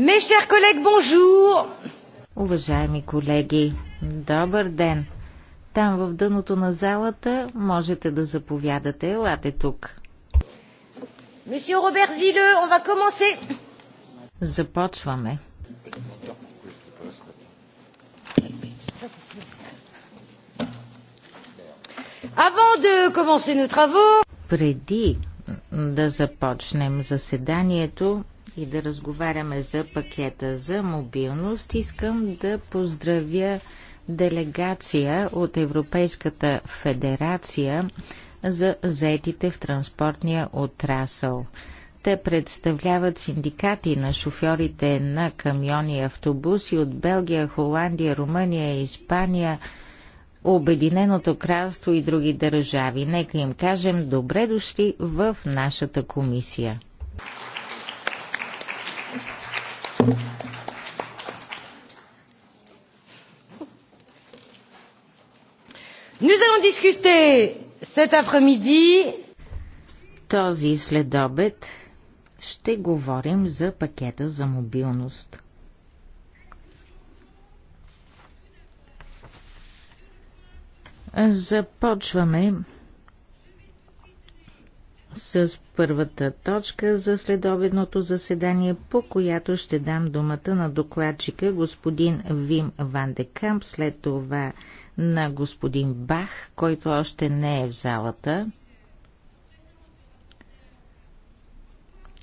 Mes chers collègues, bonjour! Уважаеми колеги, добър ден! Там в дъното на залата можете да заповядате. Лате тук. Месье Робер Зиле, on va commencer. Започваме. Avant de commencer nos travaux, преди да започнем заседанието, и да разговаряме за пакета за мобилност, искам да поздравя делегация от Европейската федерация за заетите в транспортния отрасъл. Те представляват синдикати на шофьорите на камиони и автобуси от Белгия, Холандия, Румъния, Испания, Обединеното кралство и други държави. Нека им кажем добре дошли в нашата комисия. Nous allons discuter cet après-midi. Този следобед ще говорим за пакета за мобилност. Започваме с първата точка за следобедното заседание, по която ще дам думата на докладчика господин Вим Ван де Камп, след това на господин Бах, който още не е в залата.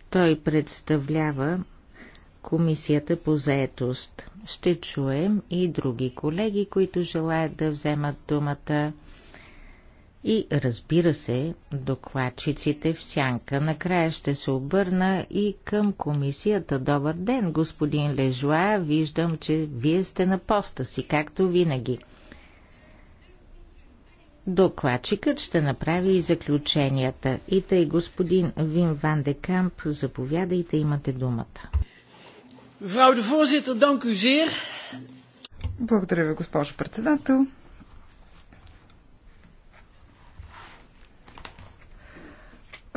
Той представлява Комисията по заетост. Ще чуем и други колеги, които желаят да вземат думата и разбира се, докладчиците в сянка. Накрая ще се обърна и към комисията. Добър ден, господин Лежуа. Виждам, че вие сте на поста си, както винаги. Докладчикът ще направи и заключенията. И тъй, господин Вин Ван де Камп, заповядайте, имате думата. Благодаря ви, госпожо председател.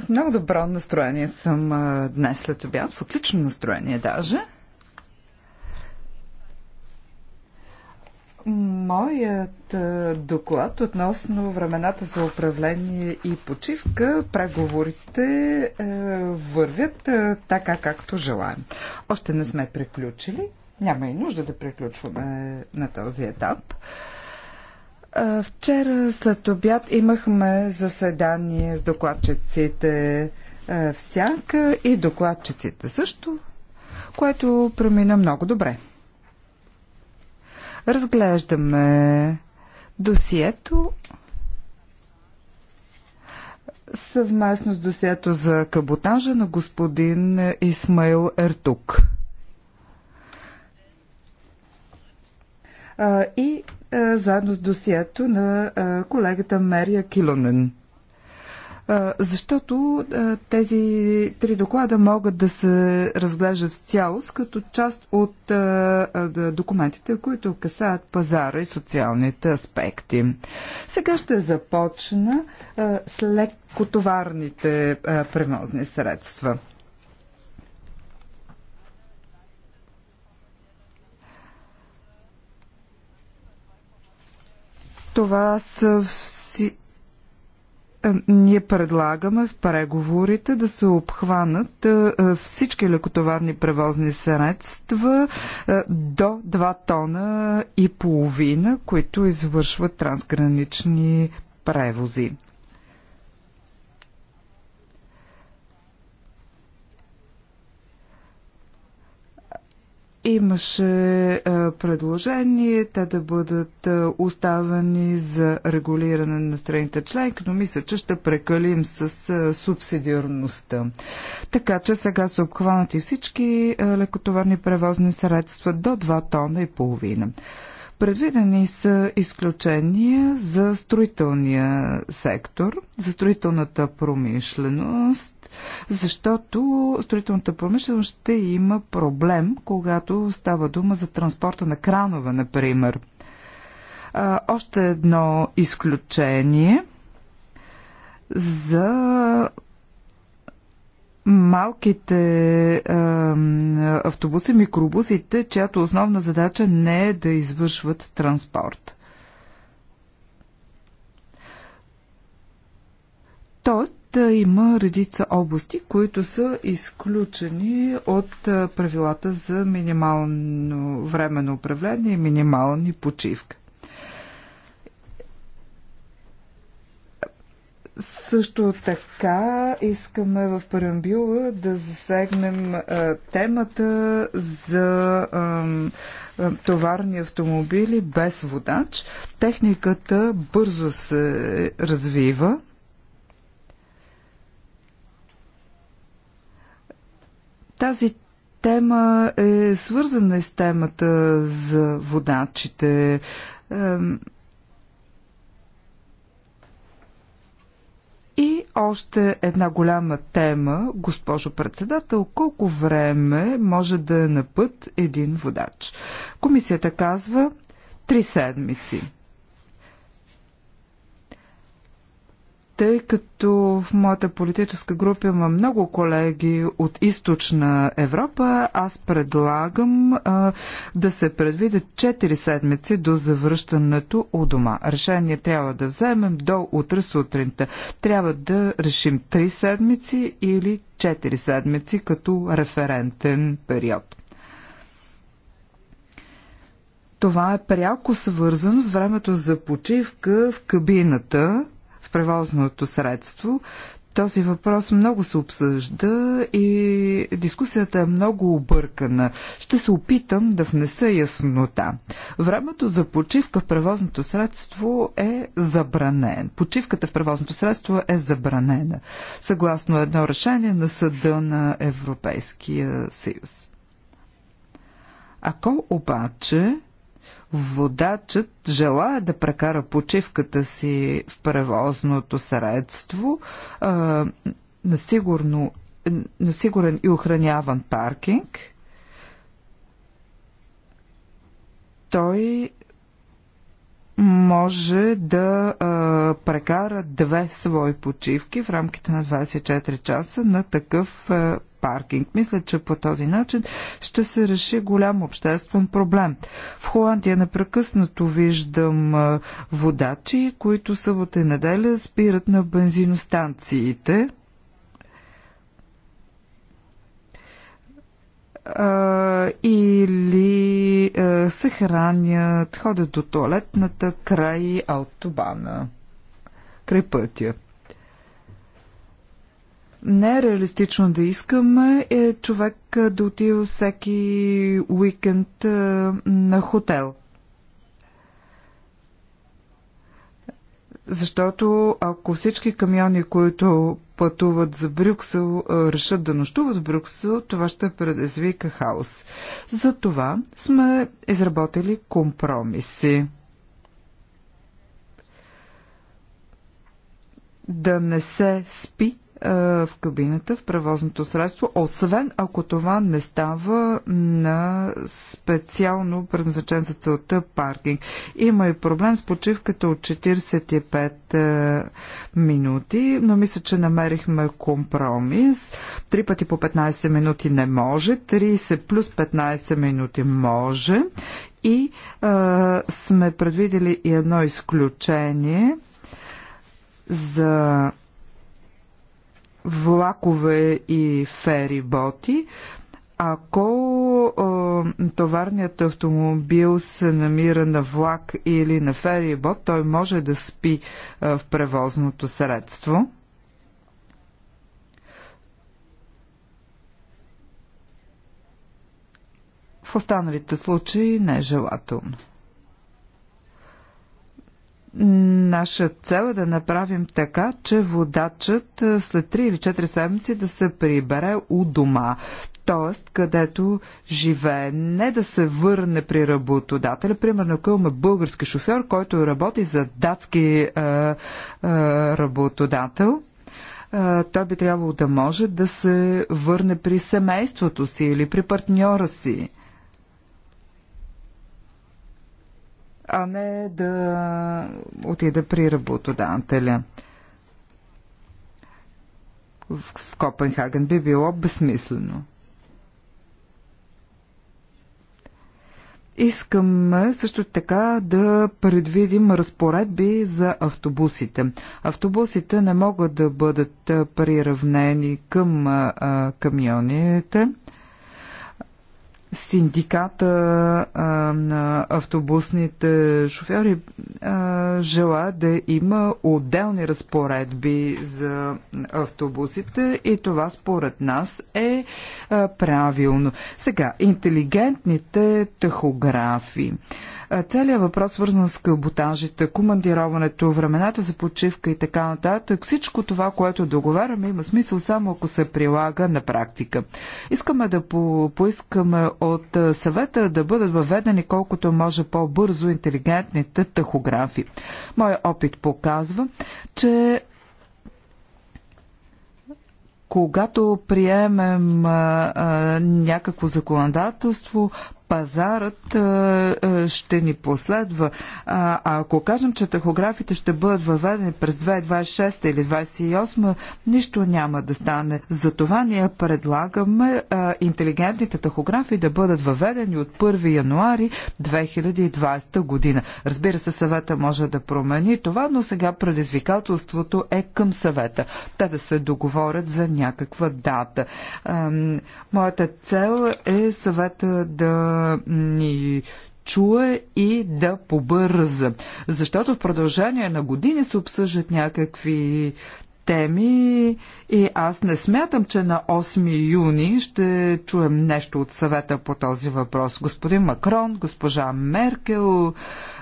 В много добро настроение съм а, днес след обяд, в отлично настроение даже. Моят доклад относно времената за управление и почивка, преговорите а, вървят а, така както желаем. Още не сме приключили. Няма и нужда да приключваме на този етап. А, Вчера след обяд имахме заседание с докладчиците всяка и докладчиците също, което премина много добре. Разглеждаме досието съвместно с досието за каботажа на господин Исмаил Ертук. И е, заедно с досието на е, колегата Мерия Килонен. Е, защото тези три доклада могат да се разглеждат в цялост като част от документите, които касаят пазара и социалните аспекти. Сега ще започна с лекотоварните превозни средства. Това са си... Е, ние предлагаме в преговорите да се обхванат е, е, всички лекотоварни превозни средства до 2 тона и половина, които извършват трансгранични превози. Имаше предложение те да бъдат оставени за регулиране на страните членки, но мисля, че ще прекалим с субсидиарността. Така че сега са обхванати всички лекотоварни превозни средства до 2 тона и половина. Предвидени са изключения за строителния сектор, за строителната промишленост, защото строителната промишленост ще има проблем, когато става дума за транспорта на кранове, например. А, още едно изключение – за малките а, автобуси, микробусите, чиято основна задача не е да извършват транспорт. Тоест да има редица области, които са изключени от правилата за минимално време на управление и минимални почивка. Също така искаме в Парамбюла да засегнем а, темата за а, товарни автомобили без водач. Техниката бързо се развива. Тази тема е свързана с темата за водачите И още една голяма тема, госпожо председател, колко време може да е на път един водач? Комисията казва три седмици. Тъй като в моята политическа група има много колеги от източна Европа, аз предлагам а, да се предвидят 4 седмици до завръщането у дома. Решение трябва да вземем до утре сутринта. Трябва да решим 3 седмици или 4 седмици като референтен период. Това е пряко свързано с времето за почивка в кабината в превозното средство. Този въпрос много се обсъжда и дискусията е много объркана. Ще се опитам да внеса яснота. Времето за почивка в превозното средство е забранено. Почивката в превозното средство е забранена, съгласно едно решение на Съда на Европейския съюз. Ако обаче водачът желая да прекара почивката си в превозното средство а, на, сигурно, на сигурен и охраняван паркинг, той може да а, прекара две свои почивки в рамките на 24 часа на такъв а, паркинг. Мисля, че по този начин ще се реши голям обществен проблем. В Холандия напрекъснато виждам водачи, които събота и неделя спират на бензиностанциите. или се хранят, ходят до туалетната край автобана, край пътя. Не е реалистично да искаме е човек да отива всеки уикенд е, на хотел. Защото ако всички камиони, които пътуват за Брюксел, е, решат да нощуват в Брюксел, това ще предизвика хаос. За това сме изработили компромиси. Да не се спи е, в кабината, в превозното средство, освен ако това не става на специално предназначен за целта паркинг. Има и проблем с почивката от 45 е, минути, но мисля, че намерихме компромис. Три пъти по 15 минути не може, 30 плюс 15 минути може и а, е, сме предвидели и едно изключение за влакове и фериботи, ако а, товарният автомобил се намира на влак или на ферибот, той може да спи а, в превозното средство. В останалите случаи не е желателно. Наша цел е да направим така, че водачът е, след 3 или 4 седмици да се прибере у дома, т.е. където живее, не да се върне при работодателя. Примерно, ако имаме български шофьор, който работи за датски а, е, а, е, работодател, а, той би трябвало да може да се върне при семейството си или при партньора си а не да отида при работодателя. В Копенхаген би било безсмислено. Искаме също така да предвидим разпоредби за автобусите. Автобусите не могат да бъдат приравнени към а, камионите. Синдиката а, на автобусните шофьори а, жела да има отделни разпоредби за автобусите и това според нас е а, правилно. Сега, интелигентните тахографи. А, Целият въпрос, свързан с каботажите, командироването, времената за почивка и така нататък, всичко това, което договаряме, има смисъл само ако се прилага на практика. Искаме да по поискаме от съвета да бъдат въведени колкото може по-бързо интелигентните тахографи. Моя опит показва, че когато приемем а, а, някакво законодателство, пазарът е, е, ще ни последва. А ако кажем, че тахографите ще бъдат въведени през 2026 или 2028, нищо няма да стане. Затова ние предлагаме е, интелигентните тахографи да бъдат въведени от 1 януари 2020 година. Разбира се, съвета може да промени това, но сега предизвикателството е към съвета. Те да се договорят за някаква дата. Моята цел е съвета да ни чуе и да побърза. Защото в продължение на години се обсъждат някакви теми и аз не смятам, че на 8 юни ще чуем нещо от съвета по този въпрос. Господин Макрон, госпожа Меркел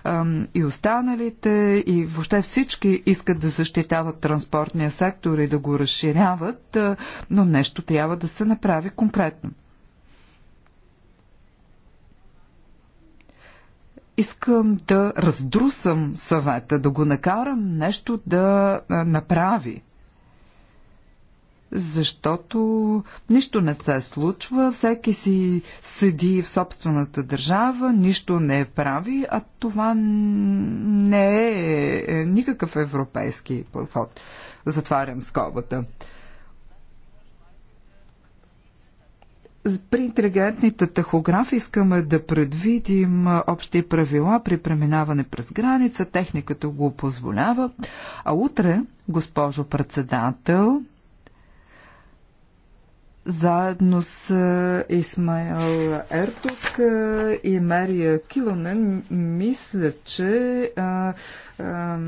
ам, и останалите и въобще всички искат да защитават транспортния сектор и да го разширяват, но нещо трябва да се направи конкретно. Искам да раздрусам съвета, да го накарам нещо да направи защото нищо не се случва, всеки си седи в собствената държава, нищо не е прави, а това не е, е никакъв европейски подход. Затварям скобата. При интелигентните тахографи искаме да предвидим общи правила при преминаване през граница, техниката го позволява. А утре, госпожо председател, заедно с Исмайл Ертук и Мария Килонен, мисля, че а, а,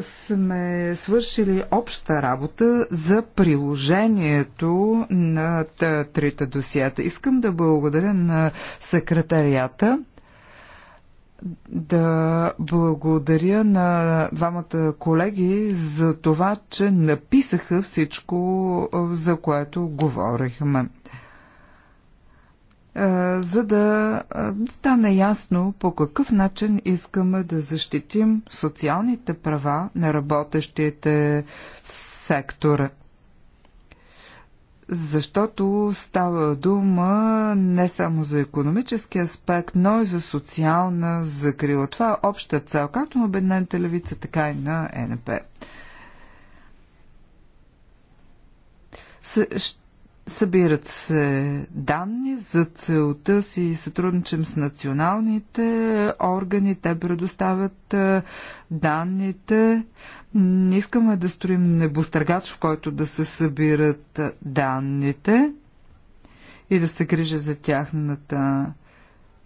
сме свършили обща работа за приложението на трите досията. Искам да благодаря на секретарията, да благодаря на двамата колеги за това, че написаха всичко, за което говорихме за да стане ясно по какъв начин искаме да защитим социалните права на работещите в сектора защото става дума не само за економически аспект, но и за социална закрила. Това е обща цел, както на Обеднената левица, така и на НП. Събират се данни за целта си сътрудничим с националните органи. Те предоставят данните. Не искаме да строим небостъргач, в който да се събират данните и да се грижа за тяхната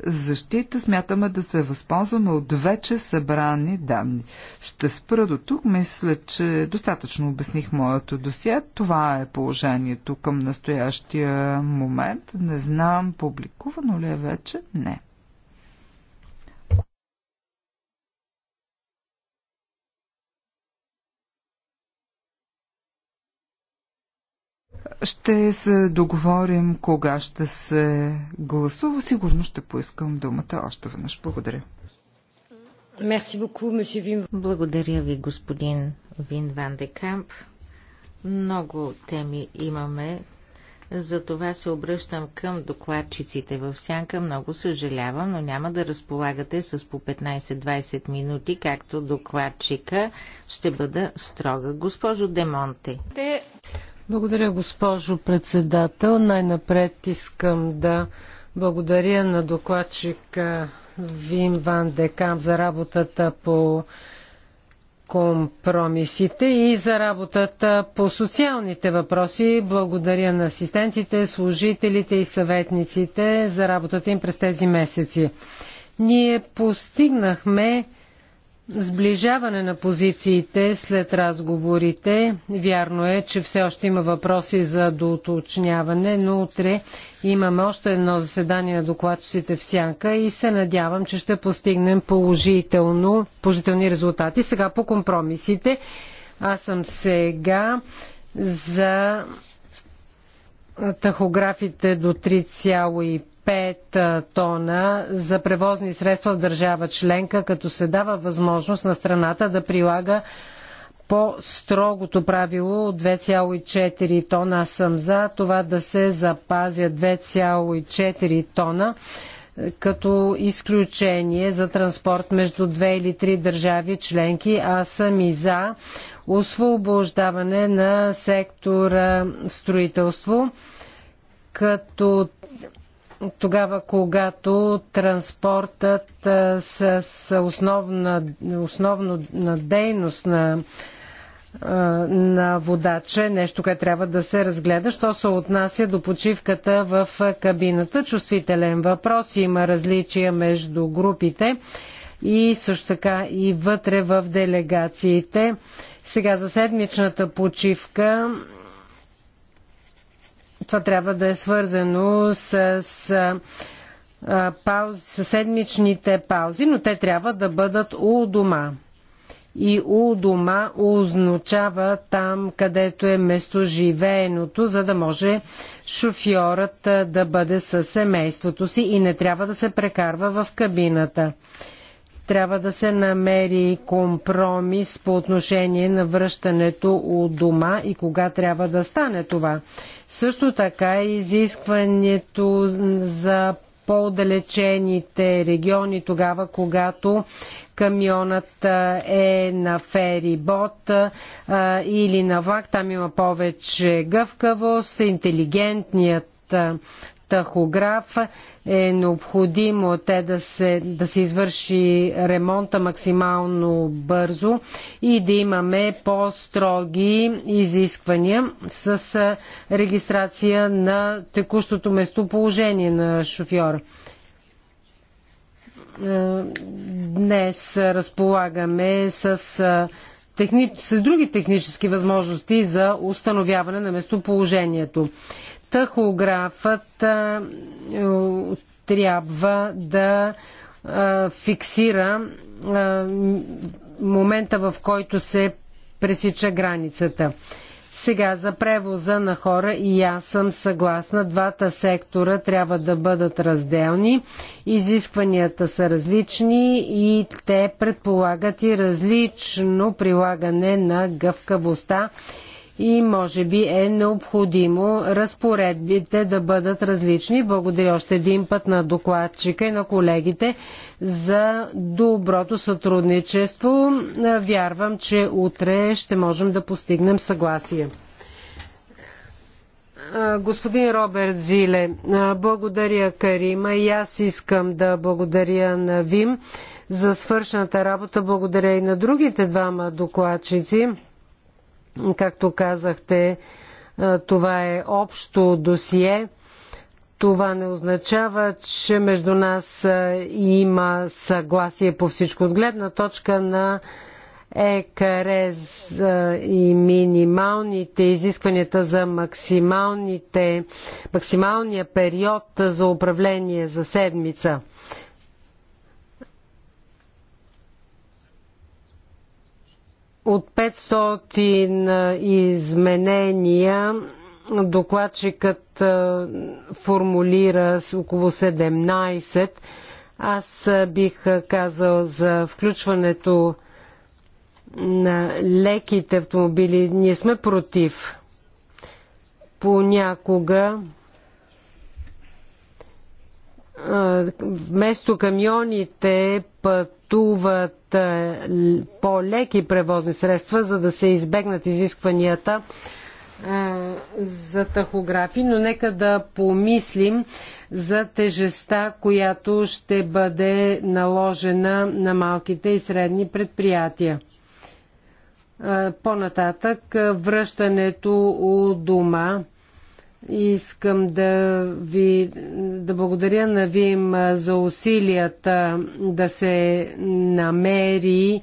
защита смятаме да се възползваме от вече събрани данни. Ще спра до тук. Мисля, че достатъчно обясних моето досие. Това е положението към настоящия момент. Не знам, публикувано ли е вече? Не. Ще се договорим кога ще се гласува. Сигурно ще поискам думата още веднъж. Благодаря. Благодаря ви, господин Вин Ван де Камп. Много теми имаме. за това се обръщам към докладчиците в сянка. Много съжалявам, но няма да разполагате с по 15-20 минути, както докладчика. Ще бъда строга. Госпожо Демонте. Благодаря, госпожо председател. Най-напред искам да благодаря на докладчик Вим Ван Декам за работата по компромисите и за работата по социалните въпроси. Благодаря на асистентите, служителите и съветниците за работата им през тези месеци. Ние постигнахме сближаване на позициите след разговорите. Вярно е, че все още има въпроси за доуточняване, но утре имаме още едно заседание на докладчиците в Сянка и се надявам, че ще постигнем положително, положителни резултати. Сега по компромисите. Аз съм сега за тахографите до 3,5 5 тона за превозни средства в държава членка, като се дава възможност на страната да прилага по-строгото правило от 2,4 тона. Аз съм за това да се запазя 2,4 тона е, като изключение за транспорт между две или три държави членки. Аз съм и за освобождаване на сектора строителство, като тогава, когато транспортът с основна, основна дейност на, на водача е нещо, което трябва да се разгледа. Що се отнася до почивката в кабината? Чувствителен въпрос. Има различия между групите и също така и вътре в делегациите. Сега за седмичната почивка това трябва да е свързано с, с, пауз, с седмичните паузи, но те трябва да бъдат у дома. И у дома означава там, където е местоживееното, за да може шофьорът да бъде със семейството си и не трябва да се прекарва в кабината трябва да се намери компромис по отношение на връщането у дома и кога трябва да стане това. Също така изискването за по-далечените региони тогава, когато камионът е на ферибот или на влак. Там има повече гъвкавост, интелигентният тахограф е необходимо те да се, да се извърши ремонта максимално бързо и да имаме по-строги изисквания с регистрация на текущото местоположение на шофьора. Е, днес разполагаме с техни... с други технически възможности за установяване на местоположението тахографът е, трябва да фиксира момента, в който се пресича границата. Сега за превоза на хора и аз съм съгласна. Двата сектора трябва да бъдат разделни. Изискванията са различни и те предполагат и различно прилагане на гъвкавостта и може би е необходимо разпоредбите да бъдат различни. Благодаря още един път на докладчика и на колегите за доброто сътрудничество. Вярвам, че утре ще можем да постигнем съгласие. Господин Роберт Зиле, благодаря Карима и аз искам да благодаря на Вим за свършената работа. Благодаря и на другите двама докладчици. Както казахте, това е общо досие. Това не означава, че между нас има съгласие по всичко. От гледна точка на ЕКРЕЗ и минималните изискванията за максималния период за управление за седмица. От 500 изменения докладчикът формулира с около 17. Аз бих казал за включването на леките автомобили. Ние сме против. Понякога вместо камионите пътуват по-леки превозни средства, за да се избегнат изискванията за тахографи, но нека да помислим за тежестта, която ще бъде наложена на малките и средни предприятия. По-нататък връщането у дома Искам да ви да благодаря на Вим за усилията да се намери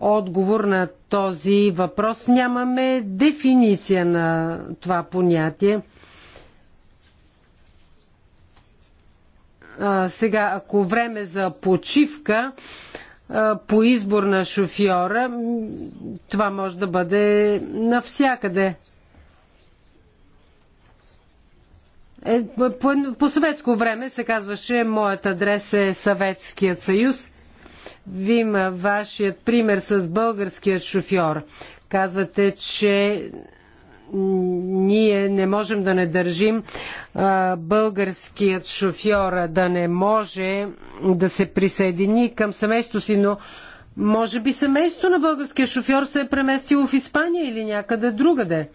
отговор на този въпрос. Нямаме дефиниция на това понятие. А, сега, ако време за почивка а, по избор на шофьора, това може да бъде навсякъде. Е, по, по съветско време се казваше моят адрес е Съветският съюз. Вима вашият пример с българският шофьор. Казвате, че ние не можем да не държим а, българският шофьор да не може да се присъедини към семейството си, но може би семейството на българския шофьор се е преместило в Испания или някъде другаде.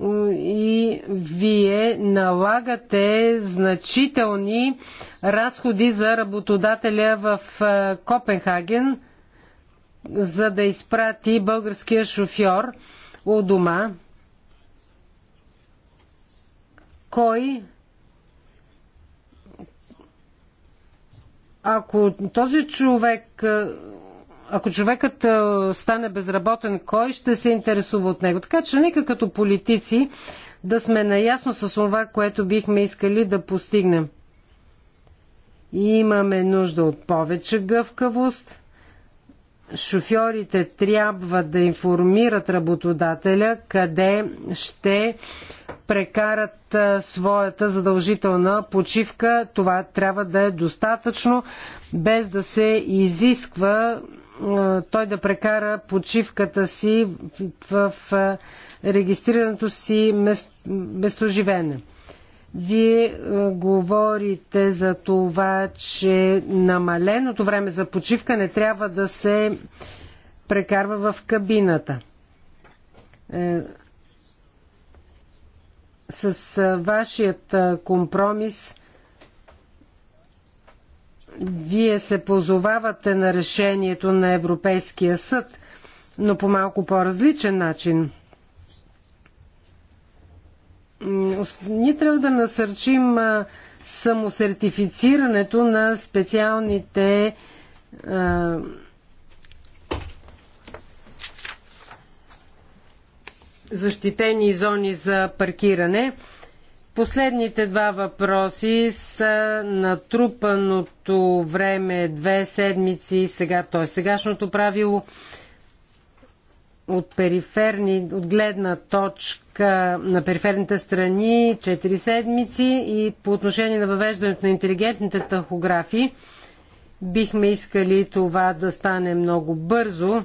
и вие налагате значителни разходи за работодателя в е, Копенхаген, за да изпрати българския шофьор у дома. Кой ако този човек е, ако човекът стане безработен, кой ще се интересува от него? Така че нека като политици да сме наясно с това, което бихме искали да постигнем. И имаме нужда от повече гъвкавост. Шофьорите трябва да информират работодателя къде ще прекарат своята задължителна почивка. Това трябва да е достатъчно, без да се изисква той да прекара почивката си в регистрираното си местоживене. Вие говорите за това, че намаленото време за почивка не трябва да се прекарва в кабината. Е, с вашият компромис вие се позовавате на решението на Европейския съд, но по малко по-различен начин. Ние трябва да насърчим самосертифицирането на специалните а, защитени зони за паркиране. Последните два въпроси са натрупаното време две седмици сега, т.е. сегашното правило от периферни, от гледна точка на периферните страни 4 седмици и по отношение на въвеждането на интелигентните тахографи бихме искали това да стане много бързо.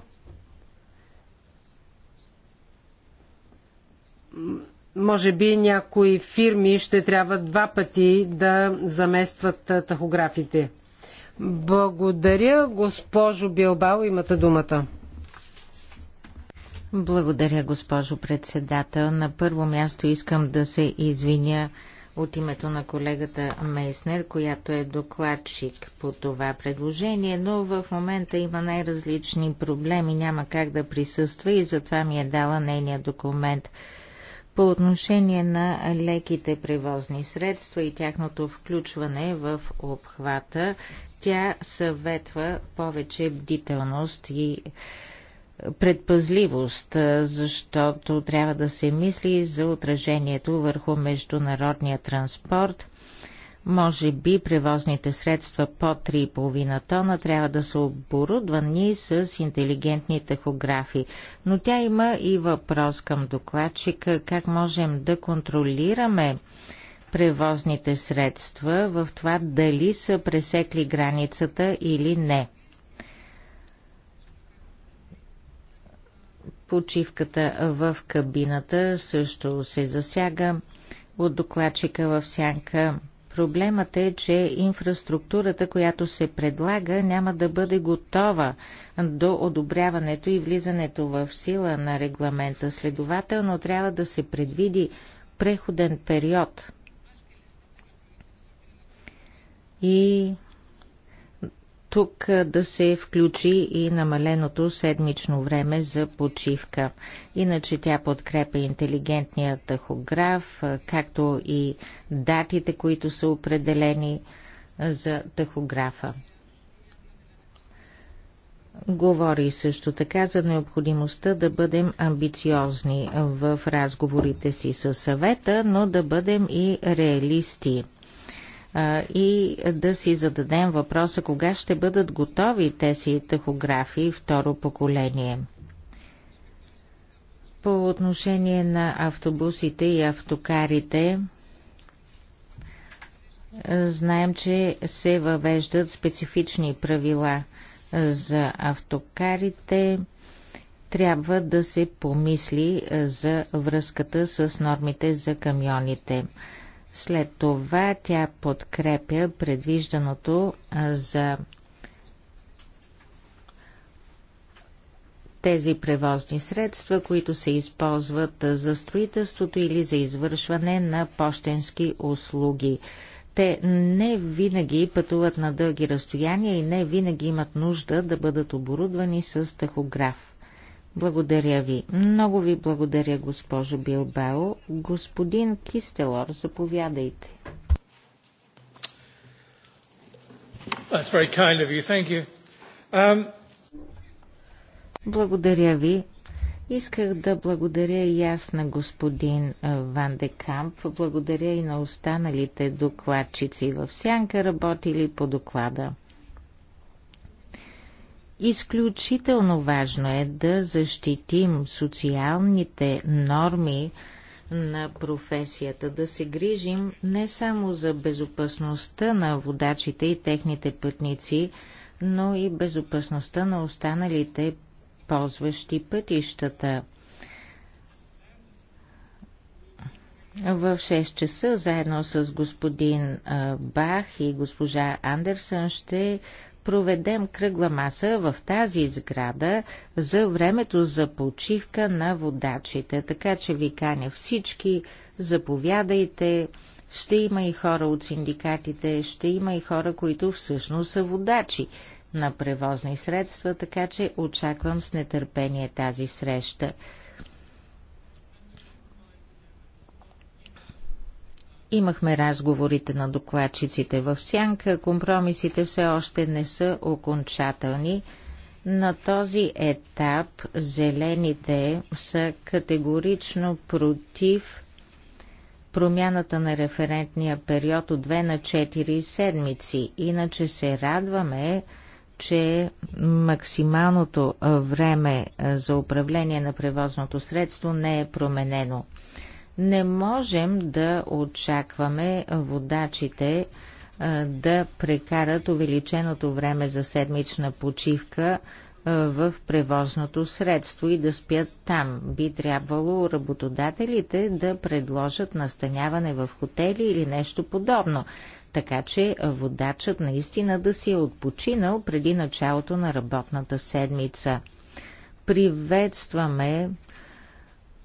Може би някои фирми ще трябва два пъти да заместват тахографите. Благодаря, госпожо Билбао, имате думата. Благодаря, госпожо председател. На първо място искам да се извиня от името на колегата Мейснер, която е докладчик по това предложение, но в момента има най-различни проблеми, няма как да присъства и затова ми е дала нейния документ. По отношение на леките превозни средства и тяхното включване в обхвата, тя съветва повече бдителност и предпазливост, защото трябва да се мисли за отражението върху международния транспорт може би превозните средства по 3,5 тона трябва да са оборудвани с интелигентни тахографи. Но тя има и въпрос към докладчика как можем да контролираме превозните средства в това дали са пресекли границата или не. Почивката в кабината също се засяга от докладчика в сянка. Проблемът е, че инфраструктурата, която се предлага, няма да бъде готова до одобряването и влизането в сила на регламента. Следователно трябва да се предвиди преходен период и тук да се включи и намаленото седмично време за почивка. Иначе тя подкрепя интелигентния тахограф, както и датите, които са определени за тахографа. Говори също така за необходимостта да бъдем амбициозни в разговорите си със съвета, но да бъдем и реалисти – и да си зададем въпроса кога ще бъдат готови тези тахографи второ поколение. По отношение на автобусите и автокарите, знаем, че се въвеждат специфични правила за автокарите. Трябва да се помисли за връзката с нормите за камионите. След това тя подкрепя предвижданото за тези превозни средства, които се използват за строителството или за извършване на почтенски услуги. Те не винаги пътуват на дълги разстояния и не винаги имат нужда да бъдат оборудвани с тахограф. Благодаря ви. Много ви благодаря, госпожо Билбао. Господин Кистелор, заповядайте. That's very kind of you. Thank you. Um... Благодаря ви. Исках да благодаря и аз на господин Ван де Камп. Благодаря и на останалите докладчици в Сянка, работили по доклада. Изключително важно е да защитим социалните норми на професията, да се грижим не само за безопасността на водачите и техните пътници, но и безопасността на останалите ползващи пътищата. В 6 часа, заедно с господин Бах и госпожа Андерсън, ще проведем кръгла маса в тази сграда за времето за почивка на водачите. Така че ви каня всички, заповядайте. Ще има и хора от синдикатите, ще има и хора, които всъщност са водачи на превозни средства, така че очаквам с нетърпение тази среща. Имахме разговорите на докладчиците в сянка, компромисите все още не са окончателни. На този етап зелените са категорично против промяната на референтния период от 2 на 4 седмици. Иначе се радваме, че максималното време за управление на превозното средство не е променено. Не можем да очакваме водачите да прекарат увеличеното време за седмична почивка в превозното средство и да спят там. Би трябвало работодателите да предложат настаняване в хотели или нещо подобно, така че водачът наистина да си е отпочинал преди началото на работната седмица. Приветстваме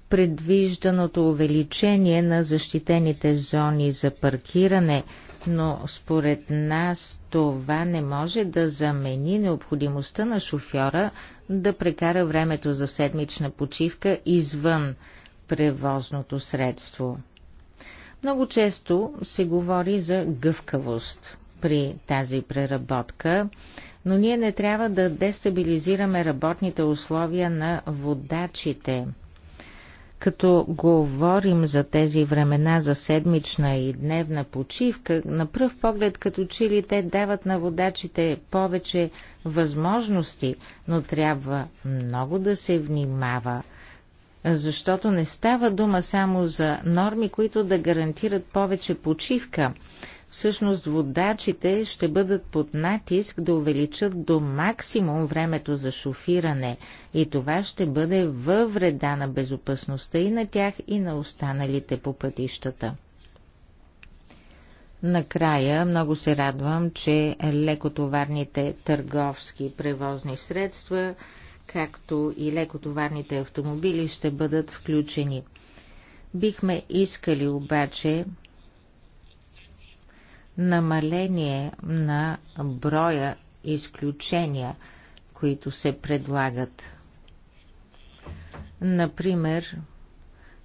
предвижданото увеличение на защитените зони за паркиране, но според нас това не може да замени необходимостта на шофьора да прекара времето за седмична почивка извън превозното средство. Много често се говори за гъвкавост при тази преработка, но ние не трябва да дестабилизираме работните условия на водачите – като говорим за тези времена за седмична и дневна почивка, на пръв поглед като че ли те дават на водачите повече възможности, но трябва много да се внимава, защото не става дума само за норми, които да гарантират повече почивка. Всъщност водачите ще бъдат под натиск да увеличат до максимум времето за шофиране и това ще бъде във вреда на безопасността и на тях и на останалите по пътищата. Накрая много се радвам, че лекотоварните търговски превозни средства, както и лекотоварните автомобили ще бъдат включени. Бихме искали обаче намаление на броя изключения, които се предлагат. Например,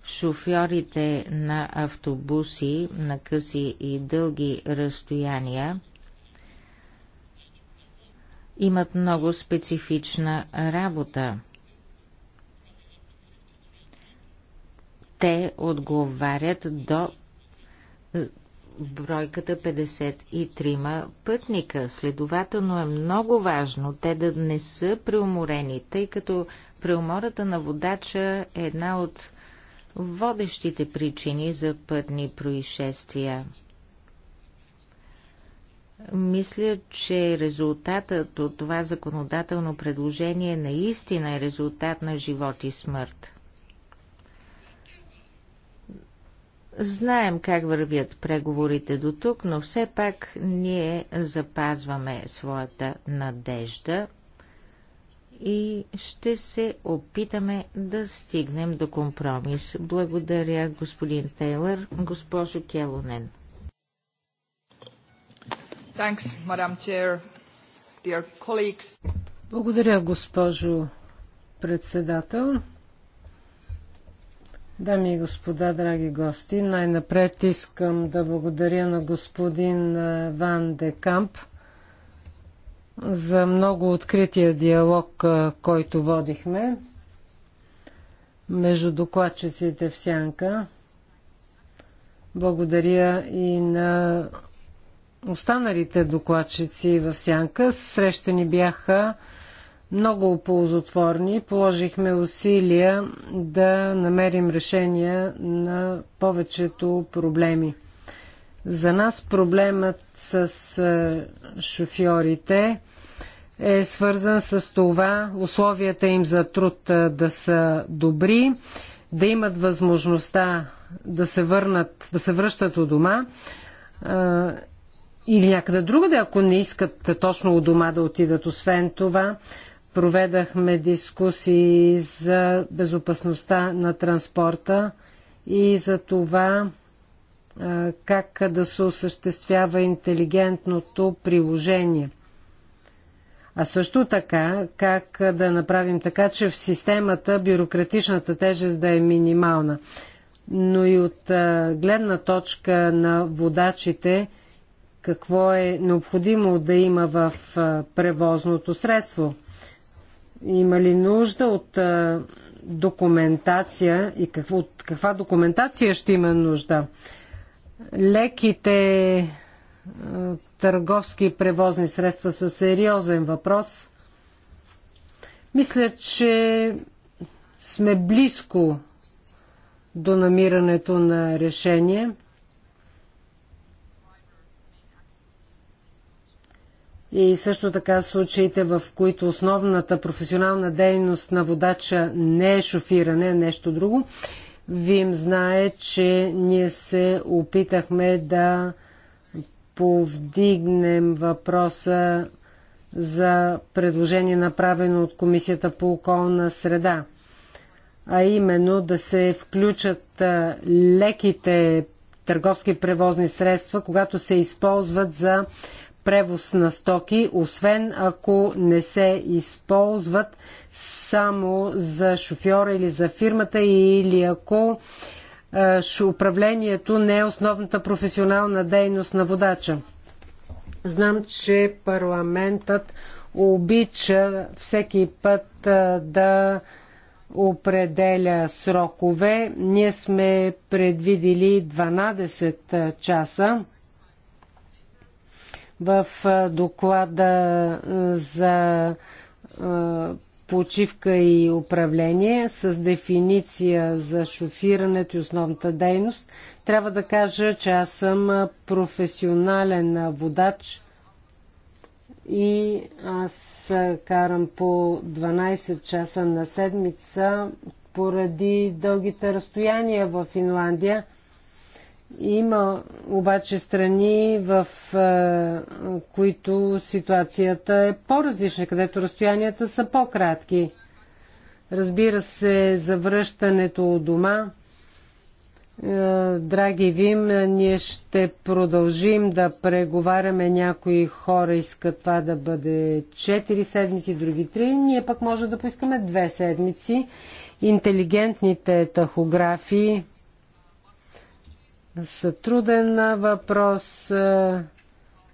шофьорите на автобуси на къси и дълги разстояния имат много специфична работа. Те отговарят до бройката 53 пътника. Следователно е много важно те да не са преуморени, тъй като преумората на водача е една от водещите причини за пътни происшествия. Мисля, че резултатът от това законодателно предложение наистина е резултат на живот и смърт. Знаем как вървят преговорите до тук, но все пак ние запазваме своята надежда и ще се опитаме да стигнем до компромис. Благодаря, господин Тейлър, госпожо Келонен. Thanks, Madam Chair. Dear colleagues. Благодаря, госпожо председател. Дами и господа, драги гости, най-напред искам да благодаря на господин Ван де Камп за много открития диалог, който водихме между докладчиците в Сянка. Благодаря и на останалите докладчици в Сянка. Срещани бяха много ползотворни. Положихме усилия да намерим решения на повечето проблеми. За нас проблемът с шофьорите е свързан с това условията им за труд да са добри, да имат възможността да се върнат, да се връщат у дома или някъде другаде, ако не искат точно у дома да отидат. Освен това, проведахме дискусии за безопасността на транспорта и за това как да се осъществява интелигентното приложение. А също така, как да направим така, че в системата бюрократичната тежест да е минимална. Но и от гледна точка на водачите, какво е необходимо да има в превозното средство – има ли нужда от документация и какво, от каква документация ще има нужда? Леките търговски превозни средства са сериозен въпрос. Мисля, че сме близко до намирането на решение – и също така случаите, в които основната професионална дейност на водача не е шофиране, а нещо друго. Вим знае, че ние се опитахме да повдигнем въпроса за предложение направено от Комисията по околна среда, а именно да се включат леките търговски превозни средства, когато се използват за превоз на стоки, освен ако не се използват само за шофьора или за фирмата или ако управлението не е основната професионална дейност на водача. Знам, че парламентът обича всеки път да определя срокове. Ние сме предвидили 12 часа в доклада за почивка и управление с дефиниция за шофирането и основната дейност, трябва да кажа, че аз съм професионален водач и аз карам по 12 часа на седмица поради дългите разстояния в Финландия – има обаче страни, в е, които ситуацията е по-различна, където разстоянията са по-кратки. Разбира се, завръщането у дома. Е, драги Вим, ние ще продължим да преговаряме. Някои хора искат това да бъде 4 седмици, други 3. Ние пък може да поискаме 2 седмици. Интелигентните тахографии са труден въпрос.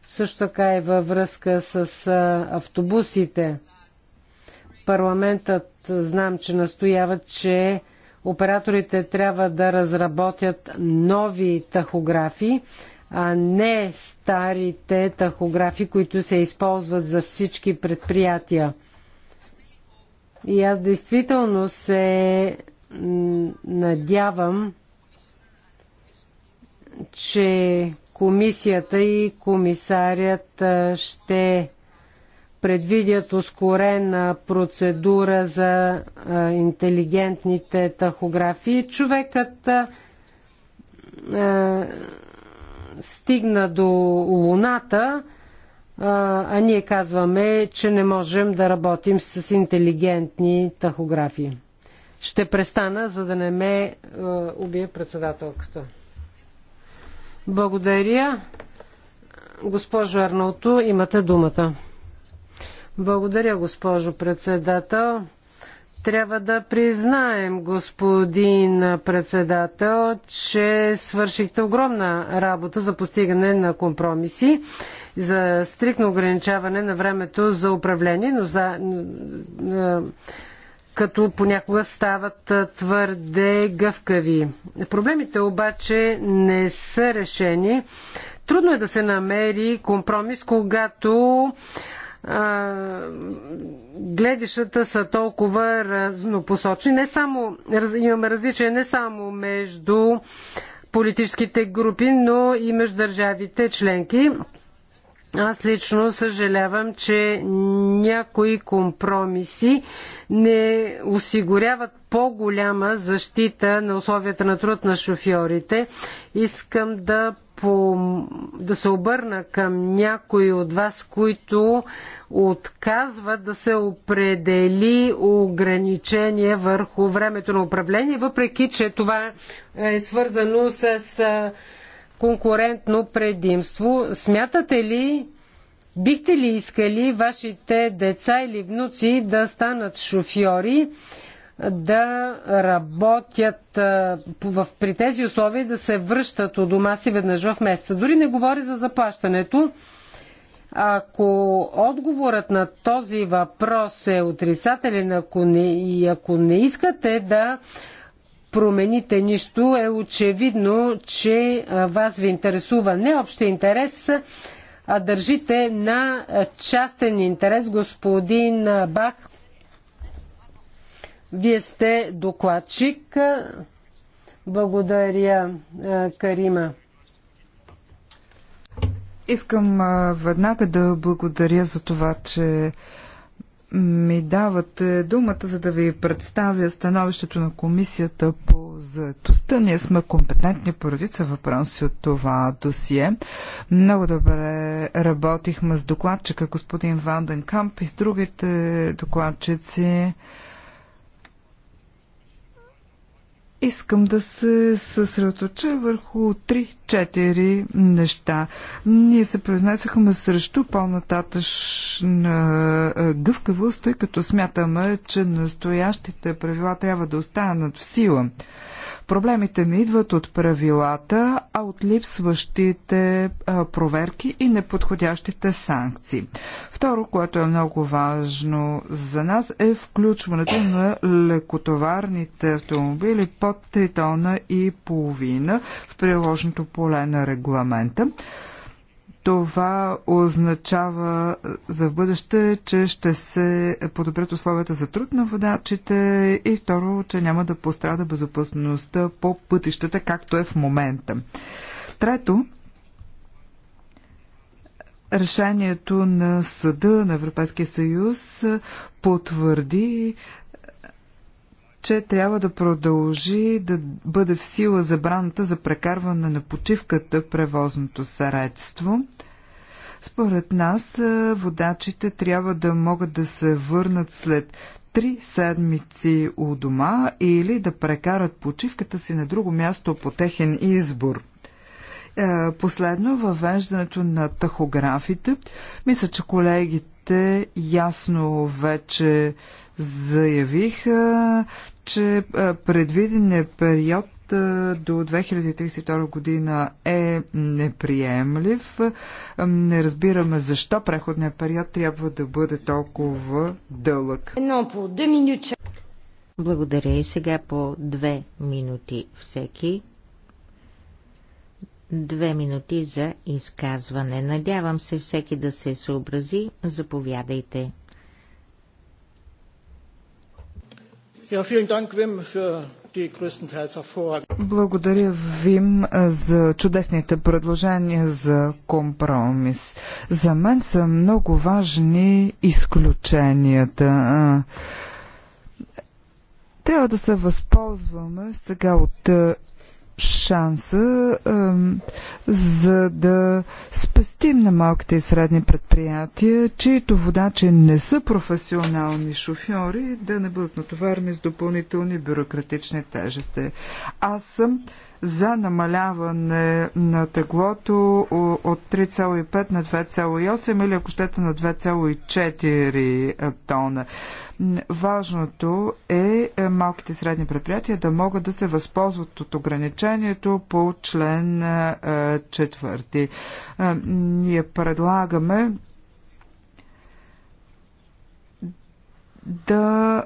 Също така и е във връзка с автобусите. Парламентът знам, че настояват, че операторите трябва да разработят нови тахографи, а не старите тахографи, които се използват за всички предприятия. И аз действително се надявам, че комисията и комисарят ще предвидят ускорена процедура за интелигентните тахографии. Човекът стигна до Луната, а ние казваме, че не можем да работим с интелигентни тахографии. Ще престана, за да не ме убие председателката. Благодаря. Госпожо Арнолто, имате думата. Благодаря, госпожо председател. Трябва да признаем, господин председател, че свършихте огромна работа за постигане на компромиси, за стрикно ограничаване на времето за управление, но за като понякога стават твърде гъвкави. Проблемите обаче не са решени. Трудно е да се намери компромис, когато а, гледищата са толкова разнопосочни. Не само, раз, имаме различия не само между политическите групи, но и между държавите членки. Аз лично съжалявам, че някои компромиси не осигуряват по-голяма защита на условията на труд на шофьорите. Искам да, по... да се обърна към някои от вас, които отказват да се определи ограничение върху времето на управление, въпреки че това е свързано с конкурентно предимство. Смятате ли, бихте ли искали вашите деца или внуци да станат шофьори, да работят в, при тези условия да се връщат от дома си веднъж в месеца? Дори не говори за заплащането. Ако отговорът на този въпрос е отрицателен ако не, и ако не искате да промените нищо, е очевидно, че вас ви интересува не общия интерес, а държите на частен интерес, господин Бах. Вие сте докладчик. Благодаря, Карима. Искам веднага да благодаря за това, че ми давате думата, за да ви представя становището на комисията по заедостта. Ние сме компетентни по въпроси от това досие. Много добре работихме с докладчика господин Ванден Камп и с другите докладчици. Искам да се съсредоточа върху 3-4 неща. Ние се произнесахме срещу по-нататъчна гъвкавост, тъй като смятаме, че настоящите правила трябва да останат в сила. Проблемите не идват от правилата, а от липсващите проверки и неподходящите санкции. Второ, което е много важно за нас, е включването на лекотоварните автомобили под 3 тона и половина в приложното поле на регламента. Това означава за бъдеще, че ще се подобрят условията за труд на водачите и второ, че няма да пострада безопасността по пътищата, както е в момента. Трето, решението на Съда на Европейския съюз потвърди че трябва да продължи да бъде в сила забраната за прекарване на почивката превозното средство. Според нас водачите трябва да могат да се върнат след три седмици у дома или да прекарат почивката си на друго място по техен избор. Е, последно, въвеждането на тахографите. Мисля, че колегите ясно вече заявиха, че предвидения период до 2032 година е неприемлив. Не разбираме защо преходният период трябва да бъде толкова дълъг. Едно, по две минути. Благодаря и сега по две минути всеки. Две минути за изказване. Надявам се всеки да се съобрази. Заповядайте. Благодаря Вим за чудесните предложения за компромис. За мен са много важни изключенията. Трябва да се възползваме сега от шанса за да спестим на малките и средни предприятия, чието водачи не са професионални шофьори, да не бъдат натоварени с допълнителни бюрократични тежести. Аз съм за намаляване на теглото от 3,5 на 2,8 или ако щете на 2,4 е, тона. Важното е, е малките и средни предприятия да могат да се възползват от ограничението по член 4. Е, ние предлагаме да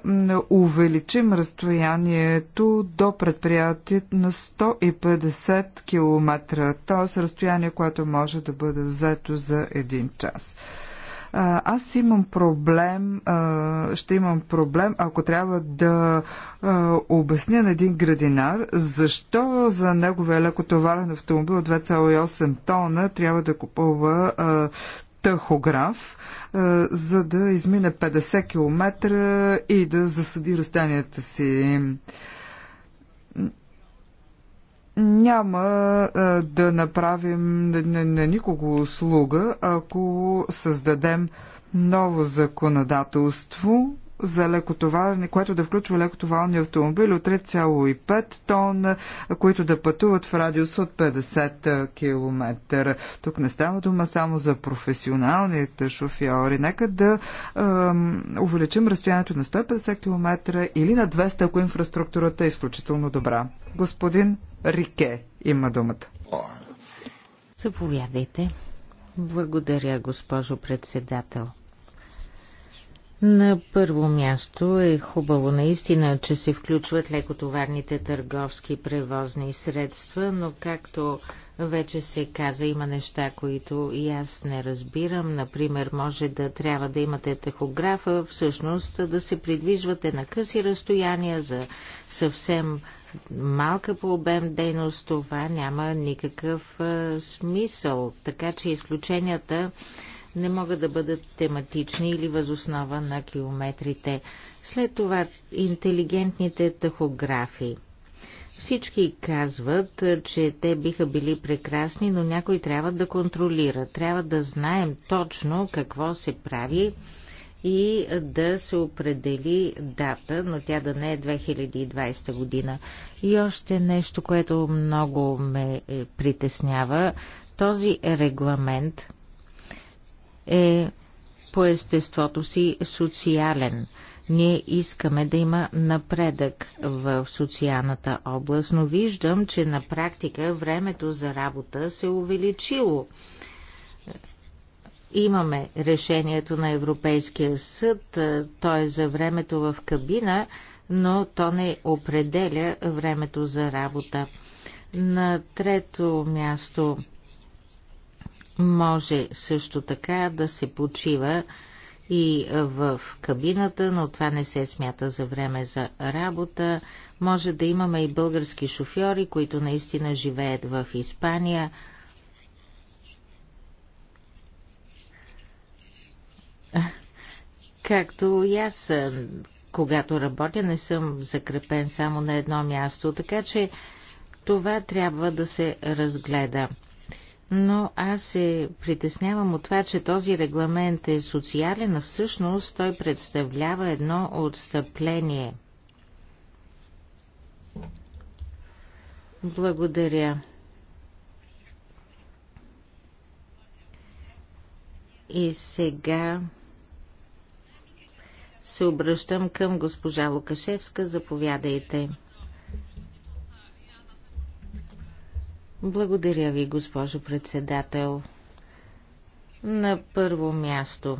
увеличим разстоянието до предприятието на 150 км, т.е. разстояние, което може да бъде взето за един час аз имам проблем, ще имам проблем, ако трябва да обясня на един градинар, защо за неговия лекотоварен автомобил 2,8 тона трябва да купува тахограф, е, за да измине 50 км и да засади растенията си няма е, да направим на никого услуга, ако създадем ново законодателство, за лекотоварни, което да включва лекотоварни автомобили от 3,5 тона, които да пътуват в радиус от 50 км. Тук не става дума само за професионалните шофьори. Нека да ем, увеличим разстоянието на 150 км или на 200, ако инфраструктурата е изключително добра. Господин Рике има думата. Заповядайте. Благодаря, госпожо председател. На първо място е хубаво наистина, че се включват лекотоварните търговски превозни средства, но както вече се каза, има неща, които и аз не разбирам. Например, може да трябва да имате тахографа, всъщност да се придвижвате на къси разстояния за съвсем малка по обем дейност. Това няма никакъв а, смисъл. Така че изключенията не могат да бъдат тематични или възоснова на километрите. След това интелигентните тахографи. Всички казват, че те биха били прекрасни, но някой трябва да контролира. Трябва да знаем точно какво се прави и да се определи дата, но тя да не е 2020 година. И още нещо, което много ме е притеснява. Този регламент е по естеството си социален. Ние искаме да има напредък в социалната област, но виждам, че на практика времето за работа се увеличило. Имаме решението на Европейския съд, то е за времето в кабина, но то не определя времето за работа. На трето място може също така да се почива и в кабината, но това не се смята за време за работа. Може да имаме и български шофьори, които наистина живеят в Испания. Както и аз, когато работя, не съм закрепен само на едно място, така че това трябва да се разгледа но аз се притеснявам от това, че този регламент е социален, а всъщност той представлява едно отстъпление. Благодаря. И сега се обръщам към госпожа Лукашевска. Заповядайте. Благодаря ви, госпожо председател. На първо място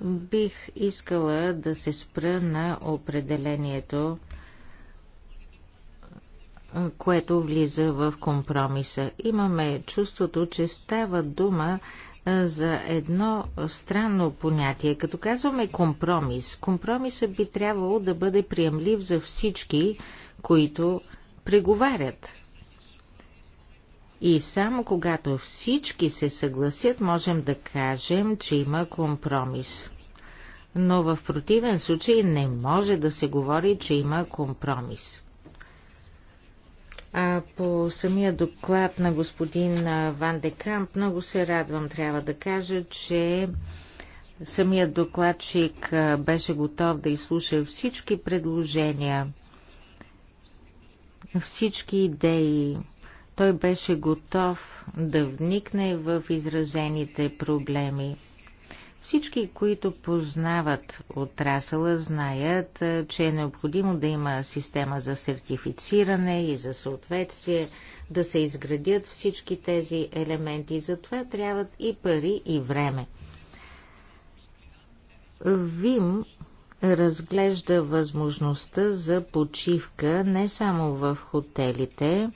бих искала да се спра на определението, което влиза в компромиса. Имаме чувството, че става дума за едно странно понятие. Като казваме компромис, компромисът би трябвало да бъде приемлив за всички, които преговарят. И само когато всички се съгласят, можем да кажем, че има компромис. Но в противен случай не може да се говори, че има компромис. А по самия доклад на господин Ван де Камп, много се радвам, трябва да кажа, че самият докладчик беше готов да изслуша всички предложения, всички идеи, той беше готов да вникне в изразените проблеми. Всички, които познават отрасъла, знаят, че е необходимо да има система за сертифициране и за съответствие, да се изградят всички тези елементи. Затова трябват и пари, и време. ВИМ разглежда възможността за почивка не само в хотелите,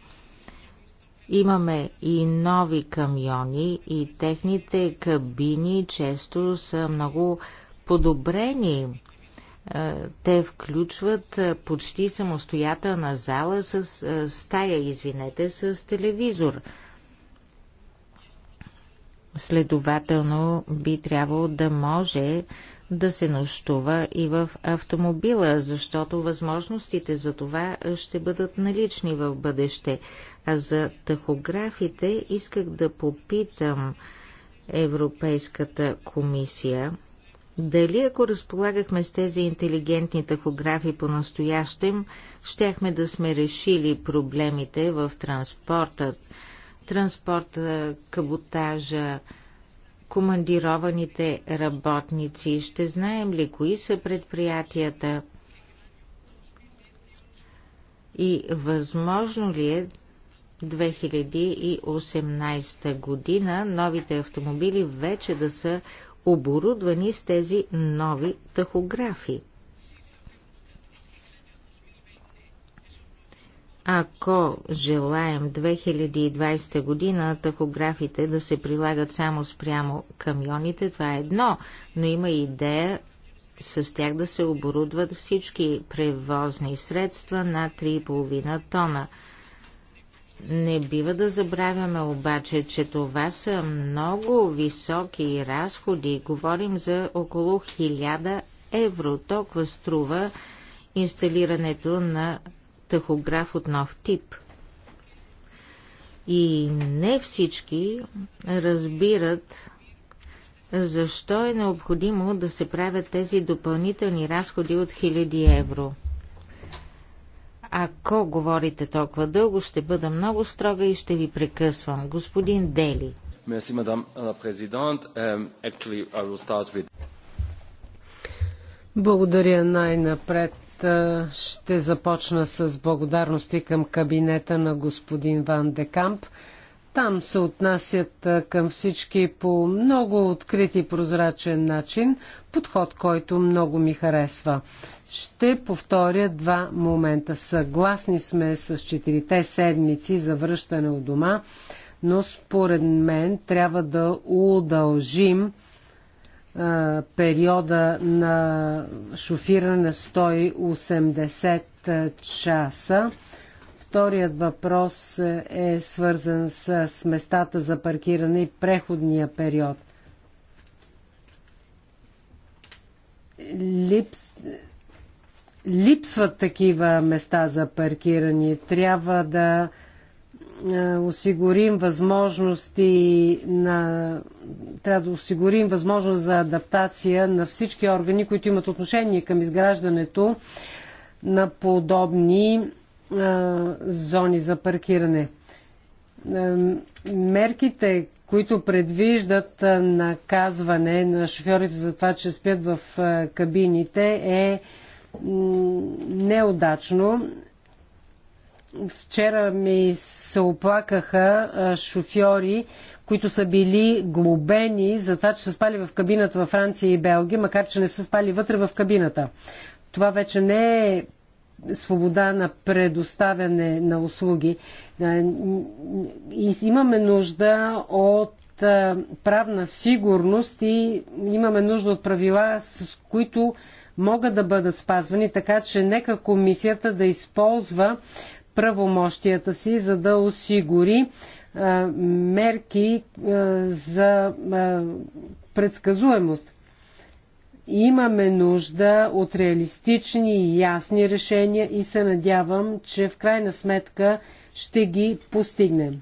Имаме и нови камиони и техните кабини често са много подобрени. Е, те включват е, почти самостоятелна зала с е, стая, извинете, с телевизор. Следователно би трябвало да може да се нощува и в автомобила, защото възможностите за това ще бъдат налични в бъдеще. А за тахографите исках да попитам Европейската комисия дали ако разполагахме с тези интелигентни тахографи по-настоящем, щяхме да сме решили проблемите в транспорта, транспорта, каботажа, командированите работници? Ще знаем ли кои са предприятията? И възможно ли е 2018 година новите автомобили вече да са оборудвани с тези нови тахографи? Ако желаем 2020 година тахографите да се прилагат само спрямо камионите, това е едно, но има идея с тях да се оборудват всички превозни средства на 3,5 тона. Не бива да забравяме обаче, че това са много високи разходи. Говорим за около 1000 евро. Толкова струва инсталирането на тахограф от нов тип. И не всички разбират защо е необходимо да се правят тези допълнителни разходи от 1000 евро. Ако говорите толкова дълго, ще бъда много строга и ще ви прекъсвам. Господин Дели. Um, actually, I will start with... Благодаря най-напред ще започна с благодарности към кабинета на господин Ван Декамп. Там се отнасят към всички по много открит и прозрачен начин, подход, който много ми харесва. Ще повторя два момента. Съгласни сме с четирите седмици за връщане от дома, но според мен трябва да удължим периода на шофиране 180 часа. Вторият въпрос е свързан с местата за паркиране и преходния период. Липс... Липсват такива места за паркиране. Трябва да е, осигурим възможности на... трябва да осигурим възможност за адаптация на всички органи, които имат отношение към изграждането на подобни е, зони за паркиране. Е, мерките, които предвиждат наказване на шофьорите за това, че спят в кабините, е неудачно. Вчера ми се оплакаха шофьори, които са били глобени за това, че са спали в кабината във Франция и Белгия, макар че не са спали вътре в кабината. Това вече не е свобода на предоставяне на услуги. И имаме нужда от правна сигурност и имаме нужда от правила, с които могат да бъдат спазвани, така че нека комисията да използва правомощията си, за да осигури а, мерки а, за а, предсказуемост. Имаме нужда от реалистични и ясни решения и се надявам, че в крайна сметка ще ги постигнем.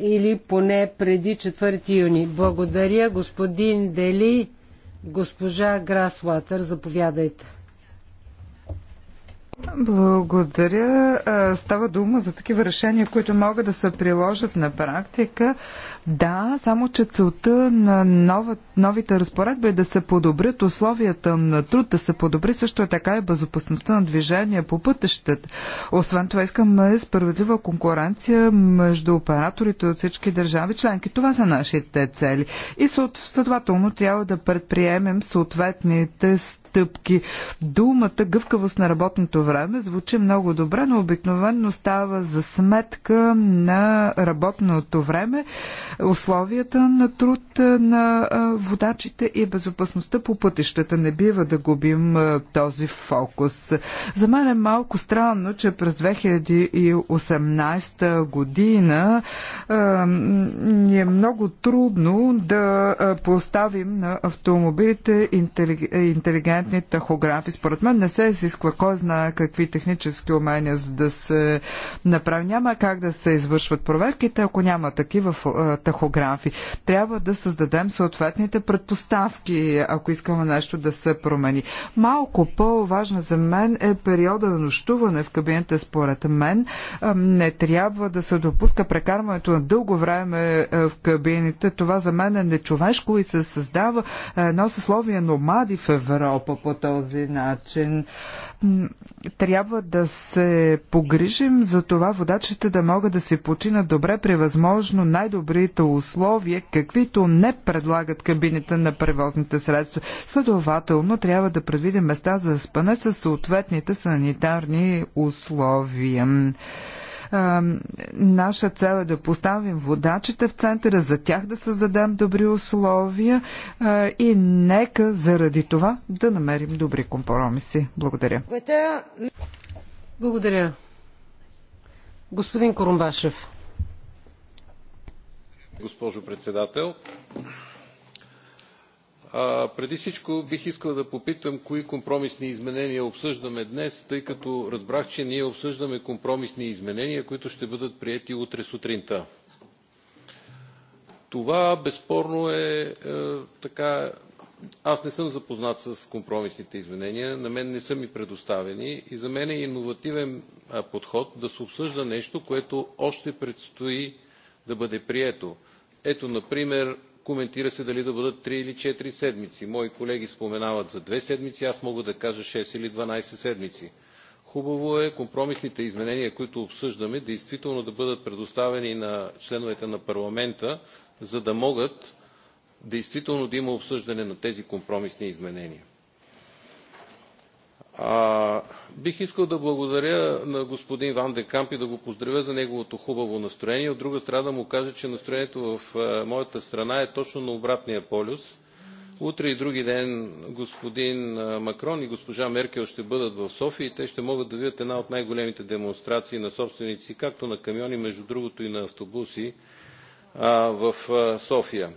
Или поне преди 4 юни. Благодаря, господин Дели. Госпожа Грасуатър, заповядайте. Благодаря. Става дума за такива решения, които могат да се приложат на практика. Да, само че целта на нова, новите разпоредби е да се подобрят условията на труд, да се подобри също така и безопасността на движение по пътещата. Освен това искаме справедлива конкуренция между операторите от всички държави членки. Това са нашите цели. И следователно трябва да предприемем съответните стъпки стъпки. Думата гъвкавост на работното време звучи много добре, но обикновенно става за сметка на работното време, условията на труд е, на е, водачите и безопасността по пътищата. Не бива да губим е, този фокус. За мен е малко странно, че през 2018 година ни е много трудно да поставим на автомобилите интелигентно интелигентни тахографи. Според мен не се изисква кой знае какви технически умения за да се направи. Няма как да се извършват проверките, ако няма такива тахографи. Трябва да създадем съответните предпоставки, ако искаме нещо да се промени. Малко по-важно за мен е периода на нощуване в кабинета. Според мен не трябва да се допуска прекарването на дълго време в кабините. Това за мен е нечовешко и се създава едно съсловие номади в Европа. Европа по този начин. Трябва да се погрижим за това водачите да могат да се починат добре при възможно най-добрите условия, каквито не предлагат кабините на превозните средства. Следователно, трябва да предвидим места за спане с съответните санитарни условия. Наша цел е да поставим водачите в центъра, за тях да създадем добри условия и нека заради това да намерим добри компромиси. Благодаря. Благодаря. Господин Корумбашев. Госпожо председател, а, преди всичко бих искал да попитам кои компромисни изменения обсъждаме днес, тъй като разбрах, че ние обсъждаме компромисни изменения, които ще бъдат приети утре сутринта. Това безспорно е, е така. Аз не съм запознат с компромисните изменения, на мен не са ми предоставени и за мен е иновативен подход да се обсъжда нещо, което още предстои да бъде прието. Ето, например, Коментира се дали да бъдат три или четири седмици. Мои колеги споменават за две седмици, аз мога да кажа 6 или 12 седмици. Хубаво е компромисните изменения, които обсъждаме, действително да бъдат предоставени на членовете на парламента, за да могат действително да има обсъждане на тези компромисни изменения. А, бих искал да благодаря на господин Ван де Кампи и да го поздравя за неговото хубаво настроение. От друга страна да му кажа, че настроението в моята страна е точно на обратния полюс. Утре и други ден господин Макрон и госпожа Меркел ще бъдат в София и те ще могат да видят една от най-големите демонстрации на собственици, както на камиони, между другото и на автобуси в София.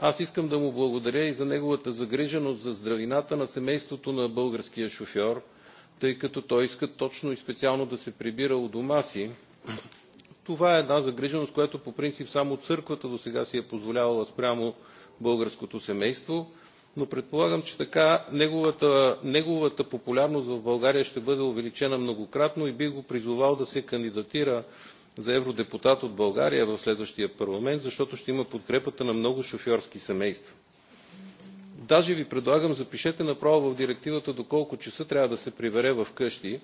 Аз искам да му благодаря и за неговата загриженост за здравината на семейството на българския шофьор, тъй като той иска точно и специално да се прибира у дома си. Това е една загриженост, която по принцип само църквата до сега си е позволявала спрямо българското семейство, но предполагам, че така неговата, неговата популярност в България ще бъде увеличена многократно и бих го призовал да се кандидатира за евродепутат от България в следващия парламент, защото ще има подкрепата на много шофьорски семейства. Даже ви предлагам, запишете направо в директивата до колко часа трябва да се прибере в къщи.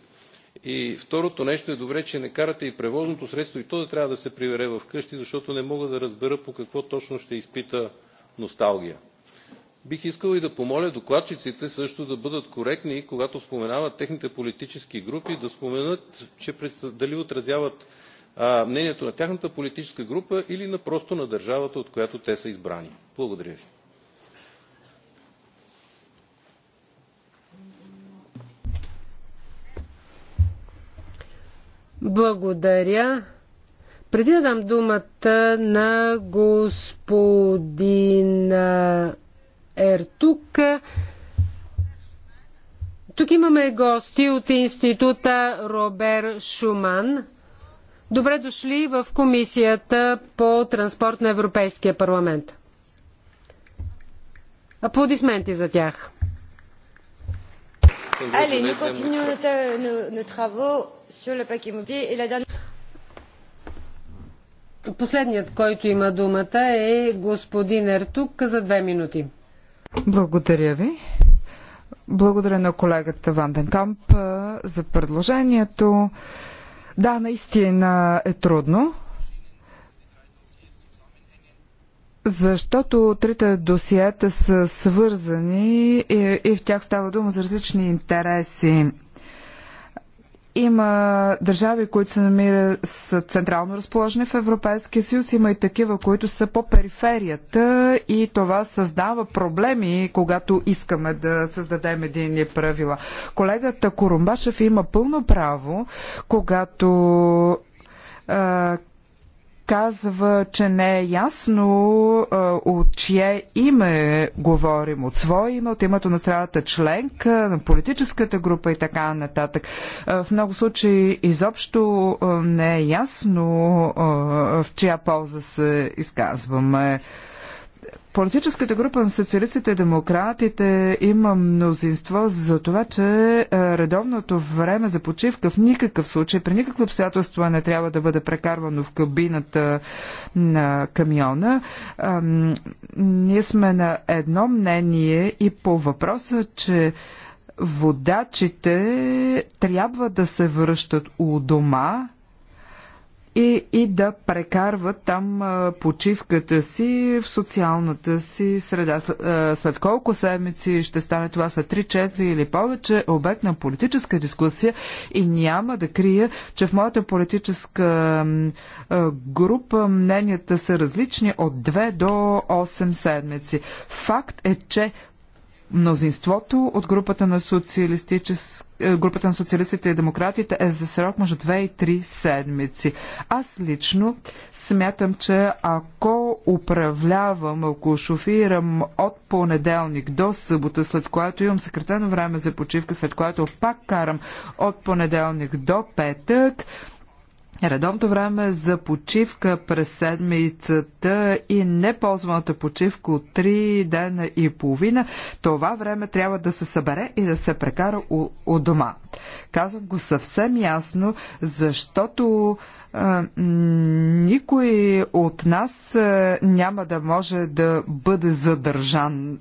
И второто нещо е добре, че не карате и превозното средство и то да трябва да се прибере в къщи, защото не мога да разбера по какво точно ще изпита носталгия. Бих искал и да помоля докладчиците също да бъдат коректни, когато споменават техните политически групи, да споменат че дали отразяват мнението на тяхната политическа група или на просто на държавата, от която те са избрани. Благодаря ви. Благодаря. Преди да дам думата на господин Ертук, тук имаме гости от института Робер Шуман. Добре дошли в Комисията по транспорт на Европейския парламент. Аплодисменти за тях. Последният, който има думата е господин Ертук за две минути. Благодаря ви. Благодаря на колегата Ванденкамп за предложението. Да, наистина е трудно. Защото трите досиета са свързани и, и в тях става дума за различни интереси. Има държави, които се намират с централно разположени в Европейския съюз, има и такива, които са по периферията и това създава проблеми, когато искаме да създадем единни правила. Колегата Корумбашев има пълно право, когато казва, че не е ясно а, от чие име говорим, от свое име, от името на страната членка, на политическата група и така нататък. А, в много случаи изобщо а, не е ясно а, в чия полза се изказваме. А, Политическата група на социалистите и демократите има мнозинство за това, че е, редовното време за почивка в никакъв случай, при никакви обстоятелства не трябва да бъде прекарвано в кабината на камиона. Ние сме на едно мнение и по въпроса, че водачите трябва да се връщат у дома и, и да прекарват там почивката си в социалната си среда. След колко седмици ще стане това, са 3-4 или повече, обект на политическа дискусия и няма да крия, че в моята политическа група мненията са различни от 2 до 8 седмици. Факт е, че Мнозинството от групата на, социалистичес... Е, групата на социалистите и демократите е за срок между 2 и 3 седмици. Аз лично смятам, че ако управлявам, ако шофирам от понеделник до събота, след което имам съкратено време за почивка, след което пак карам от понеделник до петък, Редовното време е за почивка през седмицата и неползваната почивка от 3 дена и половина, това време трябва да се събере и да се прекара у, у дома. Казвам го съвсем ясно, защото никой от нас няма да може да бъде задържан,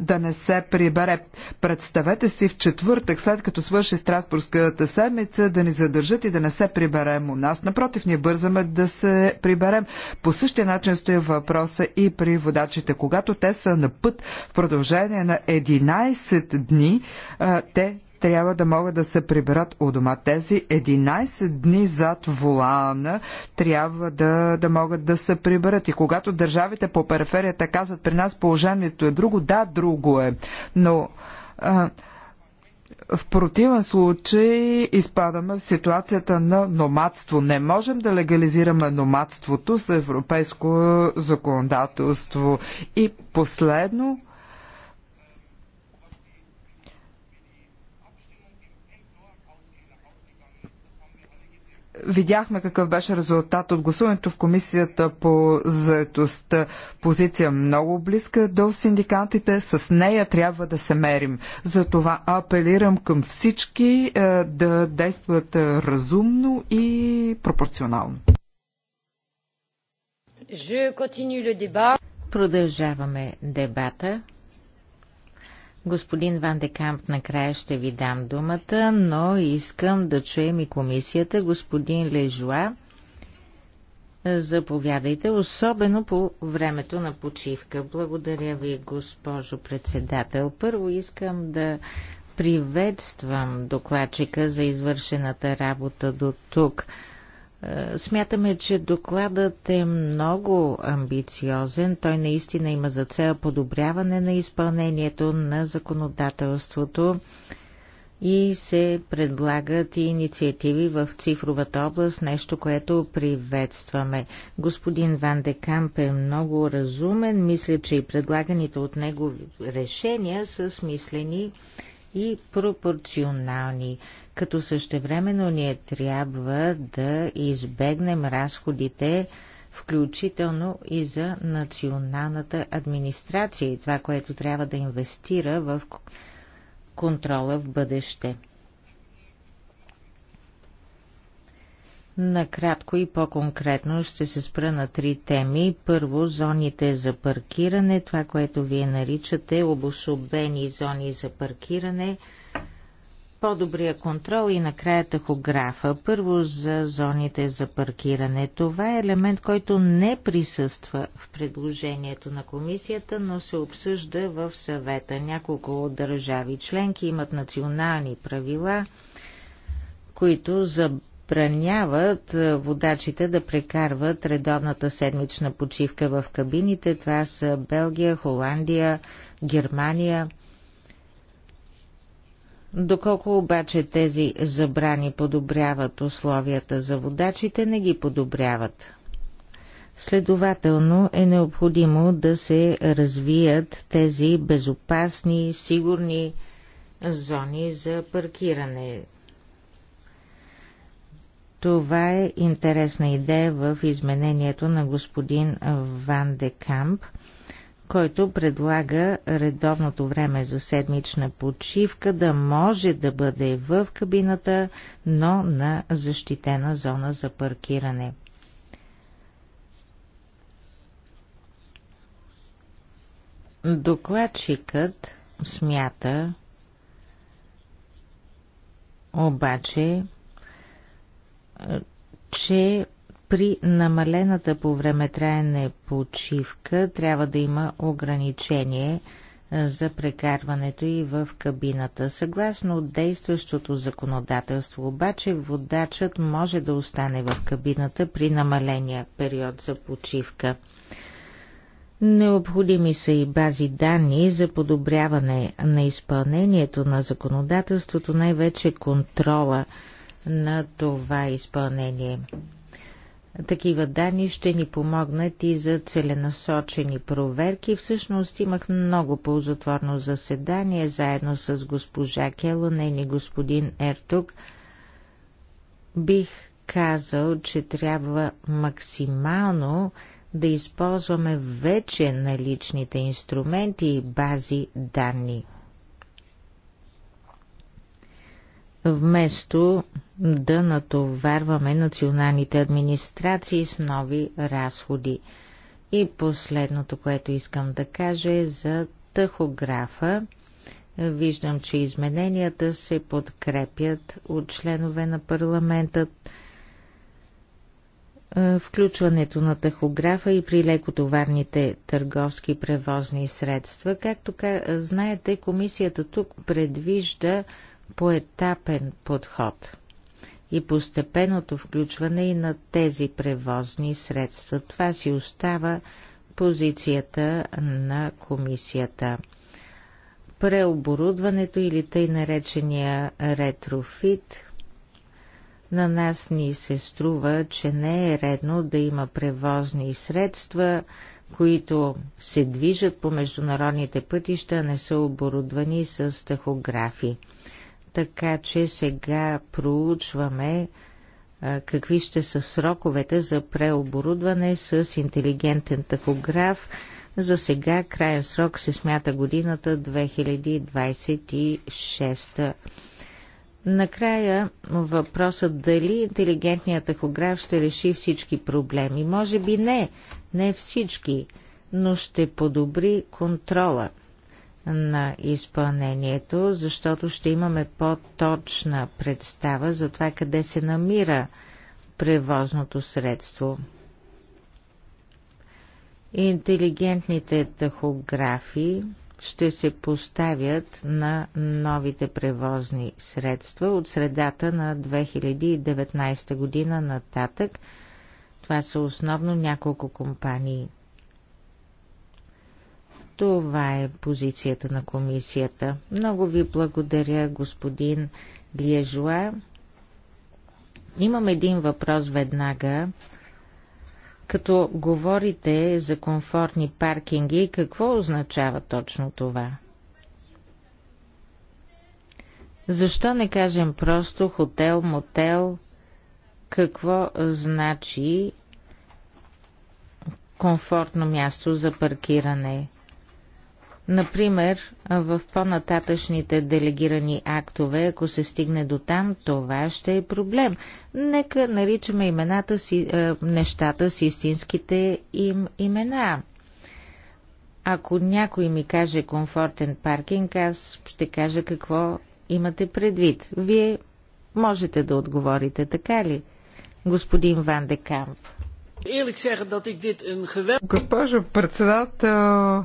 да не се прибере. Представете си в четвъртък, след като свърши Страсбургската седмица, да ни задържат и да не се приберем у нас. Напротив, ние бързаме да се приберем. По същия начин стои въпроса и при водачите. Когато те са на път в продължение на 11 дни, те трябва да могат да се приберат у дома. Тези 11 дни зад волана трябва да, да могат да се приберат. И когато държавите по периферията казват при нас положението е друго, да, друго е. Но а, в противен случай изпадаме в ситуацията на номадство. Не можем да легализираме номадството с европейско законодателство. И последно, Видяхме какъв беше резултат от гласуването в комисията по заедостта. Позиция много близка до синдикантите. С нея трябва да се мерим. Затова апелирам към всички е, да действат разумно и пропорционално. Продължаваме дебата. Господин Ван де Камп, накрая ще ви дам думата, но искам да чуем и комисията. Господин Лежуа, заповядайте, особено по времето на почивка. Благодаря ви, госпожо председател. Първо искам да приветствам докладчика за извършената работа до тук. Е, смятаме, че докладът е много амбициозен. Той наистина има за цел подобряване на изпълнението на законодателството и се предлагат и инициативи в цифровата област, нещо, което приветстваме. Господин Ван де Камп е много разумен. Мисля, че и предлаганите от него решения са смислени и пропорционални като същевременно ние трябва да избегнем разходите, включително и за националната администрация и това, което трябва да инвестира в контрола в бъдеще. Накратко и по-конкретно ще се спра на три теми. Първо, зоните за паркиране, това, което вие наричате обособени зони за паркиране – по-добрия контрол и накрая тахографа. Първо за зоните за паркиране. Това е елемент, който не присъства в предложението на комисията, но се обсъжда в съвета. Няколко от държави членки имат национални правила, които забраняват водачите да прекарват редовната седмична почивка в кабините. Това са Белгия, Холандия, Германия – Доколко обаче тези забрани подобряват условията за водачите, не ги подобряват. Следователно е необходимо да се развият тези безопасни, сигурни зони за паркиране. Това е интересна идея в изменението на господин Ван де Камп – който предлага редовното време за седмична почивка да може да бъде в кабината, но на защитена зона за паркиране. Докладчикът смята обаче, че при намалената по време траене почивка трябва да има ограничение за прекарването и в кабината. Съгласно действащото законодателство, обаче водачът може да остане в кабината при намаления период за почивка. Необходими са и бази данни за подобряване на изпълнението на законодателството, най-вече контрола на това изпълнение. Такива данни ще ни помогнат и за целенасочени проверки. Всъщност имах много ползотворно заседание заедно с госпожа Келонен и господин Ертук. Бих казал, че трябва максимално да използваме вече наличните инструменти и бази данни. вместо да натоварваме националните администрации с нови разходи. И последното, което искам да кажа е за тахографа. Виждам, че измененията се подкрепят от членове на парламента. Е, включването на тахографа и при лекотоварните търговски превозни средства. Както знаете, комисията тук предвижда поетапен подход и постепенното включване и на тези превозни средства. Това си остава позицията на комисията. Преоборудването или тъй наречения ретрофит на нас ни се струва, че не е редно да има превозни средства, които се движат по международните пътища, не са оборудвани с тахографи. Така че сега проучваме какви ще са сроковете за преоборудване с интелигентен тахограф. За сега крайен срок се смята годината 2026. Накрая въпросът дали интелигентният тахограф ще реши всички проблеми. Може би не, не всички, но ще подобри контрола на изпълнението, защото ще имаме по-точна представа за това къде се намира превозното средство. Интелигентните тахографи ще се поставят на новите превозни средства от средата на 2019 година нататък. Това са основно няколко компании. Това е позицията на комисията. Много ви благодаря, господин Лиежуа. Имам един въпрос веднага. Като говорите за комфортни паркинги, какво означава точно това? Защо не кажем просто хотел, мотел? Какво значи комфортно място за паркиране? Например, в по-нататъчните делегирани актове, ако се стигне до там, това ще е проблем. Нека наричаме имената си, е, нещата с истинските им имена. Ако някой ми каже комфортен паркинг, аз ще кажа какво имате предвид. Вие можете да отговорите, така ли? Господин Ван де Камп. Eerlijk zeggen dat ik dit een Госпожо председател,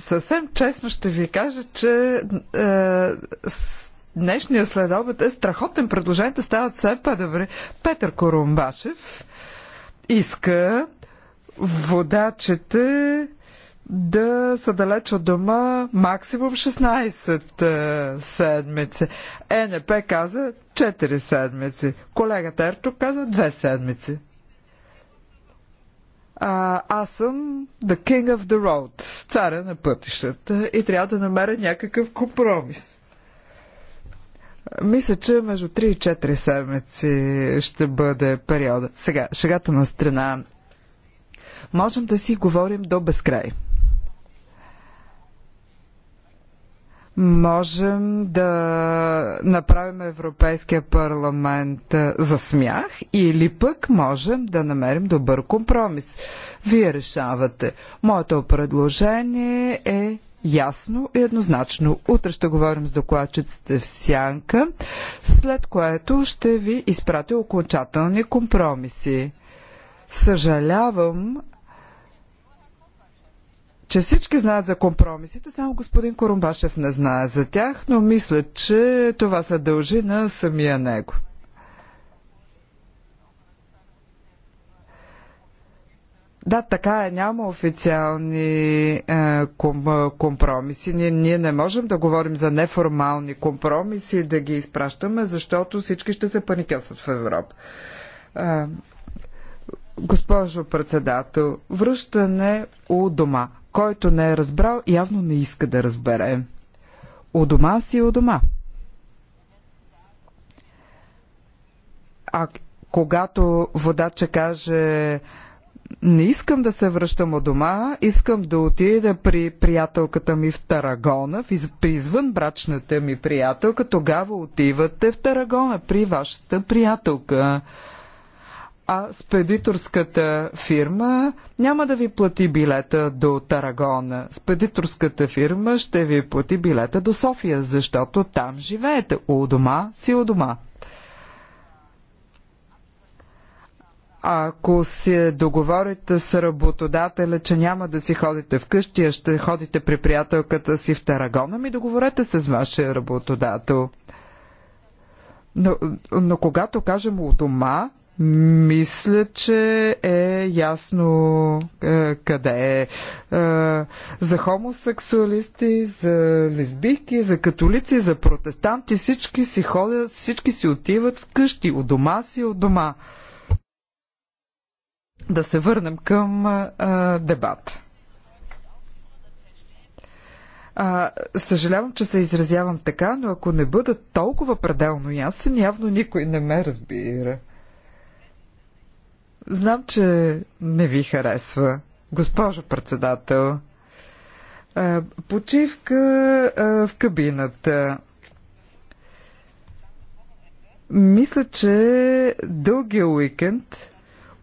Съвсем честно ще ви кажа, че е, днешния следобед е страхотен. Предложенията стават все по-добре. Петър Корумбашев иска водачите да са далеч от дома максимум 16 е, седмици. Е, НП каза 4 седмици. Колегата Ерто каза 2 седмици а, аз съм the king of the road, царя на пътищата и трябва да намеря някакъв компромис. Мисля, че между 3 и 4 седмици ще бъде периода. Сега, шегата на страна. Можем да си говорим до безкрай. можем да направим Европейския парламент е, за смях или пък можем да намерим добър компромис. Вие решавате. Моето предложение е ясно и еднозначно. Утре ще говорим с докладчиците в сянка, след което ще ви изпратя окончателни компромиси. Съжалявам, че всички знаят за компромисите, само господин Корумбашев не знае за тях, но мисля, че това се дължи на самия него. Да, така е. Няма официални е, ком, компромиси. Ние, ние не можем да говорим за неформални компромиси и да ги изпращаме, защото всички ще се паникосат в Европа. Е, госпожо председател, връщане у дома. Който не е разбрал, явно не иска да разбере. У дома си е у дома. А когато водача каже не искам да се връщам от дома, искам да отида при приятелката ми в Тарагона, при извънбрачната ми приятелка, тогава отивате в Тарагона при вашата приятелка а спедиторската фирма няма да ви плати билета до Тарагона. Спедиторската фирма ще ви плати билета до София, защото там живеете. У дома си у дома. ако се договорите с работодателя, че няма да си ходите вкъщи, а ще ходите при приятелката си в Тарагона, ми договорете с вашия работодател. Но, но когато кажем у дома, мисля, че е ясно е, къде е. е. За хомосексуалисти, за лесбийки, за католици, за протестанти, всички си ходят, всички си отиват вкъщи, от дома си, от дома. Да се върнем към е, е дебата. А, съжалявам, че се изразявам така, но ако не бъда толкова пределно ясен, явно никой не ме разбира. Знам, че не ви харесва, госпожо председател. Почивка в кабината. Мисля, че дългия уикенд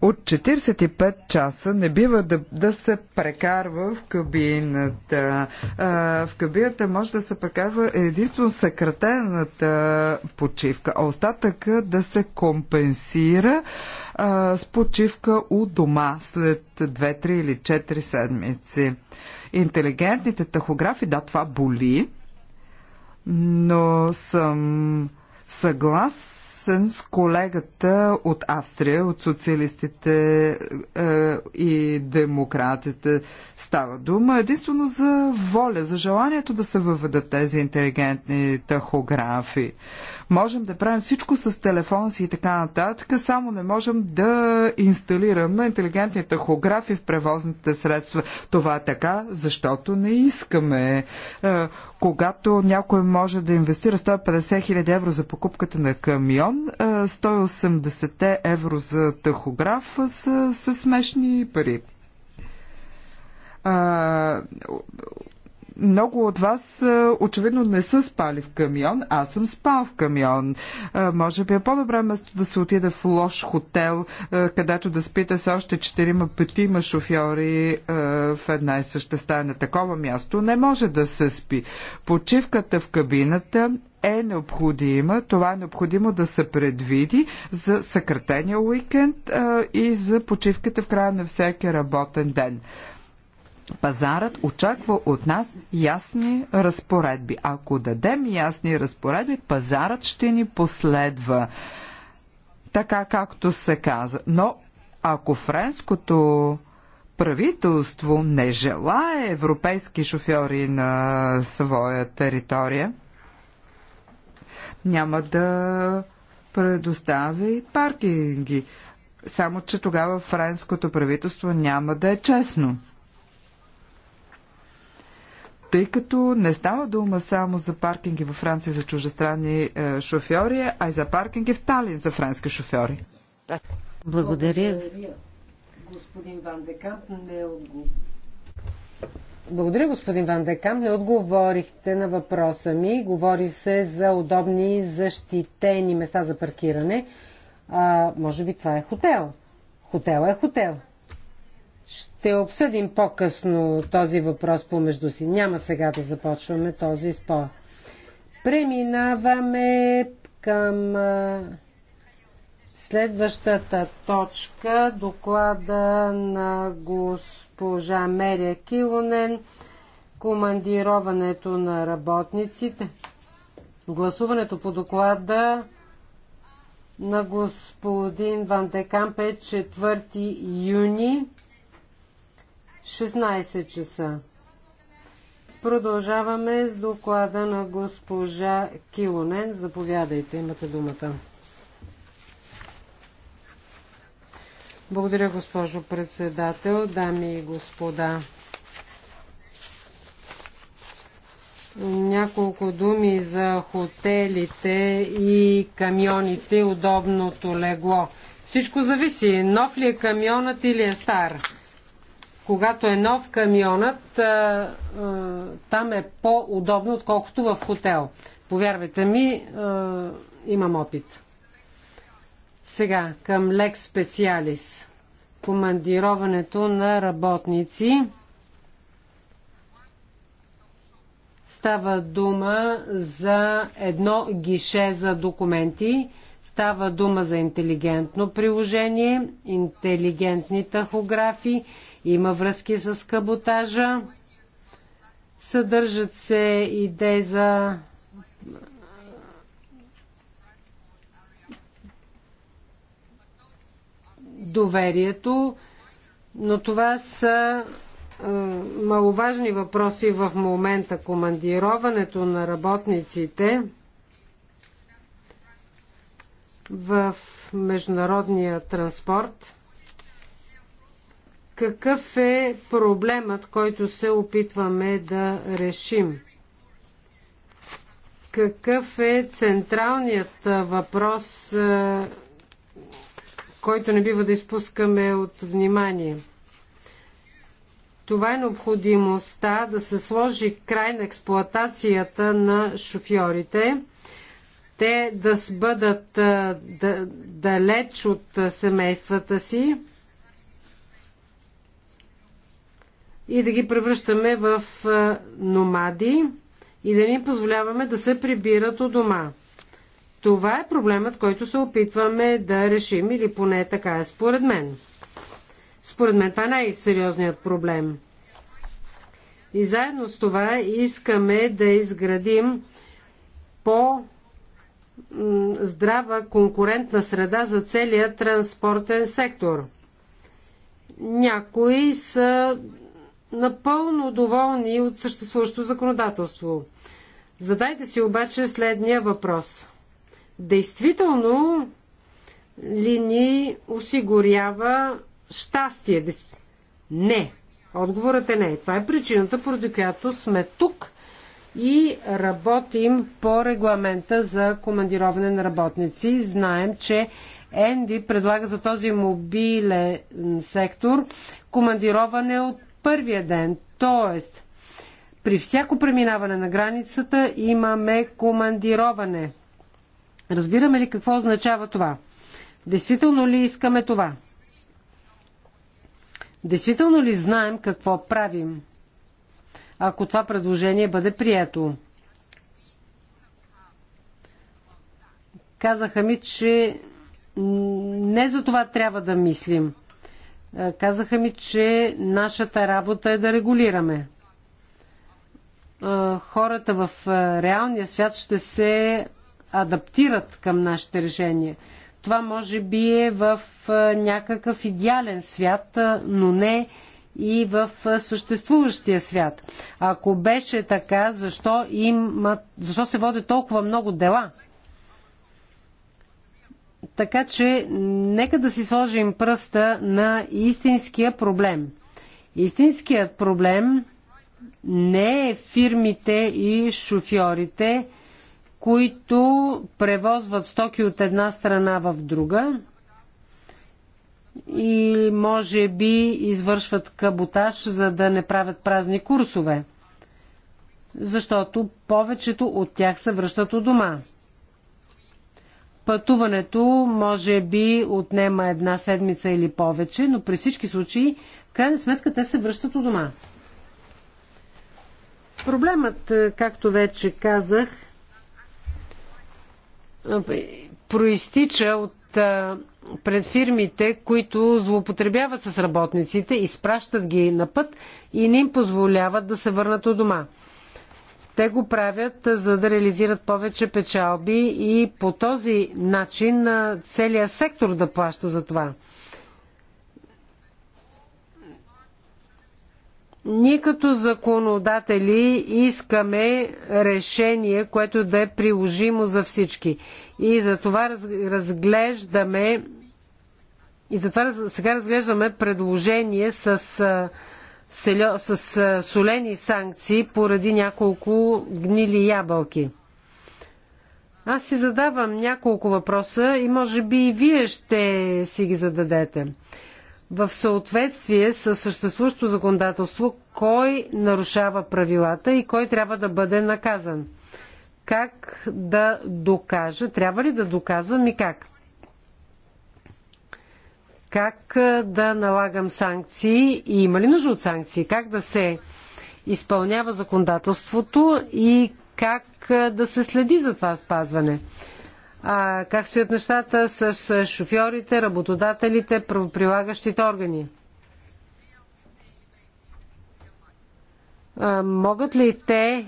от 45 часа не бива да, да се прекарва в кабината. А, в кабината може да се прекарва единствено съкратената почивка, а остатъка да се компенсира а, с почивка у дома след 2-3 или 4 седмици. Интелигентните тахографи, да, това боли, но съм съглас съгласен с колегата от Австрия, от социалистите е, и демократите. Става дума единствено за воля, за желанието да се въведат тези интелигентни тахографи. Можем да правим всичко с телефон си и така нататък, само не можем да инсталираме интелигентни тахографи в превозните средства. Това е така, защото не искаме. Е, когато някой може да инвестира 150 000 евро за покупката на камион, 180 евро за тахограф са, са смешни пари. А, много от вас е, очевидно не са спали в камион. Аз съм спал в камион. Е, може би е по-добре место да се отида в лош хотел, е, където да спите с още 4-5 шофьори в една и съща стая. На такова място не може да се спи. Почивката в кабината е необходима, това е необходимо да се предвиди за съкратения уикенд а, и за почивката в края на всеки работен ден. Пазарът очаква от нас ясни разпоредби. Ако дадем ясни разпоредби, пазарът ще ни последва. Така както се каза. Но ако френското правителство не желае европейски шофьори на своя територия, няма да предостави паркинги. Само, че тогава френското правителство няма да е честно тъй като не става дума само за паркинги във Франция за чужестранни е, шофьори, а и за паркинги в Талин за френски шофьори. Благодаря. Господин Ван Декамп не е отговори. Благодаря, господин Ван Декамп. Не отговорихте на въпроса ми. Говори се за удобни защитени места за паркиране. А, може би това е хотел. Хотел е хотел. Ще обсъдим по-късно този въпрос помежду си. Няма сега да започваме този спор. Преминаваме към следващата точка, доклада на госпожа Мерия Килонен, командироването на работниците. Гласуването по доклада на господин Ван Декамп е 4 юни 16 часа. Продължаваме с доклада на госпожа Килонен. Заповядайте, имате думата. Благодаря, госпожо председател, дами и господа. Няколко думи за хотелите и камионите, удобното легло. Всичко зависи, нов ли е камионът или е стар. Когато е нов камионът, там е по-удобно, отколкото в хотел. Повярвайте ми, имам опит. Сега към лек Специалис. Командироването на работници. Става дума за едно гише за документи. Става дума за интелигентно приложение, интелигентни тахографи, има връзки с каботажа. Съдържат се идеи за доверието, но това са маловажни въпроси в момента. Командироването на работниците в международния транспорт какъв е проблемът, който се опитваме да решим? Какъв е централният въпрос, който не бива да изпускаме от внимание? Това е необходимостта да се сложи край на експлоатацията на шофьорите, те да бъдат далеч от семействата си, и да ги превръщаме в номади и да ни позволяваме да се прибират от дома. Това е проблемът, който се опитваме да решим или поне така е според мен. Според мен това е най-сериозният проблем. И заедно с това искаме да изградим по здрава конкурентна среда за целия транспортен сектор. Някои са напълно доволни от съществуващото законодателство. Задайте си обаче следния въпрос. Действително ли ни осигурява щастие? Не. Отговорът е не. Това е причината, поради която сме тук и работим по регламента за командироване на работници. Знаем, че Енви предлага за този мобилен сектор командироване от първия ден. т.е. при всяко преминаване на границата имаме командироване. Разбираме ли какво означава това? Действително ли искаме това? Действително ли знаем какво правим, ако това предложение бъде прието? Казаха ми, че не за това трябва да мислим. Е, казаха ми, че нашата работа е да регулираме. Е, хората в е, реалния свят ще се адаптират към нашите решения. Това може би е в някакъв идеален свят, но не и в съществуващия свят. Ако беше така, защо, има, защо се водят толкова много дела? Така че нека да си сложим пръста на истинския проблем. Истинският проблем не е фирмите и шофьорите, които превозват стоки от една страна в друга и може би извършват каботаж, за да не правят празни курсове, защото повечето от тях се връщат у дома. Пътуването може би отнема една седмица или повече, но при всички случаи, в крайна сметка, те се връщат у дома. Проблемът, е, както вече казах, е, проистича от е, пред фирмите, които злоупотребяват с работниците, изпращат ги на път и не им позволяват да се върнат у дома. Те го правят за да реализират повече печалби и по този начин целият сектор да плаща за това. Ние като законодатели искаме решение, което да е приложимо за всички. И за това разглеждаме и затова сега разглеждаме предложение с с солени санкции поради няколко гнили ябълки. Аз си задавам няколко въпроса и може би и вие ще си ги зададете. В съответствие с съществуващото законодателство, кой нарушава правилата и кой трябва да бъде наказан? Как да докажа? Трябва ли да доказвам и как? Как да налагам санкции и има ли нужда от санкции? Как да се изпълнява законодателството и как да се следи за това спазване? А, как стоят нещата с шофьорите, работодателите, правоприлагащите органи? А, могат ли те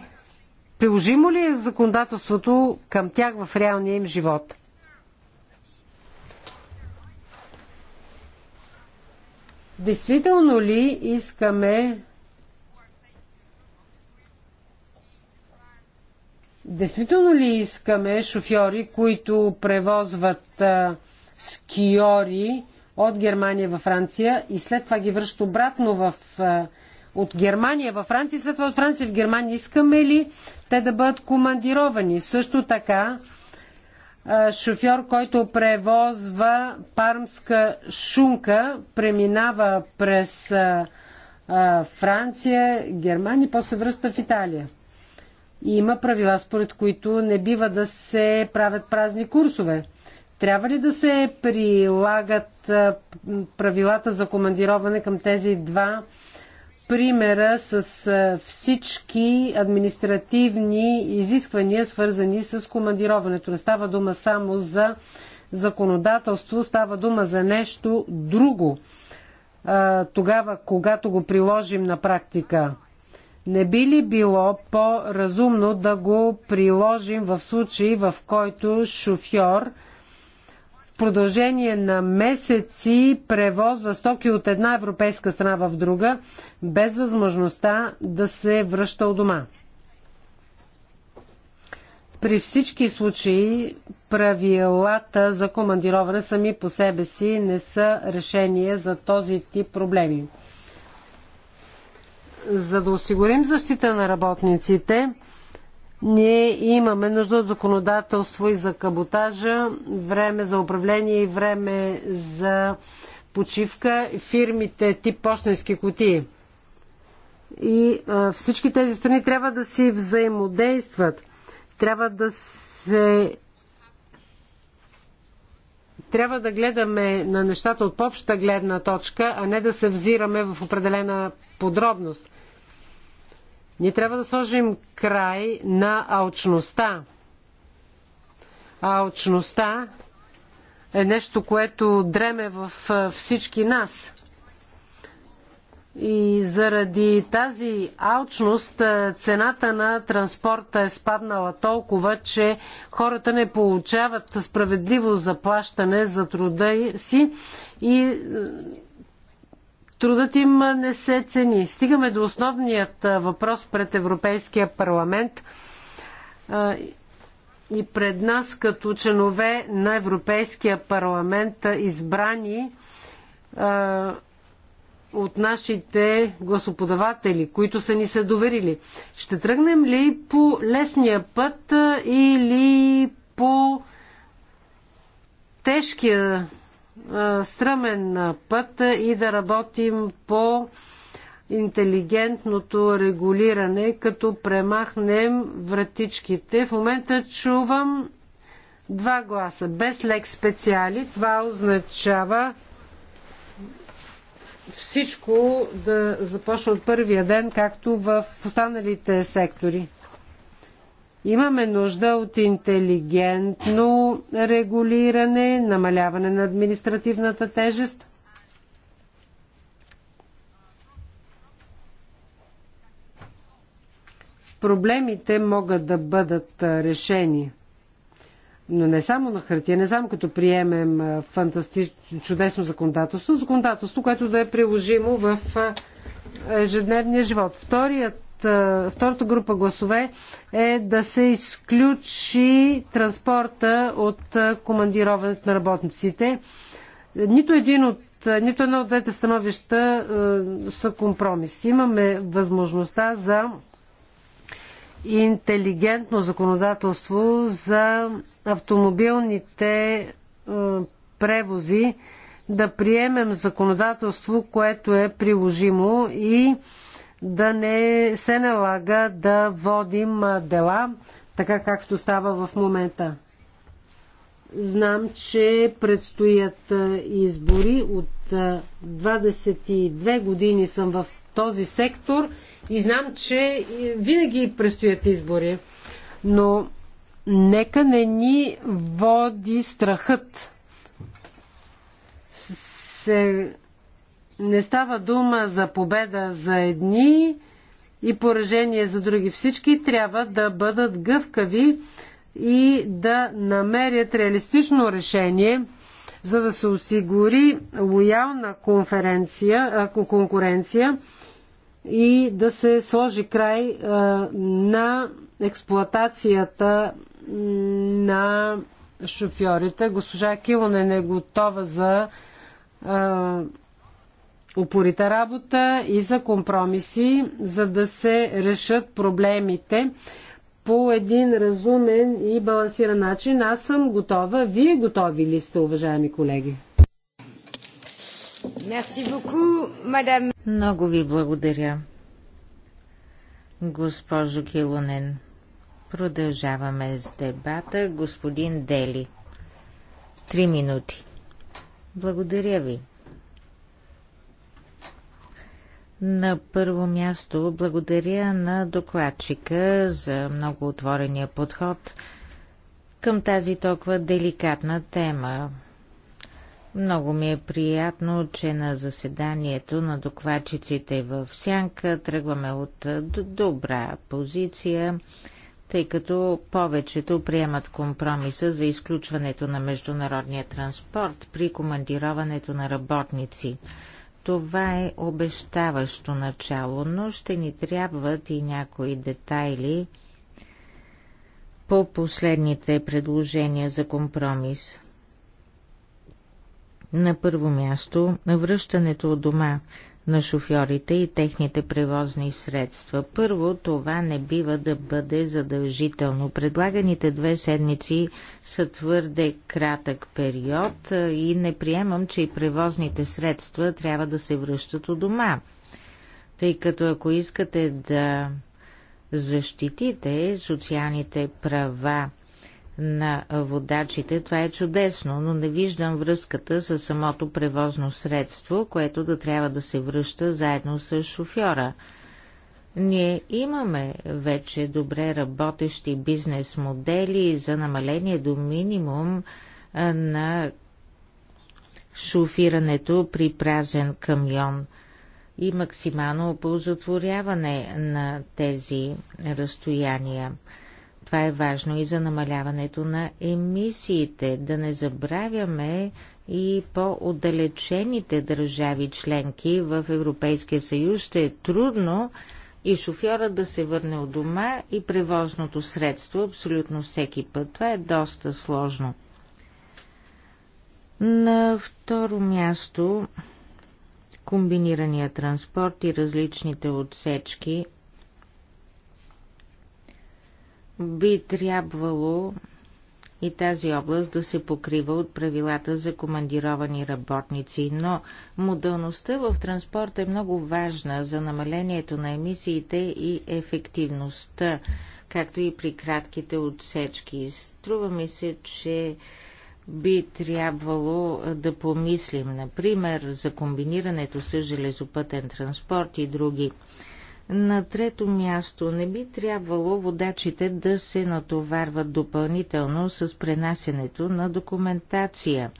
Приложимо ли е законодателството към тях в реалния им живот? Действително ли искаме Действително ли искаме шофьори, които превозват а, скиори от Германия във Франция и след това ги връщат обратно в, а, от Германия във Франция, след това от Франция в Германия? Искаме ли те да бъдат командировани? Също така, шофьор, който превозва пармска шунка, преминава през Франция, Германия после връща в Италия. И има правила, според които не бива да се правят празни курсове. Трябва ли да се прилагат правилата за командироване към тези два примера с всички административни изисквания, свързани с командироването. Не става дума само за законодателство, става дума за нещо друго. Тогава, когато го приложим на практика, не би ли било по-разумно да го приложим в случай, в който шофьор – продължение на месеци превозва стоки от една европейска страна в друга, без възможността да се връща у дома. При всички случаи правилата за командироване сами по себе си не са решение за този тип проблеми. За да осигурим защита на работниците, ние имаме нужда от законодателство и за каботажа, време за управление и време за почивка, фирмите тип почтенски кутии. И а, всички тези страни трябва да си взаимодействат. Трябва да се. Трябва да гледаме на нещата от по-обща гледна точка, а не да се взираме в определена подробност. Ние трябва да сложим край на алчността. Алчността е нещо, което дреме в всички нас. И заради тази алчност цената на транспорта е спаднала толкова, че хората не получават справедливо заплащане за труда си и Трудът им не се цени. Стигаме до основният въпрос пред Европейския парламент и пред нас като членове на Европейския парламент, избрани от нашите гласоподаватели, които са ни се доверили. Ще тръгнем ли по лесния път или по тежкия е, стръмен път и да работим по интелигентното регулиране, като премахнем вратичките. В момента чувам два гласа. Без лек специали това означава всичко да започне от първия ден, както в останалите сектори. Имаме нужда от интелигентно регулиране, намаляване на административната тежест. Проблемите могат да бъдат решени. Но не само на хартия, не само като приемем фантастично, чудесно законодателство, законодателство, което да е приложимо в ежедневния живот. Вторият втората, група гласове е да се изключи транспорта от командироването на работниците. Нито, един от, нито едно от двете становища е, са компромис. Имаме възможността за интелигентно законодателство за автомобилните е, превози, да приемем законодателство, което е приложимо и да не се налага да водим дела, така както става в момента. Знам, че предстоят избори. От 22 години съм в този сектор и знам, че е, винаги предстоят избори. Но нека не ни води страхът. Се... Не става дума за победа за едни и поражение за други. Всички трябва да бъдат гъвкави и да намерят реалистично решение, за да се осигури лоялна конференция, конкуренция и да се сложи край а, на експлоатацията на шофьорите. Госпожа Килон е готова за а, упорита работа и за компромиси, за да се решат проблемите по един разумен и балансиран начин. Аз съм готова. Вие готови ли сте, уважаеми колеги? Много ви благодаря, госпожо Килонен. Продължаваме с дебата. Господин Дели. Три минути. Благодаря ви. На първо място благодаря на докладчика за много отворения подход към тази толкова деликатна тема. Много ми е приятно, че на заседанието на докладчиците в Сянка тръгваме от добра позиция, тъй като повечето приемат компромиса за изключването на международния транспорт при командироването на работници – това е обещаващо начало, но ще ни трябват и някои детайли по последните предложения за компромис. На първо място, връщането от дома на шофьорите и техните превозни средства. Първо, това не бива да бъде задължително. Предлаганите две седмици са твърде кратък период и не приемам, че и превозните средства трябва да се връщат у дома. Тъй като ако искате да защитите социалните права на водачите. Това е чудесно, но не виждам връзката с самото превозно средство, което да трябва да се връща заедно с шофьора. Ние имаме вече добре работещи бизнес модели за намаление до минимум на шофирането при празен камион и максимално оползотворяване на тези разстояния. Това е важно и за намаляването на емисиите. Да не забравяме и по-отдалечените държави членки в Европейския съюз. Ще е трудно и шофьора да се върне от дома и превозното средство абсолютно всеки път. Това е доста сложно. На второ място комбинирания транспорт и различните отсечки би трябвало и тази област да се покрива от правилата за командировани работници, но модалността в транспорт е много важна за намалението на емисиите и ефективността, както и при кратките отсечки. Струва ми се, че би трябвало да помислим, например, за комбинирането с железопътен транспорт и други. На трето място не би трябвало водачите да се натоварват допълнително с пренасенето на документация.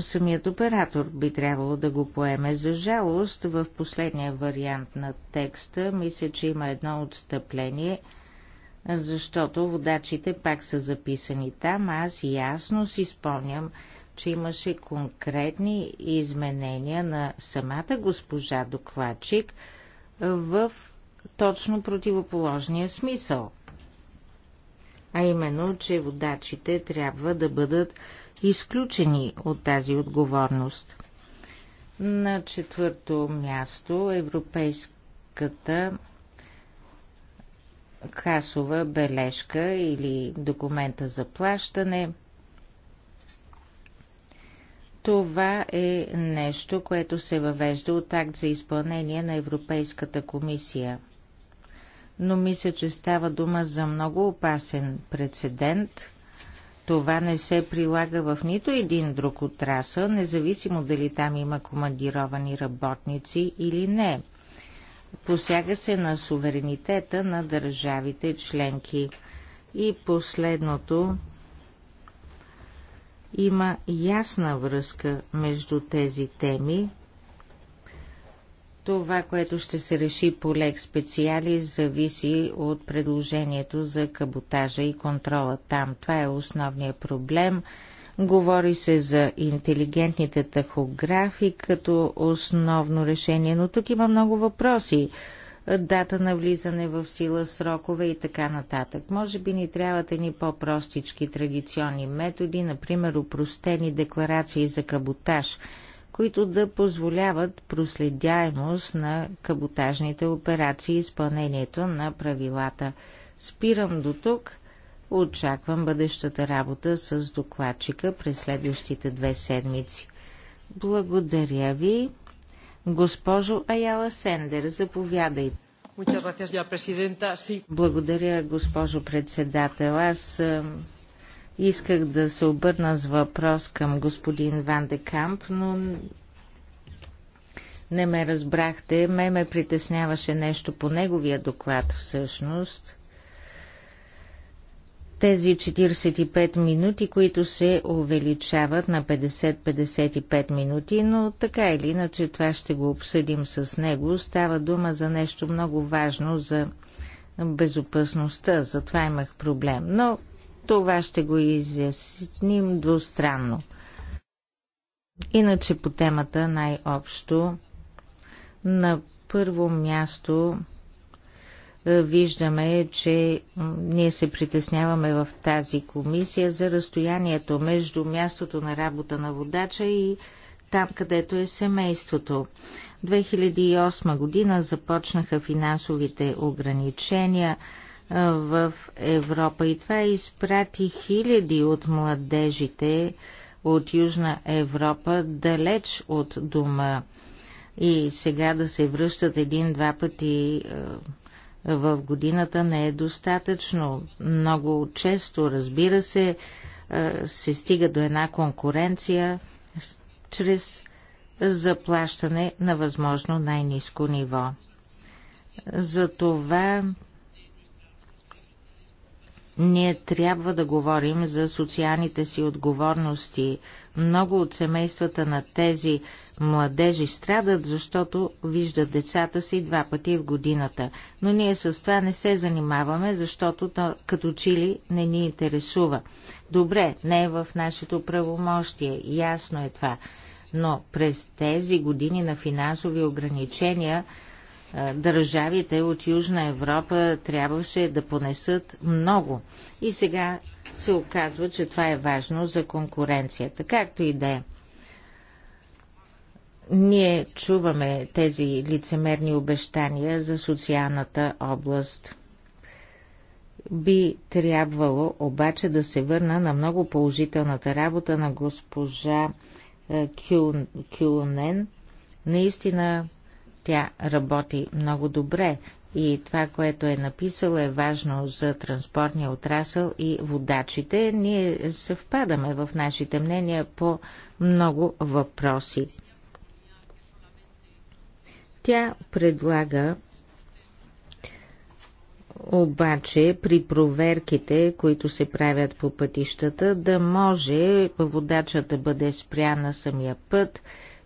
Самият оператор би трябвало да го поеме. За жалост, в последния вариант на текста мисля, че има едно отстъпление, защото водачите пак са записани там. Аз ясно си спомням, че имаше конкретни изменения на самата госпожа докладчик в точно противоположния смисъл. А именно, че водачите трябва да бъдат изключени от тази отговорност. На четвърто място Европейската касова бележка или документа за плащане – това е нещо, което се въвежда от акт за изпълнение на Европейската комисия. Но мисля, че става дума за много опасен прецедент. Това не се прилага в нито един друг отрасъл, независимо дали там има командировани работници или не. Посяга се на суверенитета на държавите членки. И последното има ясна връзка между тези теми. Това, което ще се реши по лек специали, зависи от предложението за каботажа и контрола там. Това е основният проблем. Говори се за интелигентните тахографи като основно решение, но тук има много въпроси дата на влизане в сила, срокове и така нататък. Може би ни трябват едни по-простички традиционни методи, например упростени декларации за каботаж, които да позволяват проследяемост на каботажните операции и изпълнението на правилата. Спирам до тук. Очаквам бъдещата работа с докладчика през следващите две седмици. Благодаря ви. Госпожо Аяла Сендер, заповядайте. Благодаря, госпожо председател. Аз исках да се обърна с въпрос към господин Ван де Камп, но не ме разбрахте. Ме ме притесняваше нещо по неговия доклад всъщност – тези 45 минути, които се увеличават на 50-55 минути, но така или иначе това ще го обсъдим с него. Става дума за нещо много важно за безопасността, затова имах проблем. Но това ще го изясним двустранно. Иначе по темата най-общо на първо място е, виждаме, че ние се притесняваме в тази комисия за разстоянието между мястото на работа на водача и там, където е семейството. 2008 година започнаха финансовите ограничения е, в Европа и това изпрати хиляди от младежите от Южна Европа далеч от дома. И сега да се връщат един-два пъти е, в годината не е достатъчно. Много често, разбира се, е, се стига до една конкуренция чрез заплащане на възможно най-низко ниво. Затова ние трябва да говорим за социалните си отговорности. Много от семействата на тези младежи страдат, защото виждат децата си два пъти в годината. Но ние с това не се занимаваме, защото то, като чили не ни интересува. Добре, не е в нашето правомощие, ясно е това. Но през тези години на финансови ограничения държавите от Южна Европа трябваше да понесат много. И сега се оказва, че това е важно за конкуренцията. Както и да е. Ние чуваме тези лицемерни обещания за социалната област. Би трябвало обаче да се върна на много положителната работа на госпожа е, Кюнен. Наистина тя работи много добре и това, което е написала е важно за транспортния отрасъл и водачите. Ние съвпадаме в нашите мнения по много въпроси. Тя предлага обаче при проверките, които се правят по пътищата, да може водачът да бъде спрян на самия път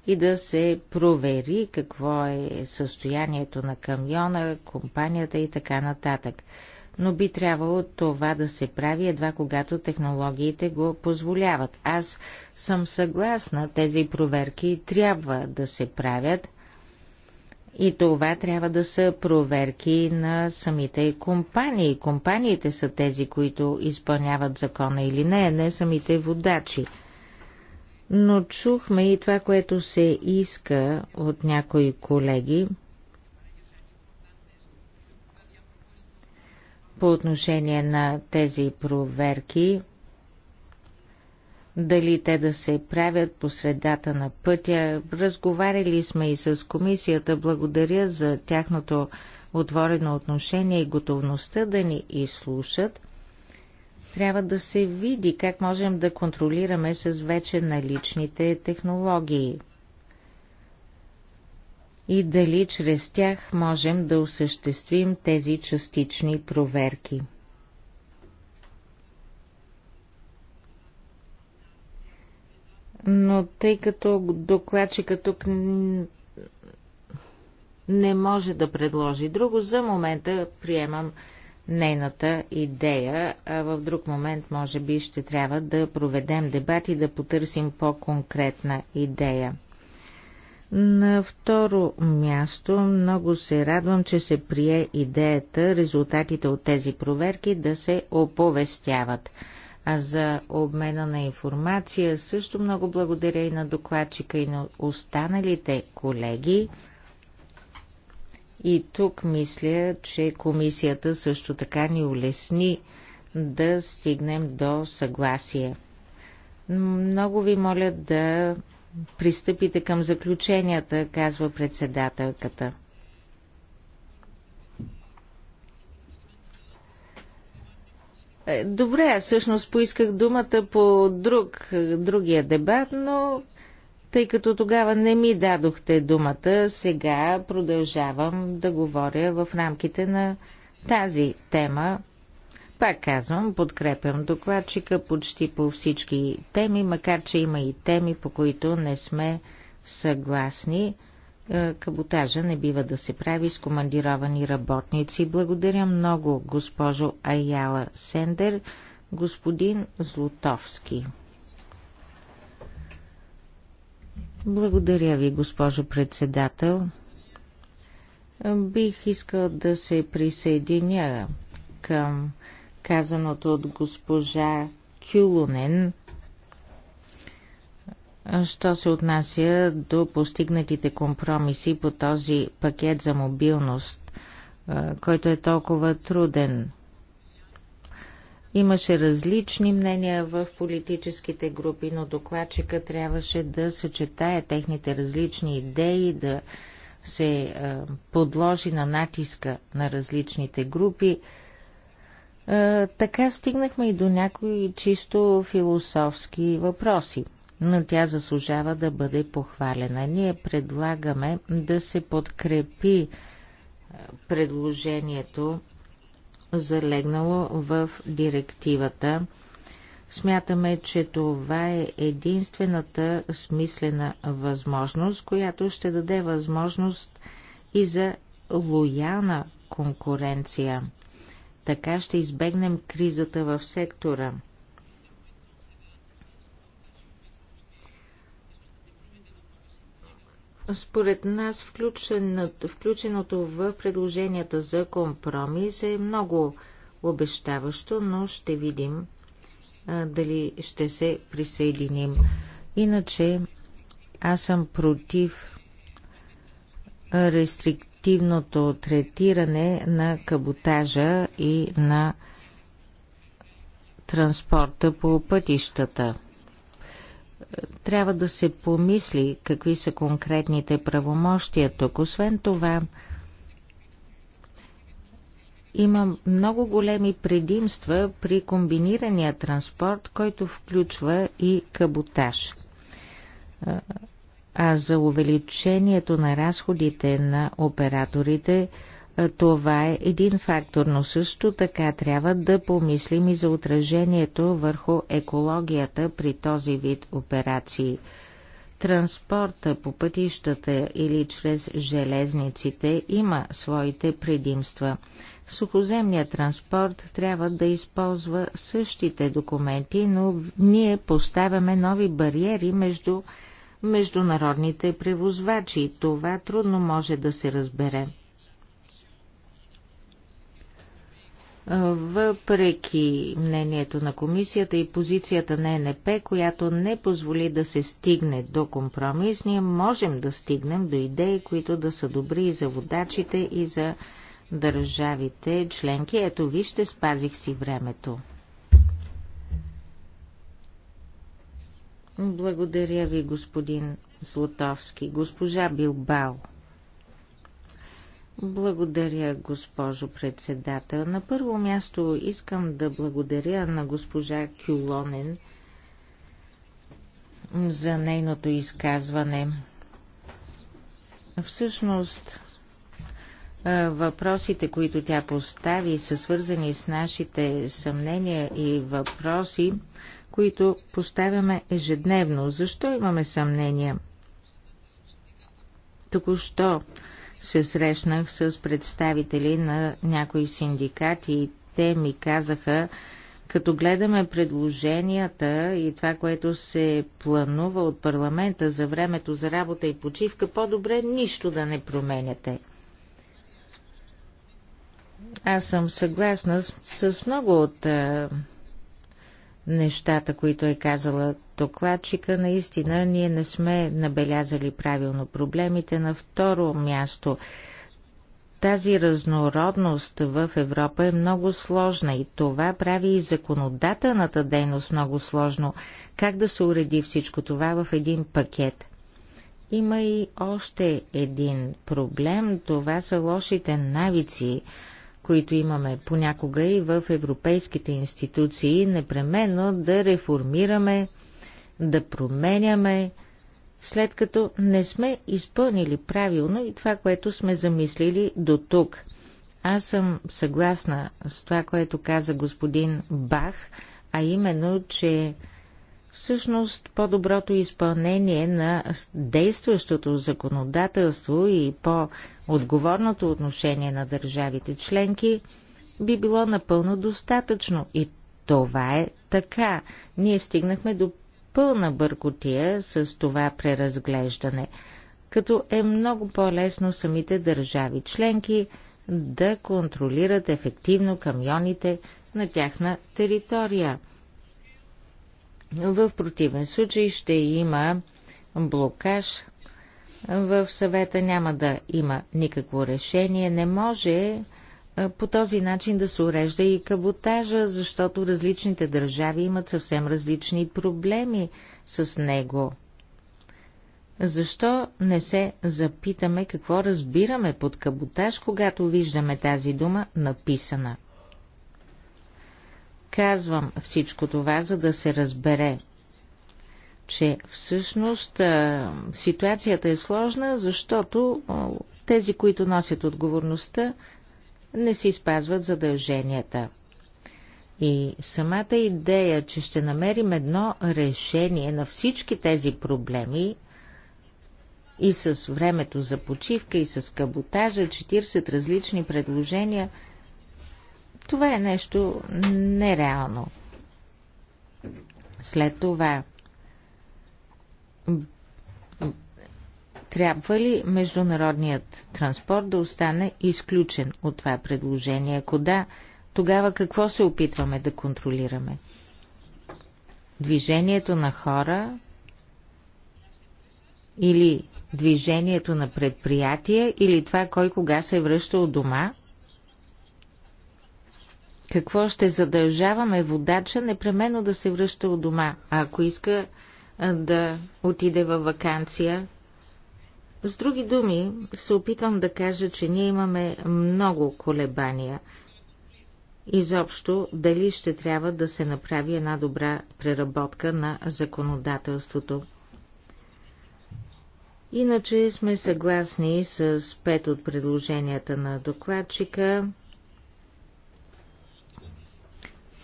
и да се провери какво е състоянието на камиона, компанията и така нататък. Но би трябвало това да се прави едва когато технологиите го позволяват. Аз съм съгласна, тези проверки трябва да се правят – и това трябва да са проверки на самите компании. Компаниите са тези, които изпълняват закона или не, не самите водачи. Но чухме и това, което се иска от някои колеги по отношение на тези проверки – дали те да се правят по средата на пътя. Разговаряли сме и с комисията. Благодаря за тяхното отворено отношение и готовността да ни изслушат. Трябва да се види как можем да контролираме с вече наличните технологии и дали чрез тях можем да осъществим тези частични проверки. но тъй като докладчика тук не може да предложи друго, за момента приемам нейната идея, а в друг момент може би ще трябва да проведем дебат и да потърсим по-конкретна идея. На второ място много се радвам, че се прие идеята резултатите от тези проверки да се оповестяват – а за обмена на информация. Също много благодаря и на докладчика и на останалите колеги. И тук мисля, че комисията също така ни улесни да стигнем до съгласие. Много ви моля да пристъпите към заключенията, казва председателката. Е, добре, аз всъщност поисках думата по друг, другия дебат, но тъй като тогава не ми дадохте думата, сега продължавам да говоря в рамките на тази тема. Пак казвам, подкрепям докладчика почти по всички теми, макар че има и теми, по които не сме съгласни. Е, каботажа не бива да се прави с командировани работници. Благодаря много, госпожо Аяла Сендер, господин Злотовски. Благодаря ви, госпожо председател. Бих искал да се присъединя към казаното от госпожа Кюлунен – Що се отнася до постигнатите компромиси по този пакет за мобилност, който е толкова труден, имаше различни мнения в политическите групи, но докладчика трябваше да съчетае техните различни идеи, да се подложи на натиска на различните групи. Така стигнахме и до някои чисто философски въпроси – но тя заслужава да бъде похвалена. Ние предлагаме да се подкрепи е, предложението, залегнало в директивата. Смятаме, че това е единствената смислена възможност, която ще даде възможност и за лояна конкуренция. Така ще избегнем кризата в сектора – Според нас включеното, включеното в предложенията за компромис е много обещаващо, но ще видим а, дали ще се присъединим. Иначе аз съм против рестриктивното третиране на каботажа и на транспорта по пътищата трябва да се помисли какви са конкретните правомощия тук. Освен това, има много големи предимства при комбинирания транспорт, който включва и каботаж. А за увеличението на разходите на операторите – това е един фактор, но също така трябва да помислим и за отражението върху екологията при този вид операции. Транспорта по пътищата или чрез железниците има своите предимства. Сухоземният транспорт трябва да използва същите документи, но ние поставяме нови бариери между международните превозвачи. Това трудно може да се разбере. въпреки мнението на комисията и позицията на НП, която не позволи да се стигне до компромис, ние можем да стигнем до идеи, които да са добри и за водачите, и за държавите членки. Ето вижте, спазих си времето. Благодаря ви, господин Златовски. Госпожа Билбао. Благодаря, госпожо председател. На първо място искам да благодаря на госпожа Кюлонен за нейното изказване. Всъщност, въпросите, които тя постави, са свързани с нашите съмнения и въпроси, които поставяме ежедневно. Защо имаме съмнения? Току-що се срещнах с представители на някои синдикати и те ми казаха, като гледаме предложенията и това, което се планува от парламента за времето за работа и почивка, по-добре нищо да не променяте. Аз съм съгласна с, с много от нещата, които е казала докладчика. Наистина, ние не сме набелязали правилно проблемите. На второ място, тази разнородност в Европа е много сложна и това прави и законодателната дейност много сложно. Как да се уреди всичко това в един пакет? Има и още един проблем. Това са лошите навици които имаме понякога и в европейските институции, непременно да реформираме, да променяме, след като не сме изпълнили правилно и това, което сме замислили до тук. Аз съм съгласна с това, което каза господин Бах, а именно, че Всъщност, по-доброто изпълнение на действащото законодателство и по-отговорното отношение на държавите членки би било напълно достатъчно. И това е така. Ние стигнахме до пълна бъркотия с това преразглеждане, като е много по-лесно самите държави членки да контролират ефективно камионите на тяхна територия – в противен случай ще има блокаж в съвета, няма да има никакво решение. Не може по този начин да се урежда и каботажа, защото различните държави имат съвсем различни проблеми с него. Защо не се запитаме какво разбираме под каботаж, когато виждаме тази дума написана? Казвам всичко това, за да се разбере, че всъщност ситуацията е сложна, защото тези, които носят отговорността, не си спазват задълженията. И самата идея, че ще намерим едно решение на всички тези проблеми и с времето за почивка, и с каботажа, 40 различни предложения – това е нещо нереално. След това трябва ли международният транспорт да остане изключен от това предложение? Ако да, тогава какво се опитваме да контролираме? Движението на хора или движението на предприятия или това кой кога се връща от дома – какво ще задължаваме водача непременно да се връща от дома, а ако иска да отиде във вакансия? С други думи, се опитвам да кажа, че ние имаме много колебания. Изобщо, дали ще трябва да се направи една добра преработка на законодателството. Иначе сме съгласни с пет от предложенията на докладчика –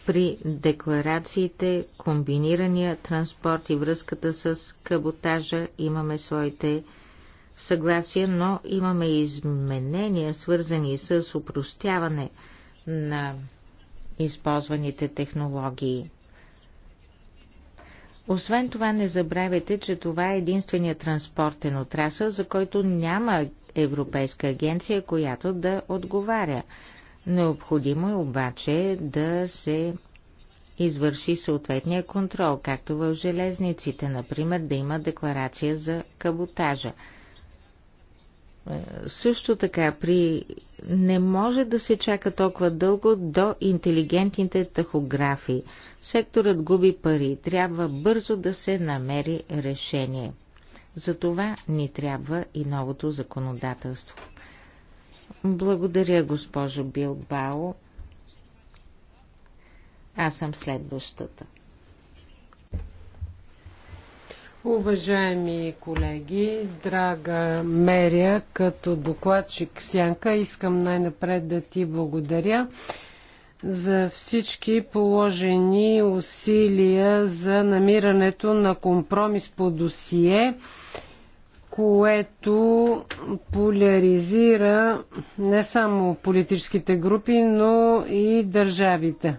при декларациите, комбинирания транспорт и връзката с каботажа имаме своите съгласия, но имаме изменения, свързани с упростяване на използваните технологии. Освен това, не забравяйте, че това е единствения транспортен отрасъл, за който няма Европейска агенция, която да отговаря – Необходимо е обаче да се извърши съответния контрол, както в железниците, например да има декларация за каботажа. Е, също така, при... не може да се чака толкова дълго до интелигентните тахографи. Секторът губи пари. Трябва бързо да се намери решение. За това ни трябва и новото законодателство. Благодаря, госпожо Билбао. Аз съм следващата. Уважаеми колеги, драга Мерия, като докладчик Сянка, искам най-напред да ти благодаря за всички положени усилия за намирането на компромис по досие което поляризира не само политическите групи, но и държавите.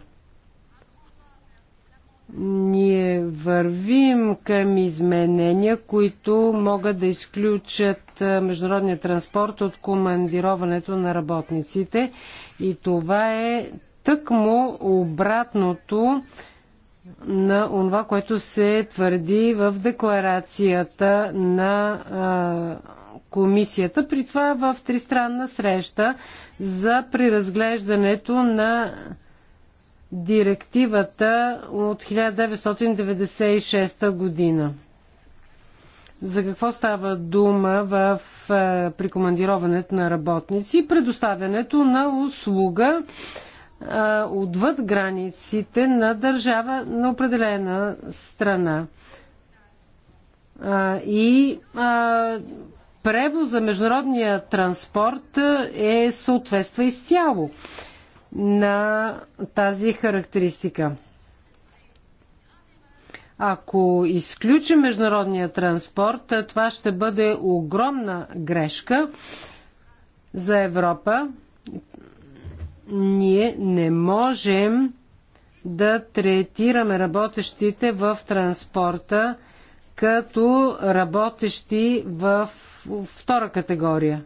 Ние вървим към изменения, които могат да изключат международния транспорт от командироването на работниците. И това е тъкмо обратното на това, което се твърди в декларацията на а, комисията. При това в тристранна среща за преразглеждането на директивата от 1996 година. За какво става дума в прикомандироването на работници и предоставянето на услуга а, отвъд границите на държава на определена страна. А, и а, превоза, международния транспорт е съответства изцяло на тази характеристика. Ако изключим международния транспорт, това ще бъде огромна грешка за Европа ние не можем да третираме работещите в транспорта като работещи в втора категория.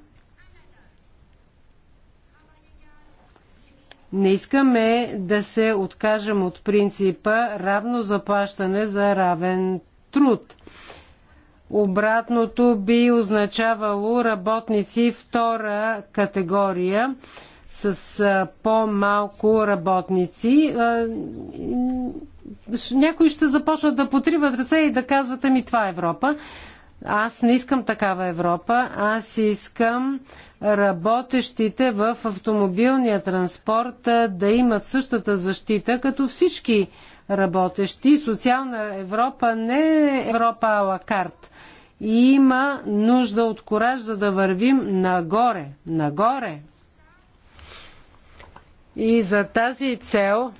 Не искаме да се откажем от принципа равно заплащане за равен труд. Обратното би означавало работници втора категория, с по-малко работници. Някои ще започнат да потриват ръце и да казват, ами това е Европа. Аз не искам такава Европа. Аз искам работещите в автомобилния транспорт да имат същата защита, като всички работещи. Социална Европа не е Европа ала карт. И има нужда от кораж, за да вървим нагоре. Нагоре. И за тази цел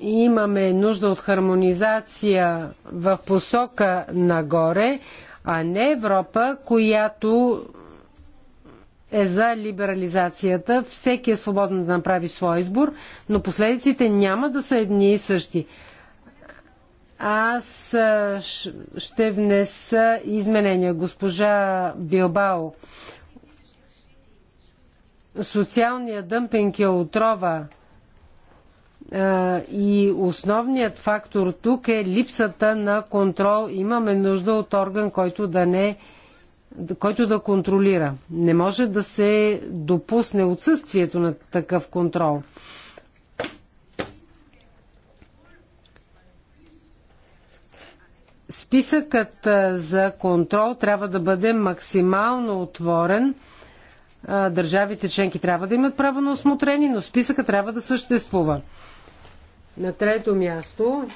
имаме нужда от хармонизация в посока нагоре, а не Европа, която е за либерализацията. Всеки е свободен да направи своя избор, но последиците няма да са едни и същи. Аз ще внеса изменения. Госпожа Билбао Социалният дъмпинг е отрова и основният фактор тук е липсата на контрол. Имаме нужда от орган, който да не който да контролира. Не може да се допусне отсъствието на такъв контрол. Списъкът за контрол трябва да бъде максимално отворен – Държавите членки трябва да имат право на осмотрение, но списъка трябва да съществува. На трето място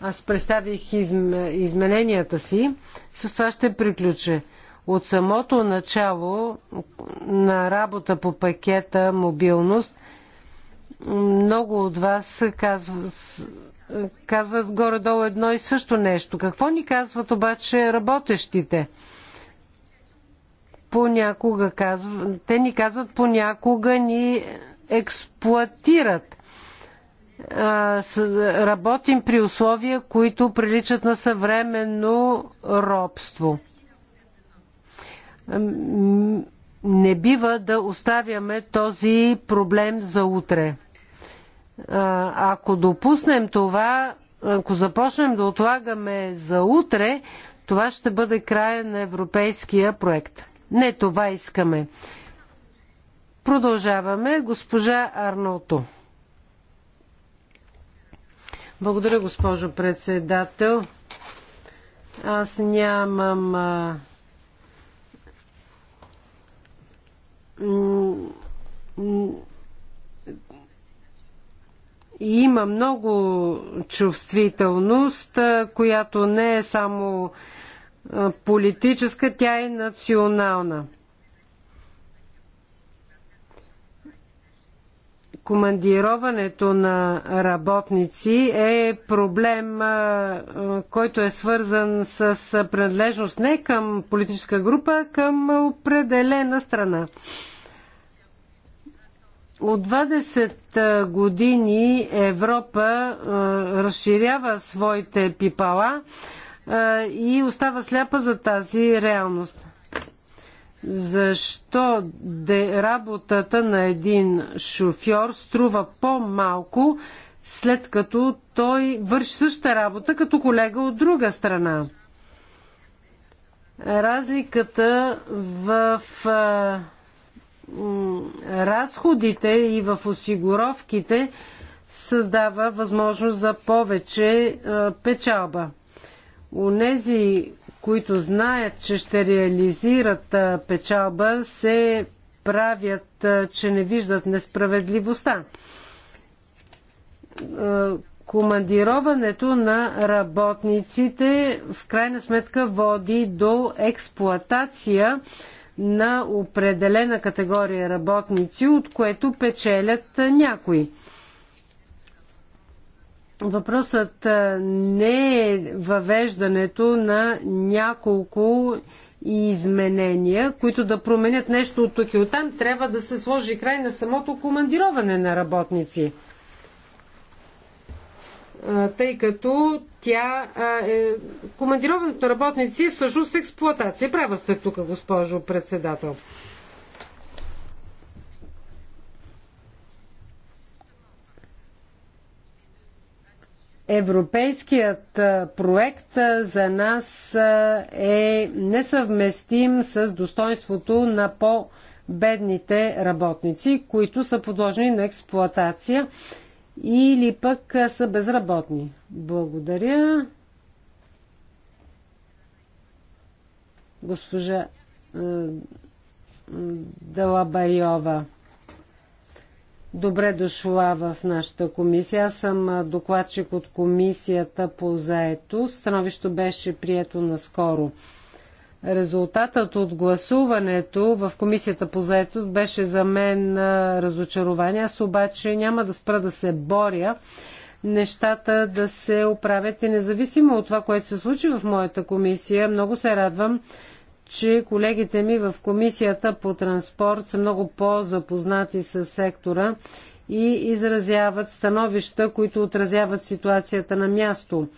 аз представих изм... измененията си. С това ще приключа. От самото начало на работа по пакета мобилност много от вас казват казват горе-долу едно и също нещо. Какво ни казват обаче работещите? Понякога казват, те ни казват, понякога ни експлуатират. Работим при условия, които приличат на съвременно робство не бива да оставяме този проблем за утре. Ако допуснем това, ако започнем да отлагаме за утре, това ще бъде края на европейския проект. Не това искаме. Продължаваме. Госпожа Арнолто. Благодаря, госпожо председател. Аз нямам. А има много чувствителност, която не е само политическа, тя е национална. командироването на работници е проблем, който е свързан с принадлежност не към политическа група, а към определена страна. От 20 години Европа е, разширява своите пипала е, и остава сляпа за тази реалност. Защо де работата на един шофьор струва по-малко, след като той върши същата работа като колега от друга страна? Разликата в. Е, разходите и в осигуровките създава възможност за повече е, печалба. нези, които знаят, че ще реализират е, печалба, се правят, е, че не виждат несправедливостта. Командироването на работниците в крайна сметка води до експлоатация на определена категория работници, от което печелят някои. Въпросът не е въвеждането на няколко изменения, които да променят нещо от тук и от там. Трябва да се сложи край на самото командироване на работници тъй като тя е, командироването работници е всъщност експлуатация. Права сте тук, госпожо председател. Европейският проект за нас е несъвместим с достоинството на по-бедните работници, които са подложени на експлоатация или пък са безработни. Благодаря. Госпожа Далабайова. Добре дошла в нашата комисия. Аз съм докладчик от комисията по заето. Становището беше прието наскоро. Резултатът от гласуването в комисията по заетост беше за мен разочарование. Аз обаче няма да спра да се боря нещата да се оправят и независимо от това, което се случи в моята комисия. Много се радвам, че колегите ми в комисията по транспорт са много по-запознати с сектора и изразяват становища, които отразяват ситуацията на място.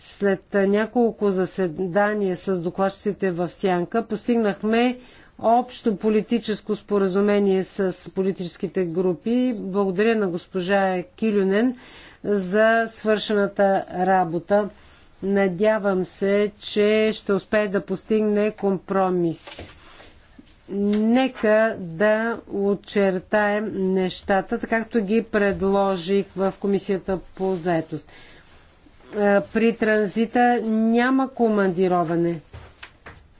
След няколко заседания с докладчиците в Сянка постигнахме общо политическо споразумение с политическите групи. Благодаря на госпожа Килюнен за свършената работа. Надявам се, че ще успее да постигне компромис. Нека да очертаем нещата, така както ги предложих в Комисията по заетост. Е, при транзита няма командироване.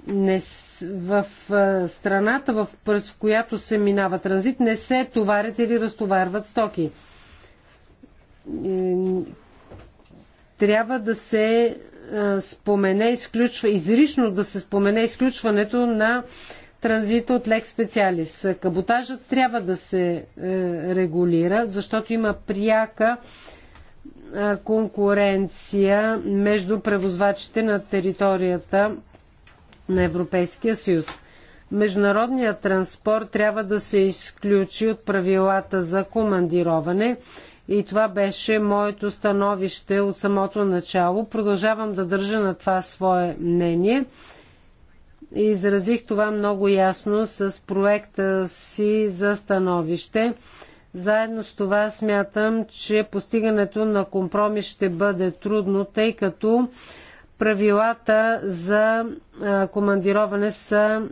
Не, в е, страната, в пръс, която се минава транзит, не се товарят или разтоварват стоки. Е, трябва да се спомене, изключва, изрично да се спомене изключването на транзита от лек специалист. Каботажът трябва да се регулира, защото има пряка конкуренция между превозвачите на територията на Европейския съюз. Международният транспорт трябва да се изключи от правилата за командироване и това беше моето становище от самото начало. Продължавам да държа на това свое мнение. И изразих това много ясно с проекта си за становище. Заедно с това смятам, че постигането на компромис ще бъде трудно, тъй като правилата за командироване са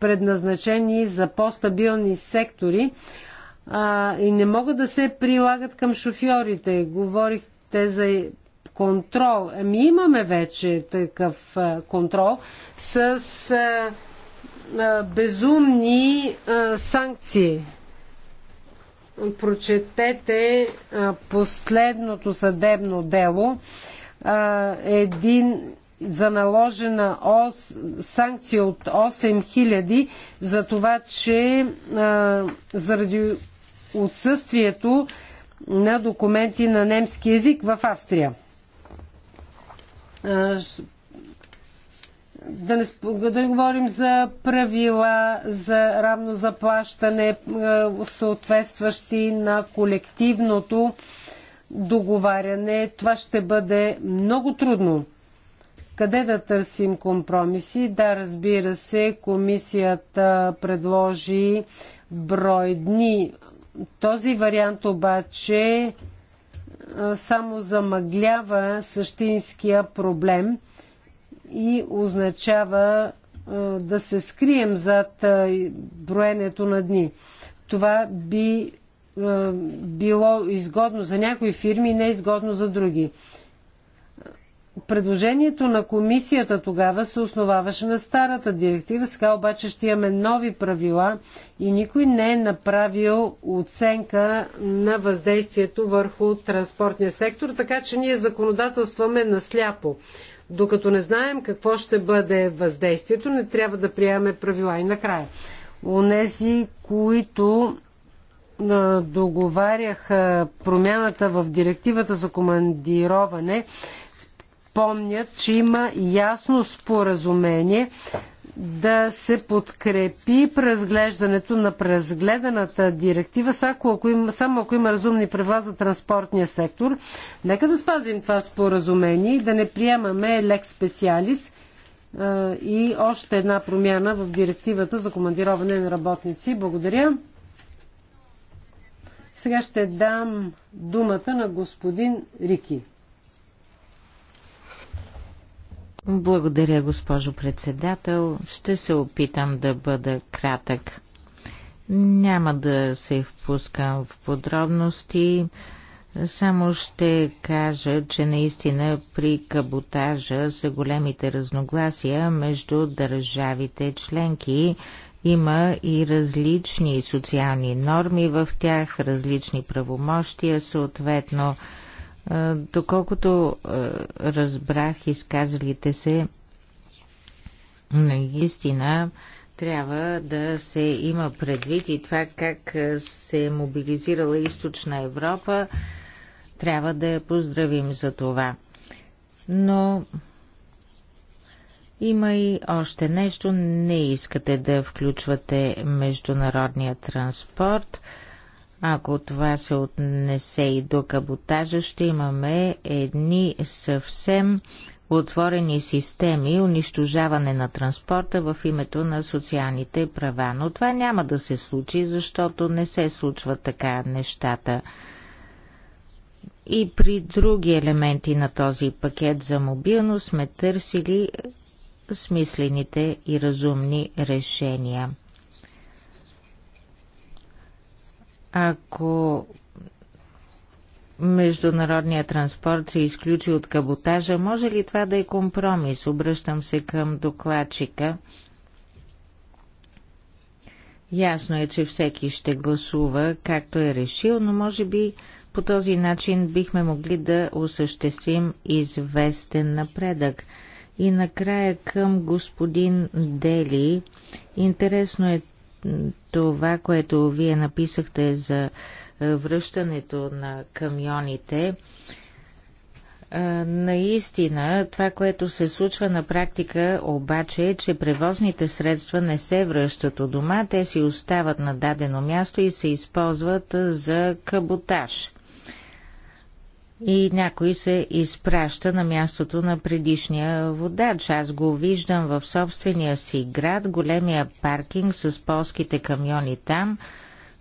предназначени за по-стабилни сектори а, и не могат да се прилагат към шофьорите. Говорихте за контрол. Ами имаме вече такъв а, контрол с а, а, безумни а, санкции прочетете последното съдебно дело. Един за наложена ос, санкция от 8000 за това, че а, заради отсъствието на документи на немски язик в Австрия. А, да не, да не говорим за правила за равно заплащане, е, съответстващи на колективното договаряне. Това ще бъде много трудно. Къде да търсим компромиси? Да, разбира се, комисията предложи брой дни. Този вариант обаче е, само замъглява същинския проблем – и означава да се скрием зад броенето на дни. Това би било изгодно за някои фирми и изгодно за други. Предложението на комисията тогава се основаваше на старата директива, сега обаче ще имаме нови правила и никой не е направил оценка на въздействието върху транспортния сектор, така че ние законодателстваме насляпо. Докато не знаем какво ще бъде въздействието, не трябва да приемаме правила и накрая. унези, които договаряха промяната в директивата за командироване, помнят, че има ясно споразумение да се подкрепи преразглеждането на преразгледаната директива, само ако, има, само ако има разумни правила за транспортния сектор. Нека да спазим това споразумение и да не приемаме лек специалист и още една промяна в директивата за командироване на работници. Благодаря. Сега ще дам думата на господин Рики. Благодаря, госпожо председател. Ще се опитам да бъда кратък. Няма да се впускам в подробности. Само ще кажа, че наистина при каботажа са големите разногласия между държавите членки. Има и различни социални норми в тях, различни правомощия съответно. Доколкото разбрах изказалите се, наистина трябва да се има предвид и това как се е мобилизирала източна Европа. Трябва да я поздравим за това. Но има и още нещо. Не искате да включвате международния транспорт – ако това се отнесе и до каботажа, ще имаме едни съвсем отворени системи, унищожаване на транспорта в името на социалните права. Но това няма да се случи, защото не се случват така нещата. И при други елементи на този пакет за мобилност сме търсили смислените и разумни решения. Ако международният транспорт се изключи от каботажа, може ли това да е компромис? Обръщам се към докладчика. Ясно е, че всеки ще гласува както е решил, но може би по този начин бихме могли да осъществим известен напредък. И накрая към господин Дели. Интересно е това, което вие написахте за е, връщането на камионите, е, наистина това, което се случва на практика обаче е, че превозните средства не се връщат от дома, те си остават на дадено място и се използват е, за каботаж и някой се изпраща на мястото на предишния водач. Аз го виждам в собствения си град, големия паркинг с полските камиони там,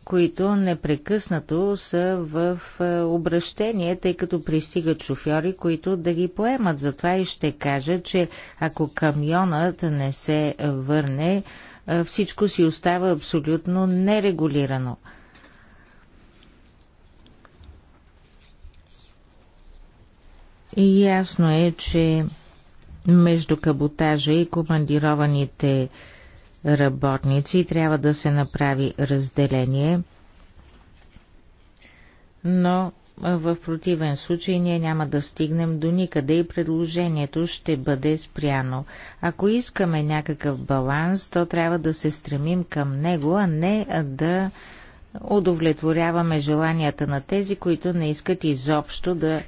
които непрекъснато са в е, обращение, тъй като пристигат шофьори, които да ги поемат. Затова и ще кажа, че ако камионът не се върне, е, всичко си остава абсолютно нерегулирано. Ясно е, че между каботажа и командированите работници трябва да се направи разделение, но в противен случай ние няма да стигнем до никъде и предложението ще бъде спряно. Ако искаме някакъв баланс, то трябва да се стремим към него, а не да удовлетворяваме желанията на тези, които не искат изобщо да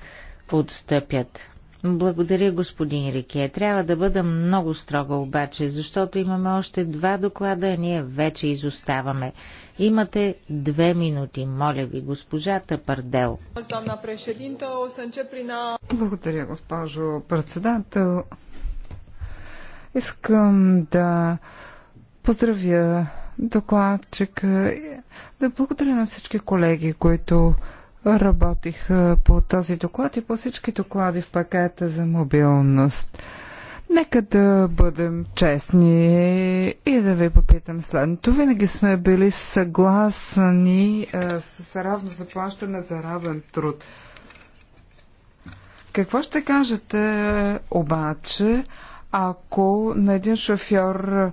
подстъпят. Благодаря, господин Рике. Трябва да бъда много строга обаче, защото имаме още два доклада, а ние вече изоставаме. Имате две минути, моля ви, госпожата Пардел. Благодаря, госпожо председател. Искам да поздравя докладчика, да благодаря на всички колеги, които работих по този доклад и по всички доклади в пакета за мобилност. Нека да бъдем честни и да ви попитам следното. Винаги сме били съгласни а, с равно заплащане за равен труд. Какво ще кажете обаче, ако на един шофьор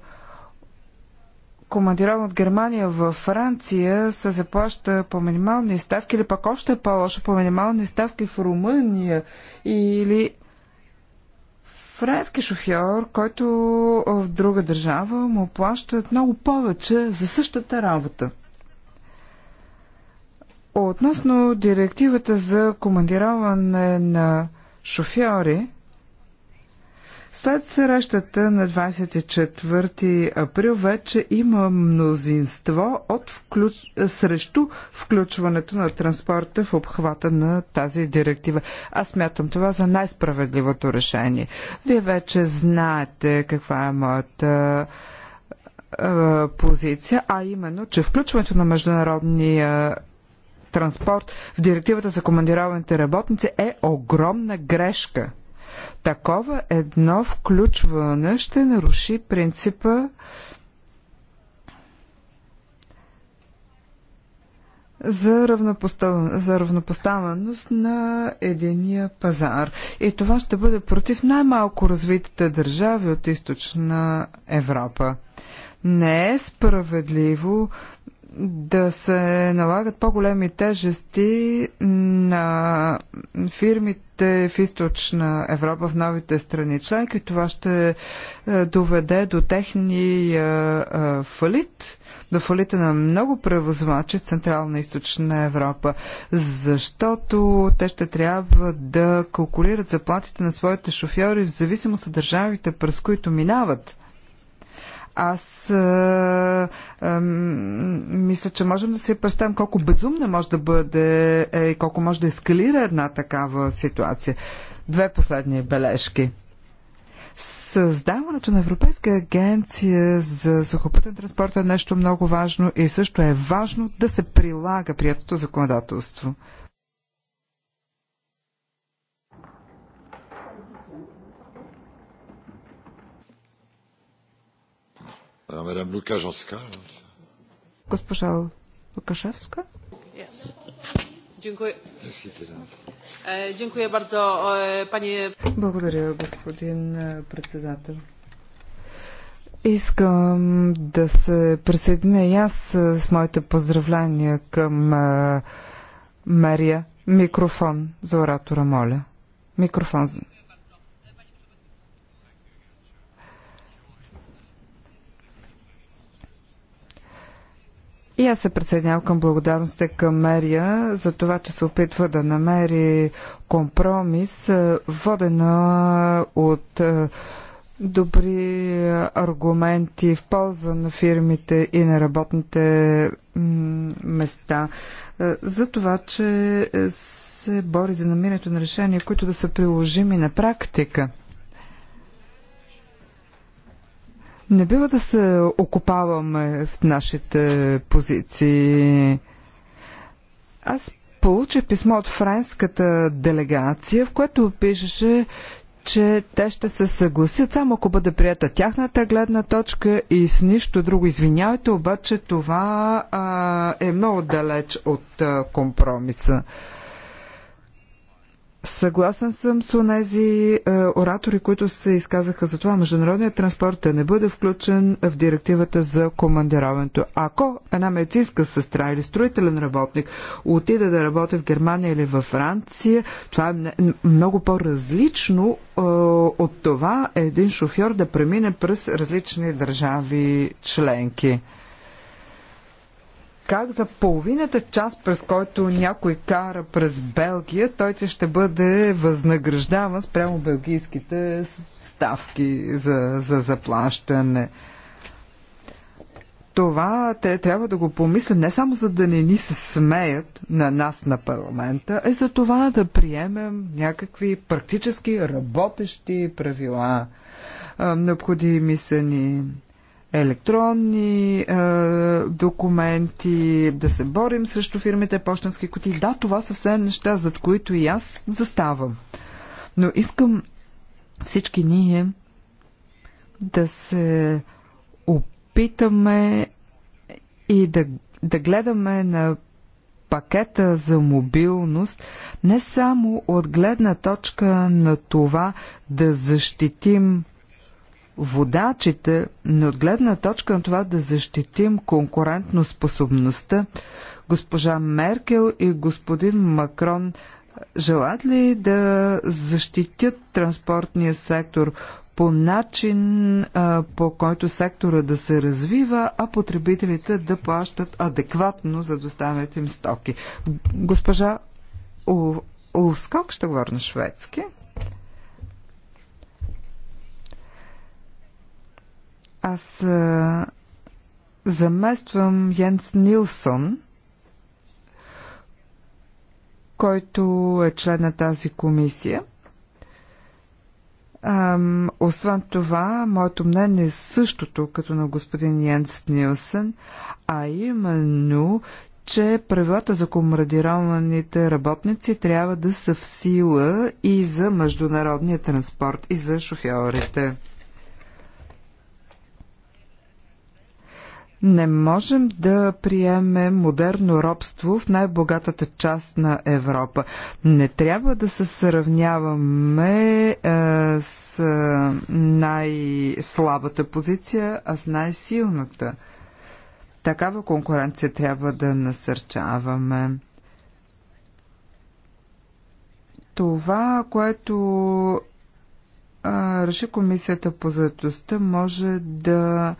командирован от Германия във Франция, се заплаща по минимални ставки или пък още е по-лошо по минимални ставки в Румъния или френски шофьор, който в друга държава му плащат много повече за същата работа. Относно директивата за командироване на шофьори, след срещата на 24 април вече има мнозинство от включ... срещу включването на транспорта в обхвата на тази директива. Аз мятам това за най-справедливото решение. Вие вече знаете каква е моята позиция, а именно, че включването на международния транспорт в директивата за командированите работници е огромна грешка. Такова едно включване ще наруши принципа за, равнопоставен, за равнопоставеност на единия пазар. И това ще бъде против най-малко развитите държави от източна Европа. Не е справедливо да се налагат по-големи тежести на фирмите, страните в източна Европа, в новите страни членки. Това ще е, доведе до техния е, е, фалит, до фалита на много превозвачи в Централна и Източна Европа, защото те ще трябва да калкулират заплатите на своите шофьори в зависимост от държавите, през които минават. Аз а, е, а, е, мисля, че можем да си представим колко безумна може да бъде е, и колко може да ескалира една такава ситуация. Две последни бележки. Създаването на Европейска агенция за сухопътен транспорт е нещо много важно и също е важно да се прилага приятното законодателство. Мадам Лукашевска. Госпожа Лукашевска. Yes. E, e, Благодаря, господин е, председател. Искам да се присъединя и аз е, с моите поздравления към е, Мария. Микрофон за оратора, моля. Микрофон И аз се присъединявам към благодарността към Мерия за това, че се опитва да намери компромис, е, водена от е, добри аргументи в полза на фирмите и на работните места. Е, за това, че се бори за намирането на решения, които да са приложими на практика. Не бива да се окопаваме в нашите позиции. Аз получих писмо от френската делегация, в което пишеше, че те ще се съгласят само ако бъде прията тяхната гледна точка и с нищо друго. Извинявайте, обаче това а, е много далеч от а, компромиса. Съгласен съм с тези е, оратори, които се изказаха за това международният транспорт да не бъде включен в директивата за командироването. Ако една медицинска сестра или строителен работник отиде да работи в Германия или във Франция, това е много по-различно е, от това един шофьор да премине през различни държави членки как за половината час, през който някой кара през Белгия, той ще бъде възнаграждаван спрямо белгийските ставки за, за заплащане. Това те трябва да го помислят не само за да не ни се смеят на нас на парламента, а за това да приемем някакви практически работещи правила. Необходими са ни електронни е, документи, да се борим срещу фирмите почтенски кутии. Да, това са все неща, зад които и аз заставам. Но искам всички ние да се опитаме и да, да гледаме на пакета за мобилност не само от гледна точка на това да защитим водачите, но от гледна точка на това да защитим конкурентно способността, госпожа Меркел и господин Макрон желат ли да защитят транспортния сектор по начин, по който сектора да се развива, а потребителите да плащат адекватно за доставените им стоки. Госпожа Улскок ще говори на шведски. Аз а, замествам Йенс Нилсон, който е член на тази комисия. Ам, освен това, моето мнение е същото като на господин Йенс Нилсън, а именно, че правилата за комрадированите работници трябва да са в сила и за международния транспорт, и за шофьорите. Не можем да приемем модерно робство в най-богатата част на Европа. Не трябва да се сравняваме е, с е, най-слабата позиция, а с най-силната. Такава конкуренция трябва да насърчаваме. Това, което е, реши комисията по заедостта, може да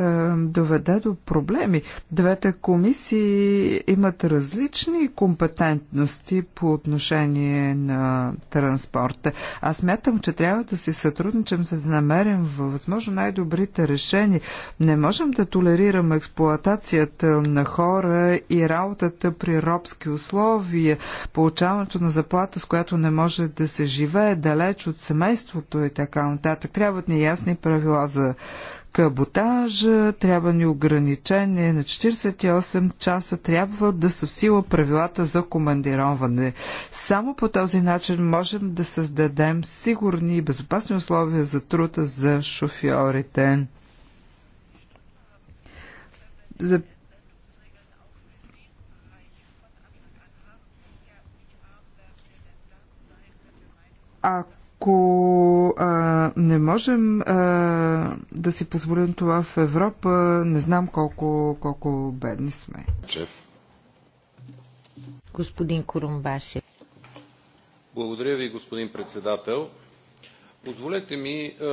е, доведе до проблеми. Двете комисии имат различни компетентности по отношение на транспорта. Аз мятам, че трябва да си сътрудничам, за да намерим възможно най-добрите решения. Не можем да толерираме експлоатацията на хора и работата при робски условия, получаването на заплата, с която не може да се живее далеч от семейството и така нататък. Трябват ни ясни правила за каботажа, трябва ни ограничение на 48 часа, трябва да са в сила правилата за командироване. Само по този начин можем да създадем сигурни и безопасни условия за труда за шофьорите. За ако ако а, не можем а, да си позволим това в Европа, не знам колко, колко бедни сме. Чеф. Господин Курумбаше. Благодаря ви, господин председател. Позволете ми а,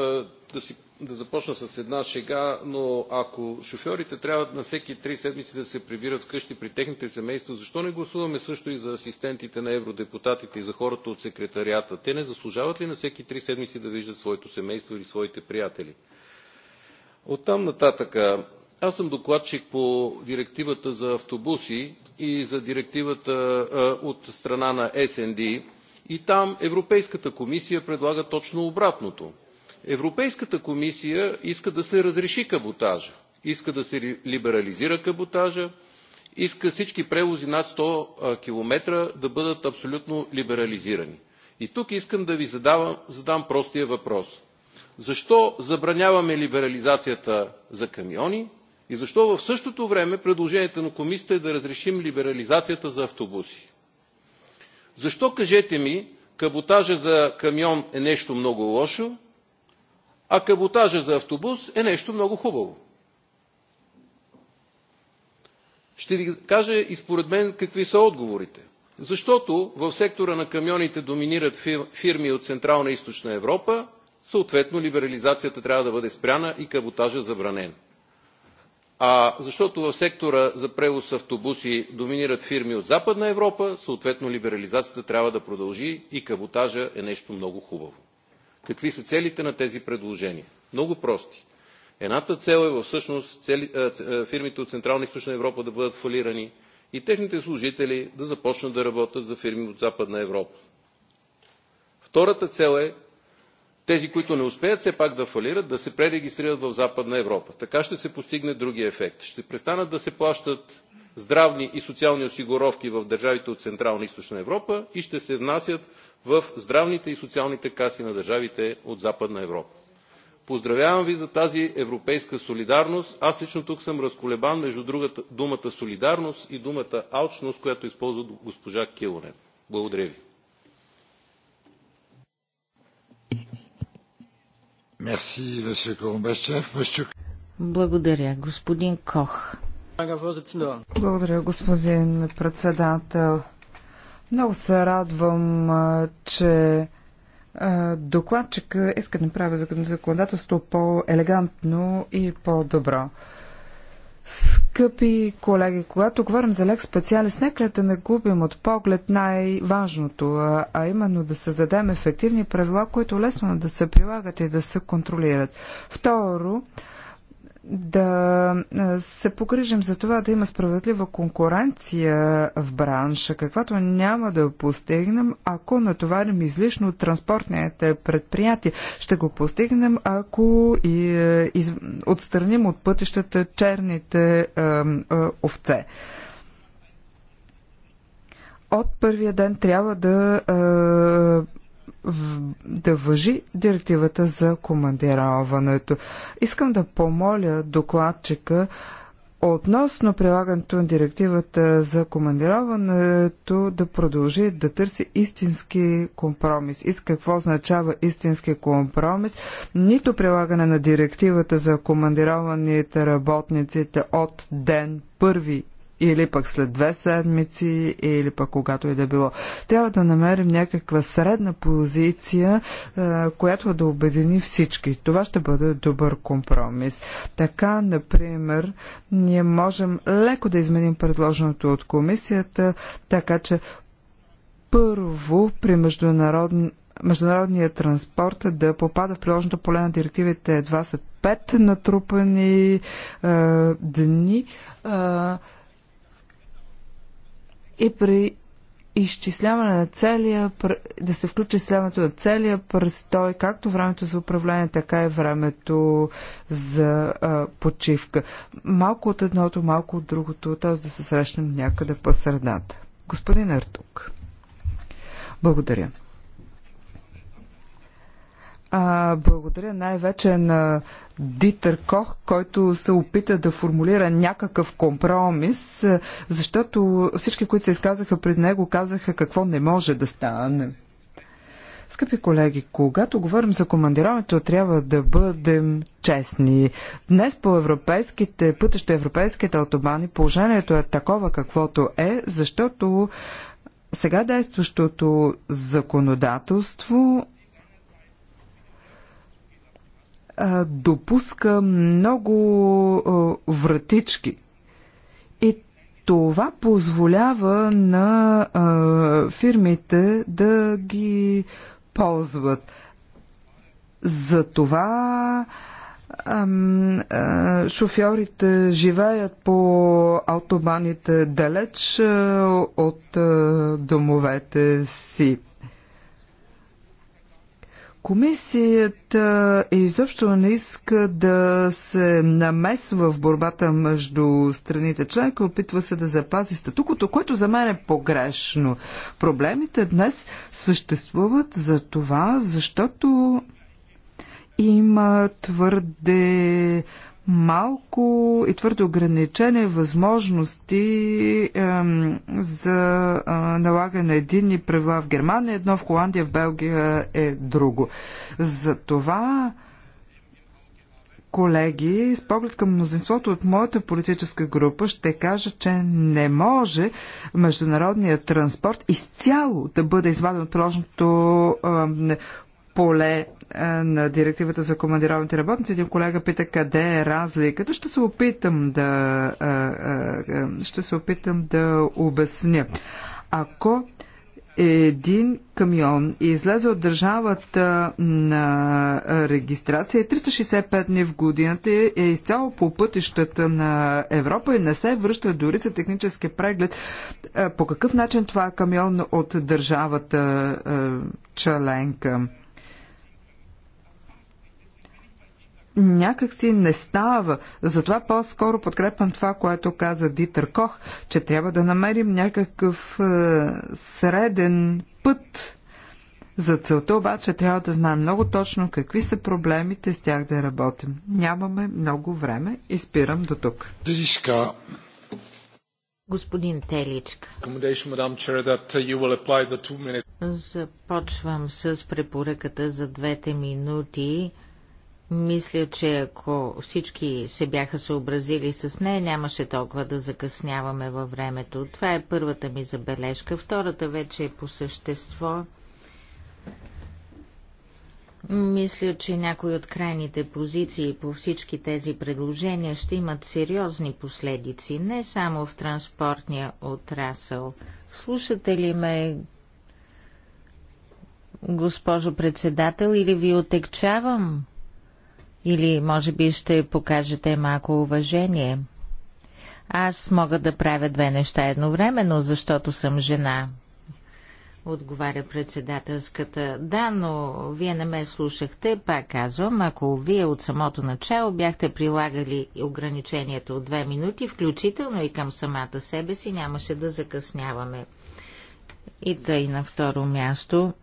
да си да започна с една шега, но ако шофьорите трябва на всеки три седмици да се прибират вкъщи при техните семейства, защо не гласуваме също и за асистентите на евродепутатите и за хората от секретарията? Те не заслужават ли на всеки три седмици да виждат своето семейство или своите приятели? Оттам нататък, аз съм докладчик по директивата за автобуси и за директивата а, от страна на СНД и там Европейската комисия предлага точно обратното. Европейската комисия иска да се разреши каботажа, иска да се либерализира каботажа, иска всички превози над 100 км да бъдат абсолютно либерализирани. И тук искам да ви задавам, задам простия въпрос. Защо забраняваме либерализацията за камиони и защо в същото време предложението на комисията е да разрешим либерализацията за автобуси? Защо, кажете ми, каботажа за камион е нещо много лошо, а каботажа за автобус е нещо много хубаво. Ще ви кажа и според мен какви са отговорите. Защото в сектора на камионите доминират фирми от Централна и Източна Европа, съответно либерализацията трябва да бъде спряна и каботажа забранен. А защото в сектора за превоз с автобуси доминират фирми от Западна Европа, съответно либерализацията трябва да продължи и каботажа е нещо много хубаво. Какви са целите на тези предложения? Много прости. Едната цел е всъщност цели, а, фирмите от Централна и Източна Европа да бъдат фалирани и техните служители да започнат да работят за фирми от Западна Европа. Втората цел е тези, които не успеят все пак да фалират, да се пререгистрират в Западна Европа. Така ще се постигне другия ефект. Ще престанат да се плащат здравни и социални осигуровки в държавите от Централна и Източна Европа и ще се внасят в здравните и социалните каси на държавите от Западна Европа. Поздравявам ви за тази европейска солидарност. Аз лично тук съм разколебан между другата, думата солидарност и думата алчност, която използва госпожа Килонен. Благодаря ви. Благодаря, господин Кох. Благодаря, господин председател. Много се радвам, че докладчика иска да направи законодателство по-елегантно и по-добро. Скъпи колеги, когато говорим за лек специалист, нека да не губим от поглед най-важното, а именно да създадем ефективни правила, които лесно да се прилагат и да се контролират. Второ, да се погрижим за това да има справедлива конкуренция в бранша, каквато няма да постигнем, ако натоварим излишно транспортните предприятия. Ще го постигнем, ако и, е, и, отстраним от пътищата черните е, е, овце от първия ден трябва да е, да въжи директивата за командироването. Искам да помоля докладчика относно прилагането на директивата за командироването да продължи да търси истински компромис. И с какво означава истински компромис? Нито прилагане на директивата за командированите работниците от ден 1 или пък след две седмици, или пък когато и да било. Трябва да намерим някаква средна позиция, която да обедини всички. Това ще бъде добър компромис. Така, например, ние можем леко да изменим предложеното от комисията, така че първо при международни международния транспорт да попада в приложното поле на директивите 25 натрупани е, дни. Е, и при изчисляване на целия, да се включи изчисляването на целия престой, както времето за управление, така и времето за а, почивка. Малко от едното, малко от другото, т.е. да се срещнем някъде по средата. Господин Артук. Благодаря. А, благодаря най-вече на Дитър Кох, който се опита да формулира някакъв компромис, защото всички, които се изказаха пред него, казаха какво не може да стане. Скъпи колеги, когато говорим за командироването, трябва да бъдем честни. Днес по европейските пътища, европейските автобани, положението е такова каквото е, защото сега действащото законодателство допуска много вратички. И това позволява на а, фирмите да ги ползват. За това шофьорите живеят по автобаните далеч от домовете си. Комисията е, изобщо не иска да се намесва в борбата между страните членки, опитва се да запази статукото, което за мен е погрешно. Проблемите днес съществуват за това, защото има твърде малко и твърде ограничени възможности ем, за е, налагане на единни правила в Германия, едно в Холандия, в Белгия е друго. Затова колеги, с поглед към мнозинството от моята политическа група, ще кажа, че не може международният транспорт изцяло да бъде изваден от приложното поле е, на директивата за командированите работници. Един колега пита къде е разликата. Ще се опитам да, е, е, ще се опитам да обясня. Ако един камион излезе от държавата на регистрация 365 дни в годината е изцяло по пътищата на Европа и не се връща дори за технически преглед. По какъв начин това е камион от държавата членка? Някак си не става. Затова по-скоро подкрепям това, което каза Дитър Кох, че трябва да намерим някакъв е, среден път. За целта обаче трябва да знаем много точно какви са проблемите с тях да работим. Нямаме много време и спирам до тук. Дришка. Господин Теличка. Uh, Започвам с препоръката за двете минути. Мисля, че ако всички се бяха съобразили с нея, нямаше толкова да закъсняваме във времето. Това е първата ми забележка. Втората вече е по същество. Мисля, че някои от крайните позиции по всички тези предложения ще имат сериозни последици, не само в транспортния отрасъл. Слушате ли ме, госпожо председател, или ви отекчавам? Или може би ще покажете малко уважение. Аз мога да правя две неща едновременно, защото съм жена. Отговаря председателската. Да, но вие не ме слушахте, пак казвам, ако вие от самото начало бяхте прилагали ограничението от две минути, включително и към самата себе си, нямаше да закъсняваме. И тъй на второ място,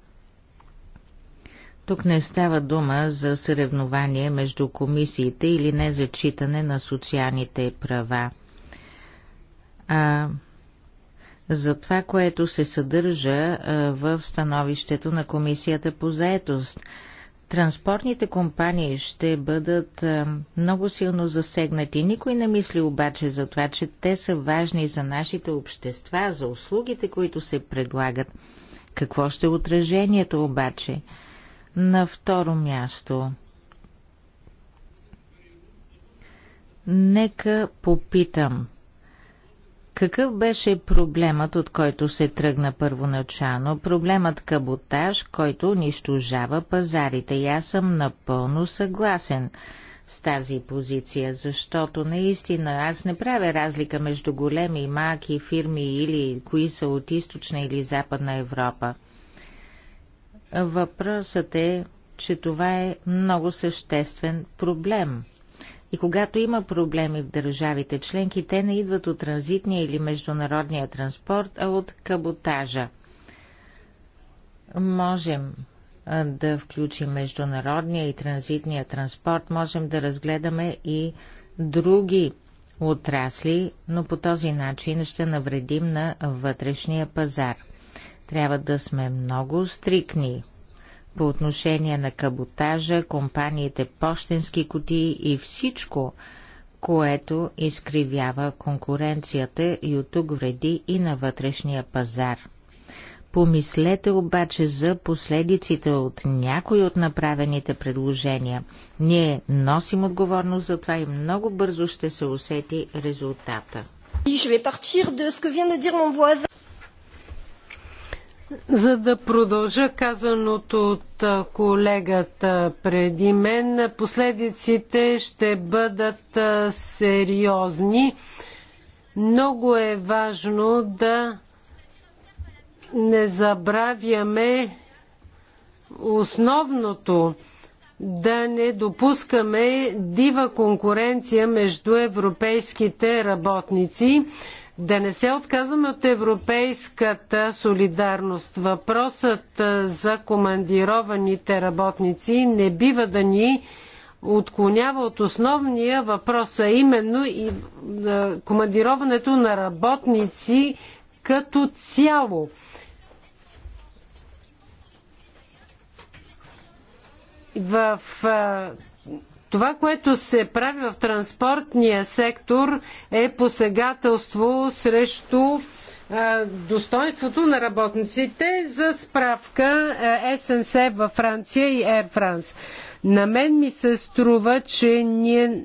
тук не става дума за съревнование между комисиите или не зачитане на социалните права. А за това, което се съдържа в становището на Комисията по заетост. Транспортните компании ще бъдат много силно засегнати. Никой не мисли обаче за това, че те са важни за нашите общества, за услугите, които се предлагат. Какво ще е отражението обаче? На второ място. Нека попитам. Какъв беше проблемът, от който се тръгна първоначално? Проблемът каботаж, който унищожава пазарите. И аз съм напълно съгласен с тази позиция, защото наистина аз не правя разлика между големи и малки фирми или кои са от източна или западна Европа. Въпросът е, че това е много съществен проблем. И когато има проблеми в държавите членки, те не идват от транзитния или международния транспорт, а от каботажа. Можем да включим международния и транзитния транспорт, можем да разгледаме и други отрасли, но по този начин ще навредим на вътрешния пазар. Трябва да сме много стрикни по отношение на каботажа, компаниите почтенски кутии и всичко, което изкривява конкуренцията и от тук вреди и на вътрешния пазар. Помислете обаче за последиците от някои от направените предложения. Ние носим отговорност за това и много бързо ще се усети резултата. За да продължа казаното от колегата преди мен, последиците ще бъдат сериозни. Много е важно да не забравяме основното да не допускаме дива конкуренция между европейските работници да не се отказваме от европейската солидарност. Въпросът за командированите работници не бива да ни отклонява от основния въпрос, а именно и командироването на работници като цяло. В това, което се прави в транспортния сектор е посегателство срещу достоинството на работниците. За справка СНС във Франция и Air France. На мен ми се струва, че ние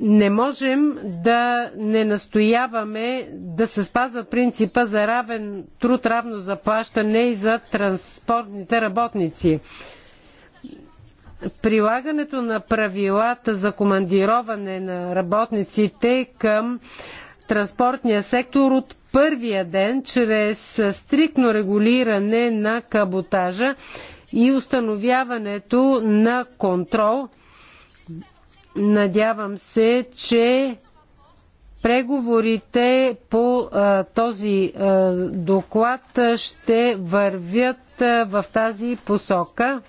не можем да не настояваме да се спазва принципа за равен труд, равно заплащане и за транспортните работници прилагането на правилата за командироване на работниците към транспортния сектор от първия ден чрез стриктно регулиране на каботажа и установяването на контрол. Надявам се, че преговорите по а, този а, доклад ще вървят а, в тази посока.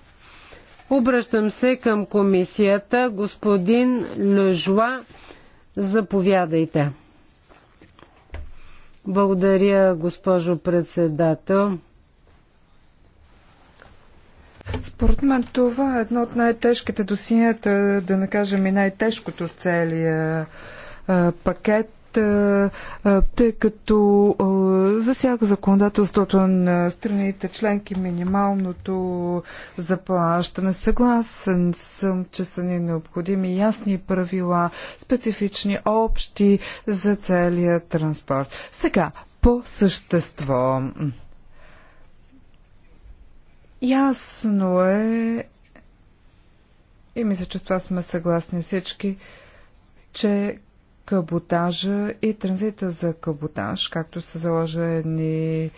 Обръщам се към комисията. Господин Лежуа, заповядайте. Благодаря, госпожо председател. Според мен това е едно от най-тежките досинята, да не кажем и най-тежкото в целия пакет. Е, е, тъй като е, засяга законодателството на страните членки минималното заплащане. Съгласен съм, че са ни необходими ясни правила, специфични, общи за целия транспорт. Сега, по същество. Ясно е, и мисля, че с това сме съгласни всички, че каботажа и транзита за каботаж, както са заложени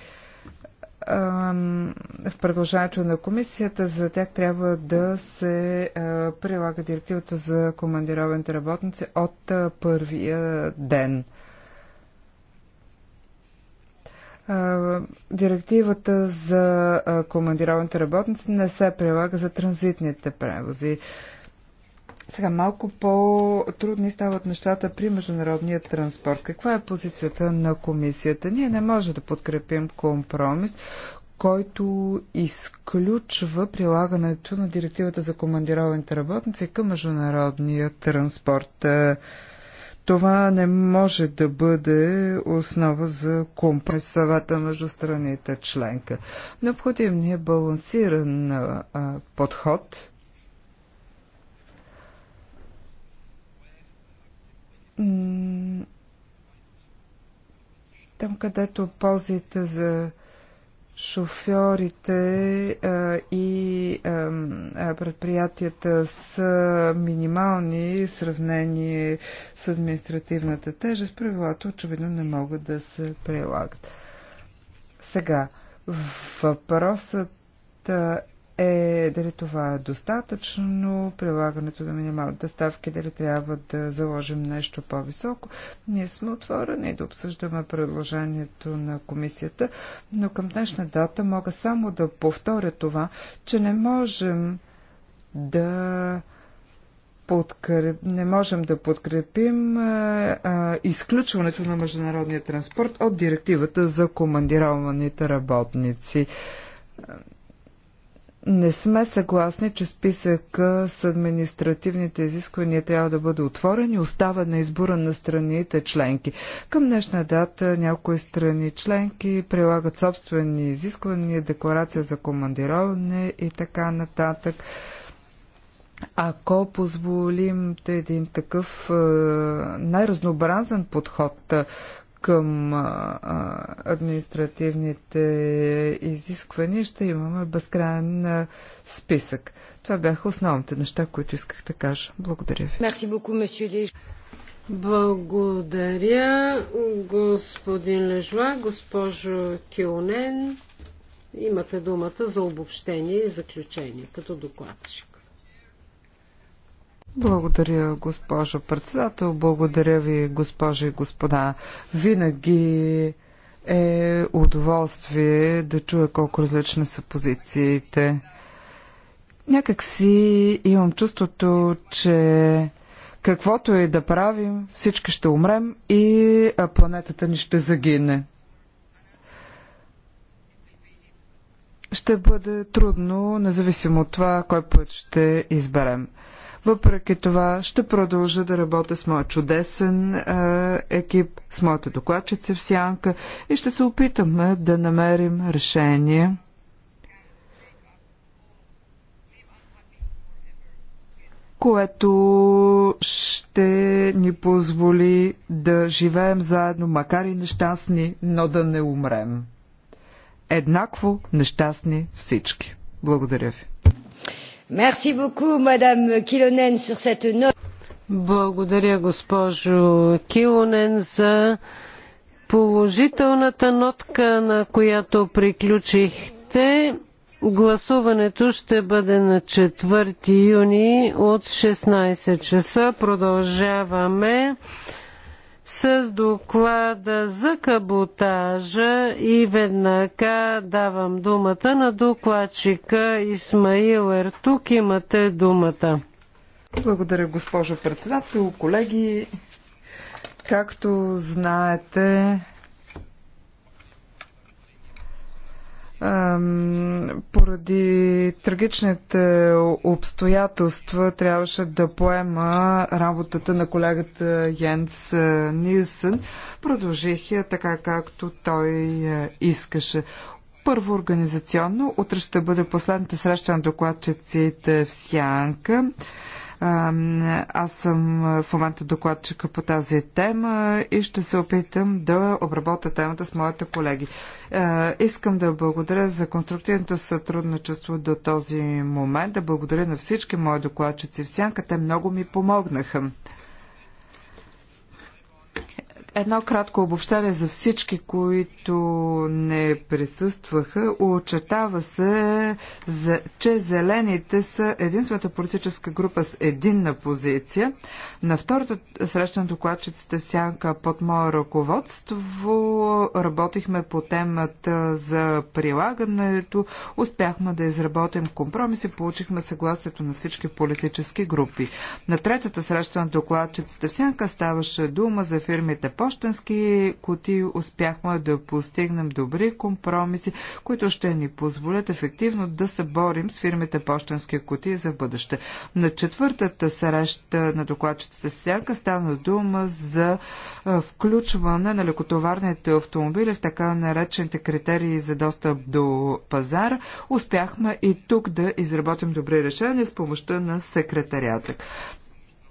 в предложението на комисията, за тях трябва да се прилага директивата за командированите работници от първия ден. Директивата за командированите работници не се прилага за транзитните превози. Сега малко по-трудни стават нещата при международния транспорт. Каква е позицията на комисията? Ние не може да подкрепим компромис, който изключва прилагането на директивата за командированите работници към международния транспорт. Е, това не може да бъде основа за компромисавата между страните членка. Необходим ни е балансиран е, подход там, където ползите за шофьорите а, и а, предприятията са минимални в сравнение с административната тежест, правилата очевидно не могат да се прилагат. Сега, въпросът е дали това е достатъчно, прилагането на минималните ставки, дали трябва да заложим нещо по-високо. Ние сме отворени да обсъждаме предложението на комисията, но към днешна дата мога само да повторя това, че не можем да подкреп... не можем да подкрепим а, а, изключването на международния транспорт от директивата за командированите работници. Не сме съгласни, че списък с административните изисквания трябва да бъде отворен и остава на избора на страните членки. Към днешна дата някои страни членки прилагат собствени изисквания, декларация за командироване и така нататък. Ако позволим един такъв е, най-разнообразен подход към а, административните изисквания, ще имаме безкрайен а, списък. Това бяха основните неща, които исках да кажа. Благодаря ви. Merci beaucoup, monsieur Благодаря, господин Лежуа, госпожо Кионен, Имате думата за обобщение и заключение като докладчик. Благодаря, госпожо председател. Благодаря ви, госпожи и господа. Винаги е удоволствие да чуя колко различни са позициите. Някак си имам чувството, че каквото и да правим, всички ще умрем и планетата ни ще загине. Ще бъде трудно, независимо от това, кой път ще изберем. Въпреки това ще продължа да работя с моя чудесен е, екип, с моята докладчица в Сянка и ще се опитаме да намерим решение. което ще ни позволи да живеем заедно, макар и нещастни, но да не умрем. Еднакво нещастни всички. Благодаря ви. Merci beaucoup, Madame Kilonen, sur cette note. Благодаря, госпожо Килонен, за положителната нотка, на която приключихте. Гласуването ще бъде на 4 юни от 16 часа. Продължаваме с доклада за каботажа и веднага давам думата на докладчика Исмаил Ертук. Имате думата. Благодаря, госпожо председател, колеги. Както знаете, поради трагичните обстоятелства трябваше да поема работата на колегата Йенс е, Нилсън. Продължих я така, както той е, искаше. Първо организационно, утре ще бъде последната среща на докладчиците в Сянка. Аз съм в момента докладчика по тази тема и ще се опитам да обработя темата с моите колеги. Искам да благодаря за конструктивното сътрудничество до този момент, да благодаря на всички мои докладчици в Сянка. Те много ми помогнаха. Едно кратко обобщение за всички, които не присъстваха. Очетава се, че зелените са единствената политическа група с единна позиция. На втората среща на докладчиците в Сянка под мое ръководство работихме по темата за прилагането. Успяхме да изработим компромиси, получихме съгласието на всички политически групи. На третата среща на докладчиците в Сянка ставаше дума за фирмите по пощенски кутии успяхме да постигнем добри компромиси, които ще ни позволят ефективно да се борим с фирмите пощенски кутии за бъдеще. На четвъртата среща на докладчицата Сянка стана дума за е, включване на лекотоварните автомобили в така наречените критерии за достъп до пазара. Успяхме и тук да изработим добри решения с помощта на секретарията.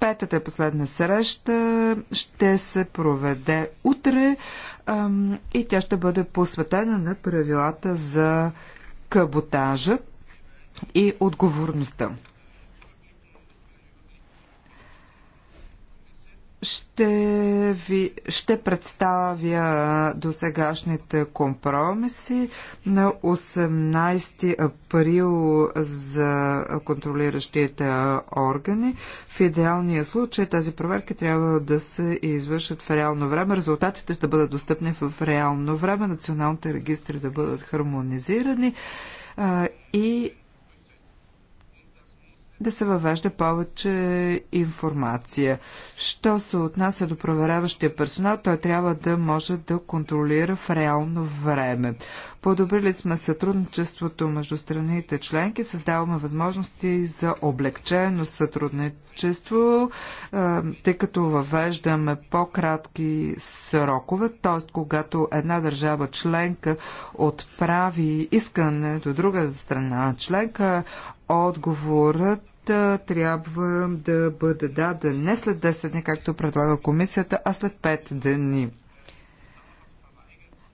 Петата е последна среща ще се проведе утре ам, и тя ще бъде посветена на правилата за каботажа и отговорността. Ще, ви, ще представя досегашните компромиси на 18 април за контролиращите органи. В идеалния случай тази проверка трябва да се извършат в реално време. Резултатите ще бъдат достъпни в реално време, националните регистри да бъдат хармонизирани и да се въвежда повече информация. Що се отнася до проверяващия персонал, той трябва да може да контролира в реално време. Подобрили сме сътрудничеството между страните членки, създаваме възможности за облегчено сътрудничество, тъй като въвеждаме по-кратки срокове, т.е. когато една държава членка отправи искане до друга страна членка, Отговорът трябва да бъде даден не след 10 дни, както предлага комисията, а след 5 дни.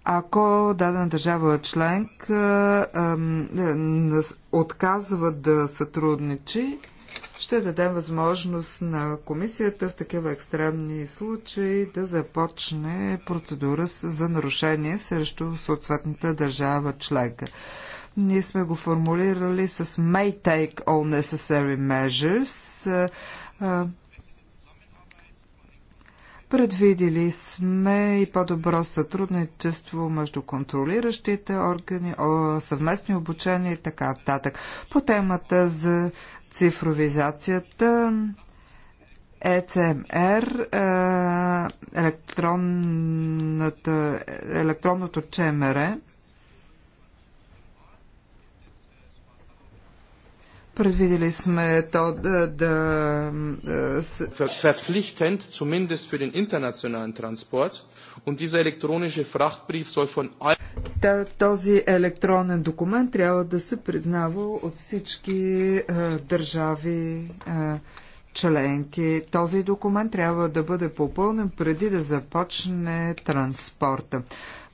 Ако дадена държава членка отказва да сътрудничи, ще дадем възможност на комисията в такива екстремни случаи да започне процедура за нарушение срещу съответната държава членка. Ние сме го формулирали с may take all necessary measures. Предвидили сме и по-добро сътрудничество между контролиращите органи, съвместни обучения и така нататък. По темата за цифровизацията ЕЦМР, електронното ЧМР, Предвидели сме то да... да verpflichtend, zumindest für den internationalen Transport. Und dieser elektronische Frachtbrief soll von Та, този електронен документ трябва да се признава от всички а, държави а, членки. Този документ трябва да бъде попълнен преди да започне транспорта.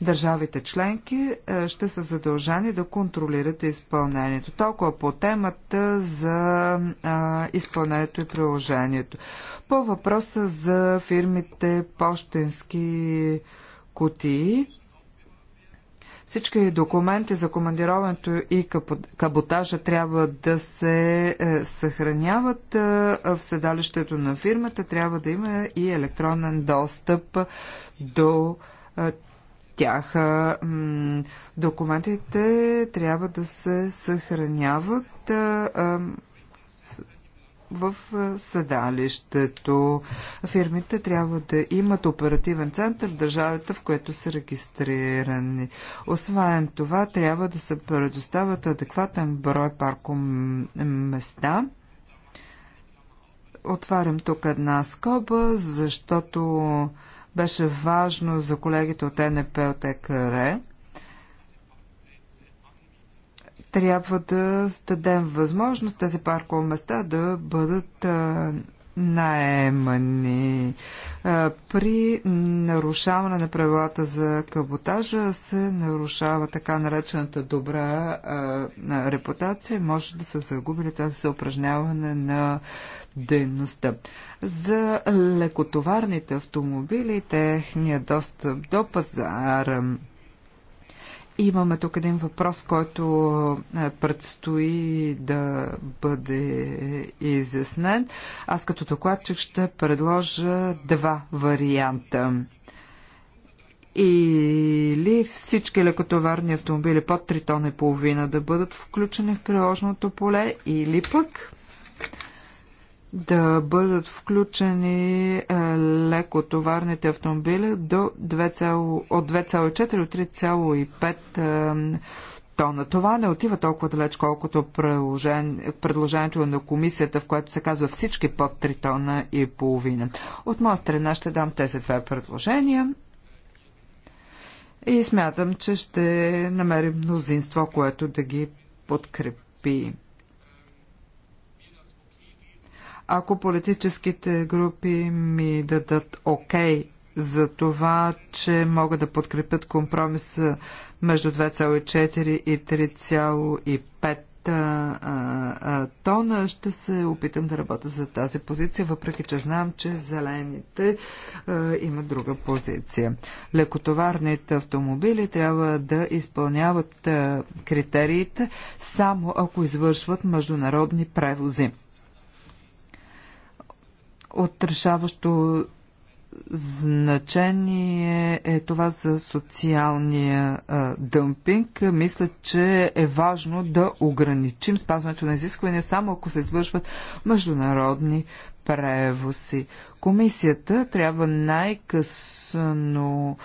Държавите членки е, ще са задължани да контролират изпълнението. Толкова по темата за а, е, изпълнението и приложението. По въпроса за фирмите Пощенски кутии, всички документи за командироването и каботажа трябва да се е, съхраняват е, в седалището на фирмата. Трябва да има и електронен достъп до е, тях. Документите трябва да се съхраняват в съдалището Фирмите трябва да имат оперативен център в държавата, в което са регистрирани. Освен това, трябва да се предоставят адекватен брой паркоместа отварям тук една скоба, защото беше важно за колегите от НП от трябва да дадем възможност тези паркови места да бъдат наемани. При нарушаване на правилата за каботажа се нарушава така наречената добра репутация. Може да са загубили тази съупражняване упражняване на дейността. За лекотоварните автомобили, техния достъп до пазара, Имаме тук един въпрос, който е, предстои да бъде изяснен. Аз като докладчик ще предложа два варианта или всички лекотоварни автомобили под 3 тона и половина да бъдат включени в приложното поле, или пък да бъдат включени е, лекотоварните автомобили до 2, от 2,4 до 3,5 тона. Това не отива толкова далеч, колкото предложението на комисията, в което се казва всички под 3 тона и половина. От моя страна ще дам тези две предложения и смятам, че ще намерим мнозинство, което да ги подкрепи. Ако политическите групи ми дадат окей okay за това, че могат да подкрепят компромиса между 2,4 и 3,5 тона, ще се опитам да работя за тази позиция, въпреки че знам, че зелените имат друга позиция. Лекотоварните автомобили трябва да изпълняват критериите само ако извършват международни превози. Отрешаващо значение е това за социалния а, дъмпинг. Мисля, че е важно да ограничим спазването на изисквания само ако се извършват международни превоси. Комисията трябва най-късно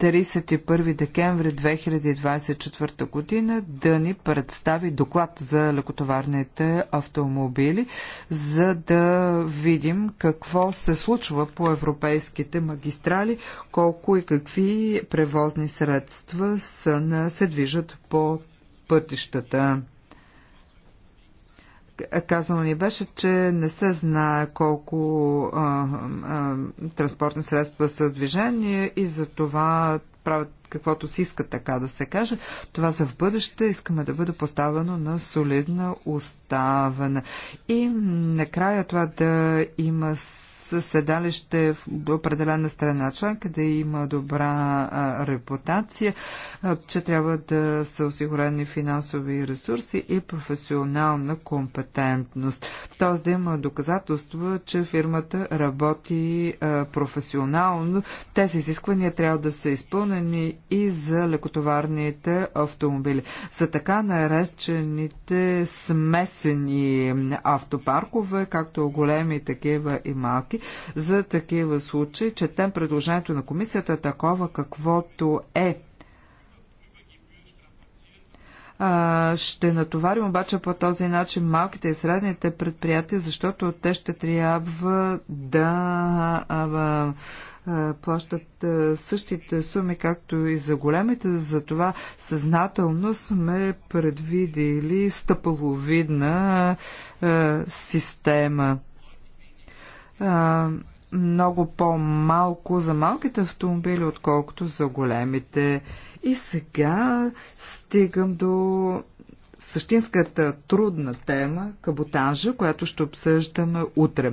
31 декември 2024 година да ни представи доклад за лекотоварните автомобили, за да видим какво се случва по европейските магистрали, колко и какви превозни средства са на, се движат по пътищата. Казано ни беше, че не се знае колко а, а, транспортни средства са движение и за това правят каквото си искат, така да се каже. Това за в бъдеще искаме да бъде поставено на солидна оставане. И накрая това да има седалище в определена страна членка, да има добра а, репутация, а, че трябва да са осигурени финансови ресурси и професионална компетентност. Тоест да има доказателство, че фирмата работи а, професионално. Тези изисквания трябва да са изпълнени и за лекотоварните автомобили. За така наречените смесени автопаркове, както големи такива и малки, за такива случаи. Четем предложението на комисията такова каквото е. Ще натоварим обаче по този начин малките и средните предприятия, защото те ще трябва да плащат същите суми, както и за големите. Затова съзнателно сме предвидели стъпаловидна система много по-малко за малките автомобили, отколкото за големите. И сега стигам до същинската трудна тема каботажа, която ще обсъждаме утре.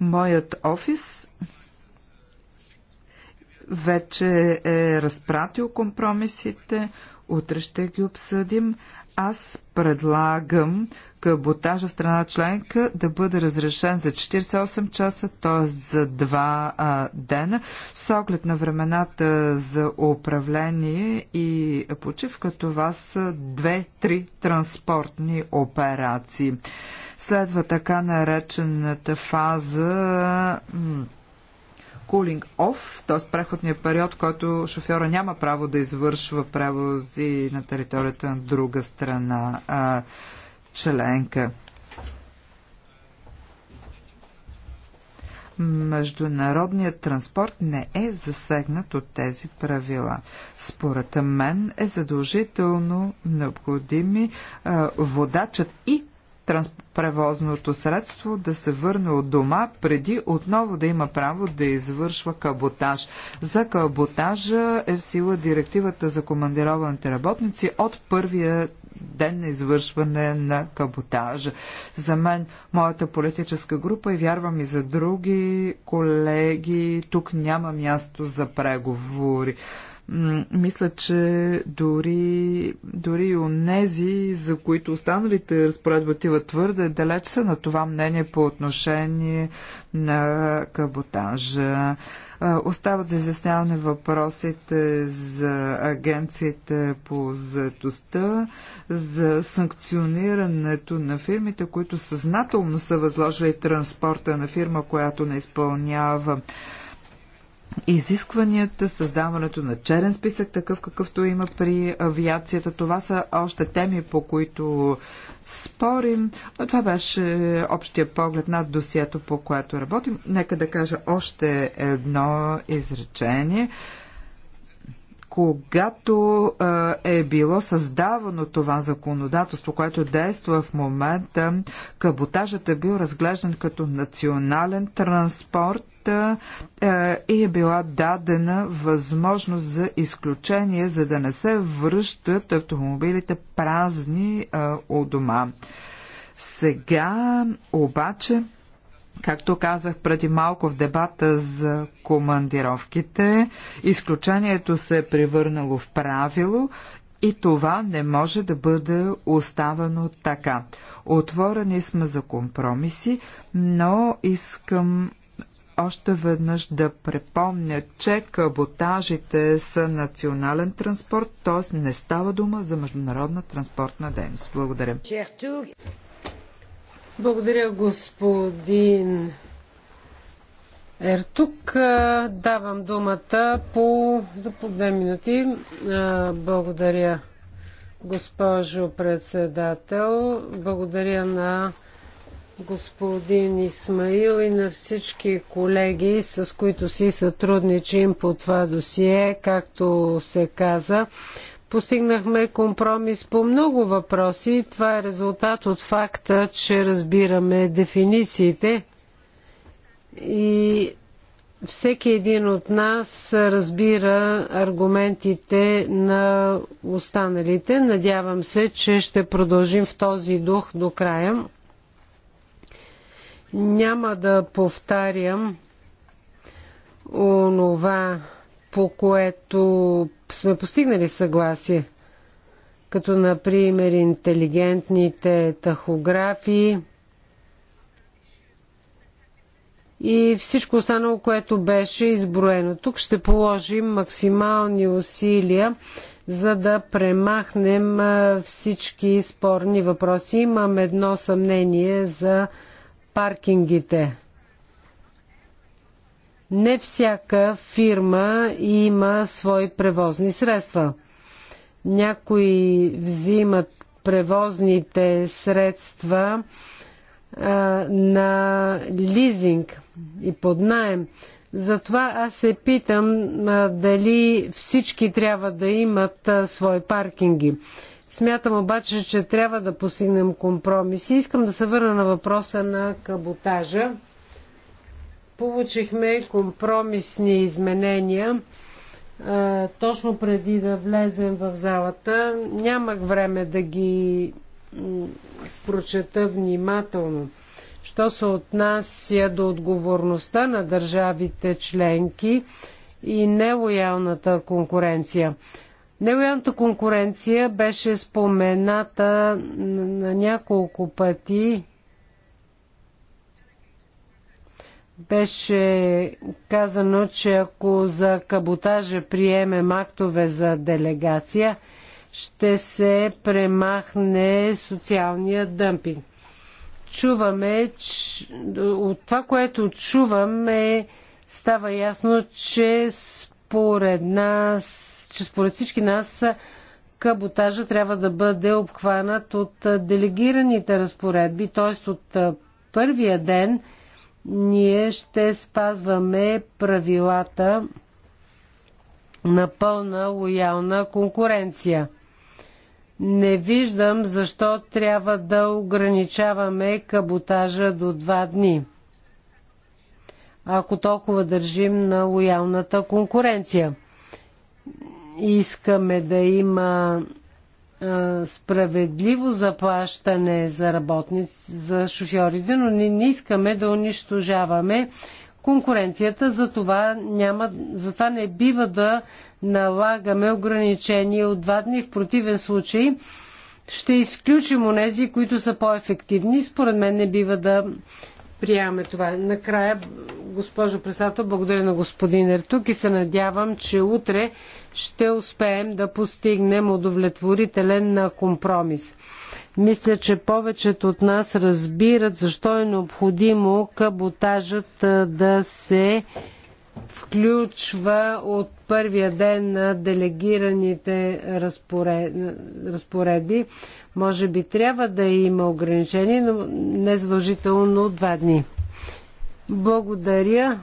Моят офис вече е разпратил компромисите, утре ще ги обсъдим. Аз предлагам каботажа в страна членка да бъде разрешен за 48 часа, т.е. за 2 а, дена, с оглед на времената за управление и почивка. Това са 2-3 транспортни операции. Следва така наречената фаза cooling off, т.е. преходния период, в който шофьора няма право да извършва превози на територията на друга страна а, членка. Международният транспорт не е засегнат от тези правила. Според мен е задължително необходими а, водачът и превозното средство да се върне от дома, преди отново да има право да извършва каботаж. За каботажа е в сила директивата за командированите работници от първия ден на извършване на каботажа. За мен, моята политическа група и вярвам и за други колеги, тук няма място за преговори мисля, че дори, дори и онези, за които останалите разпоредби отиват твърде далеч, са на това мнение по отношение на каботажа. Остават за изясняване въпросите за агенциите по заедостта, за санкционирането на фирмите, които съзнателно са възложили транспорта на фирма, която не изпълнява изискванията, създаването на черен списък, такъв какъвто има при авиацията. Това са още теми, по които спорим, но това беше общия поглед над досието, по което работим. Нека да кажа още едно изречение когато е било създавано това законодателство, което действа в момента, каботажът е бил разглеждан като национален транспорт е, и е била дадена възможност за изключение, за да не се връщат автомобилите празни от дома. Сега обаче Както казах преди малко в дебата за командировките, изключението се е превърнало в правило и това не може да бъде оставано така. Отворени сме за компромиси, но искам още веднъж да препомня, че каботажите са национален транспорт, т.е. не става дума за международна транспортна дейност. Благодаря. Благодаря, господин Ертук. Давам думата по, за по две минути. Благодаря, госпожо председател. Благодаря на господин Исмаил и на всички колеги, с които си сътрудничим по това досие, както се каза. Постигнахме компромис по много въпроси. Това е резултат от факта, че разбираме дефинициите и всеки един от нас разбира аргументите на останалите. Надявам се, че ще продължим в този дух до края. Няма да повтарям онова, по което сме постигнали съгласие, като например интелигентните тахографии и всичко останало, което беше изброено. Тук ще положим максимални усилия, за да премахнем всички спорни въпроси. Имам едно съмнение за паркингите. Не всяка фирма има свои превозни средства. Някои взимат превозните средства а, на лизинг и под найем. Затова аз се питам а, дали всички трябва да имат а, свои паркинги. Смятам обаче, че трябва да постигнем компромиси. Искам да се върна на въпроса на каботажа. Получихме компромисни изменения точно преди да влезем в залата. Нямах време да ги прочета внимателно. Що се отнася до отговорността на държавите членки и нелоялната конкуренция. Нелоялната конкуренция беше спомената на няколко пъти Беше казано, че ако за каботажа приемем актове за делегация, ще се премахне социалния дъмпинг. Чуваме, че, от това, което чуваме, става ясно, че според нас, че според всички нас каботажа трябва да бъде обхванат от делегираните разпоредби, т.е. от първия ден – ние ще спазваме правилата на пълна лоялна конкуренция. Не виждам защо трябва да ограничаваме каботажа до два дни, ако толкова държим на лоялната конкуренция. Искаме да има е, справедливо заплащане за работници, за шофьорите, но не, не искаме да унищожаваме конкуренцията, затова, няма, затова не бива да налагаме ограничения от два дни. В противен случай ще изключим онези, които са по-ефективни. Според мен не бива да приемаме това. Накрая, госпожо председател, благодаря на господин Ертук и се надявам, че утре ще успеем да постигнем удовлетворителен компромис. Мисля, че повечето от нас разбират защо е необходимо каботажът да се включва от първия ден на делегираните разпоредби. Може би трябва да има ограничение, но не задължително два дни. Благодаря.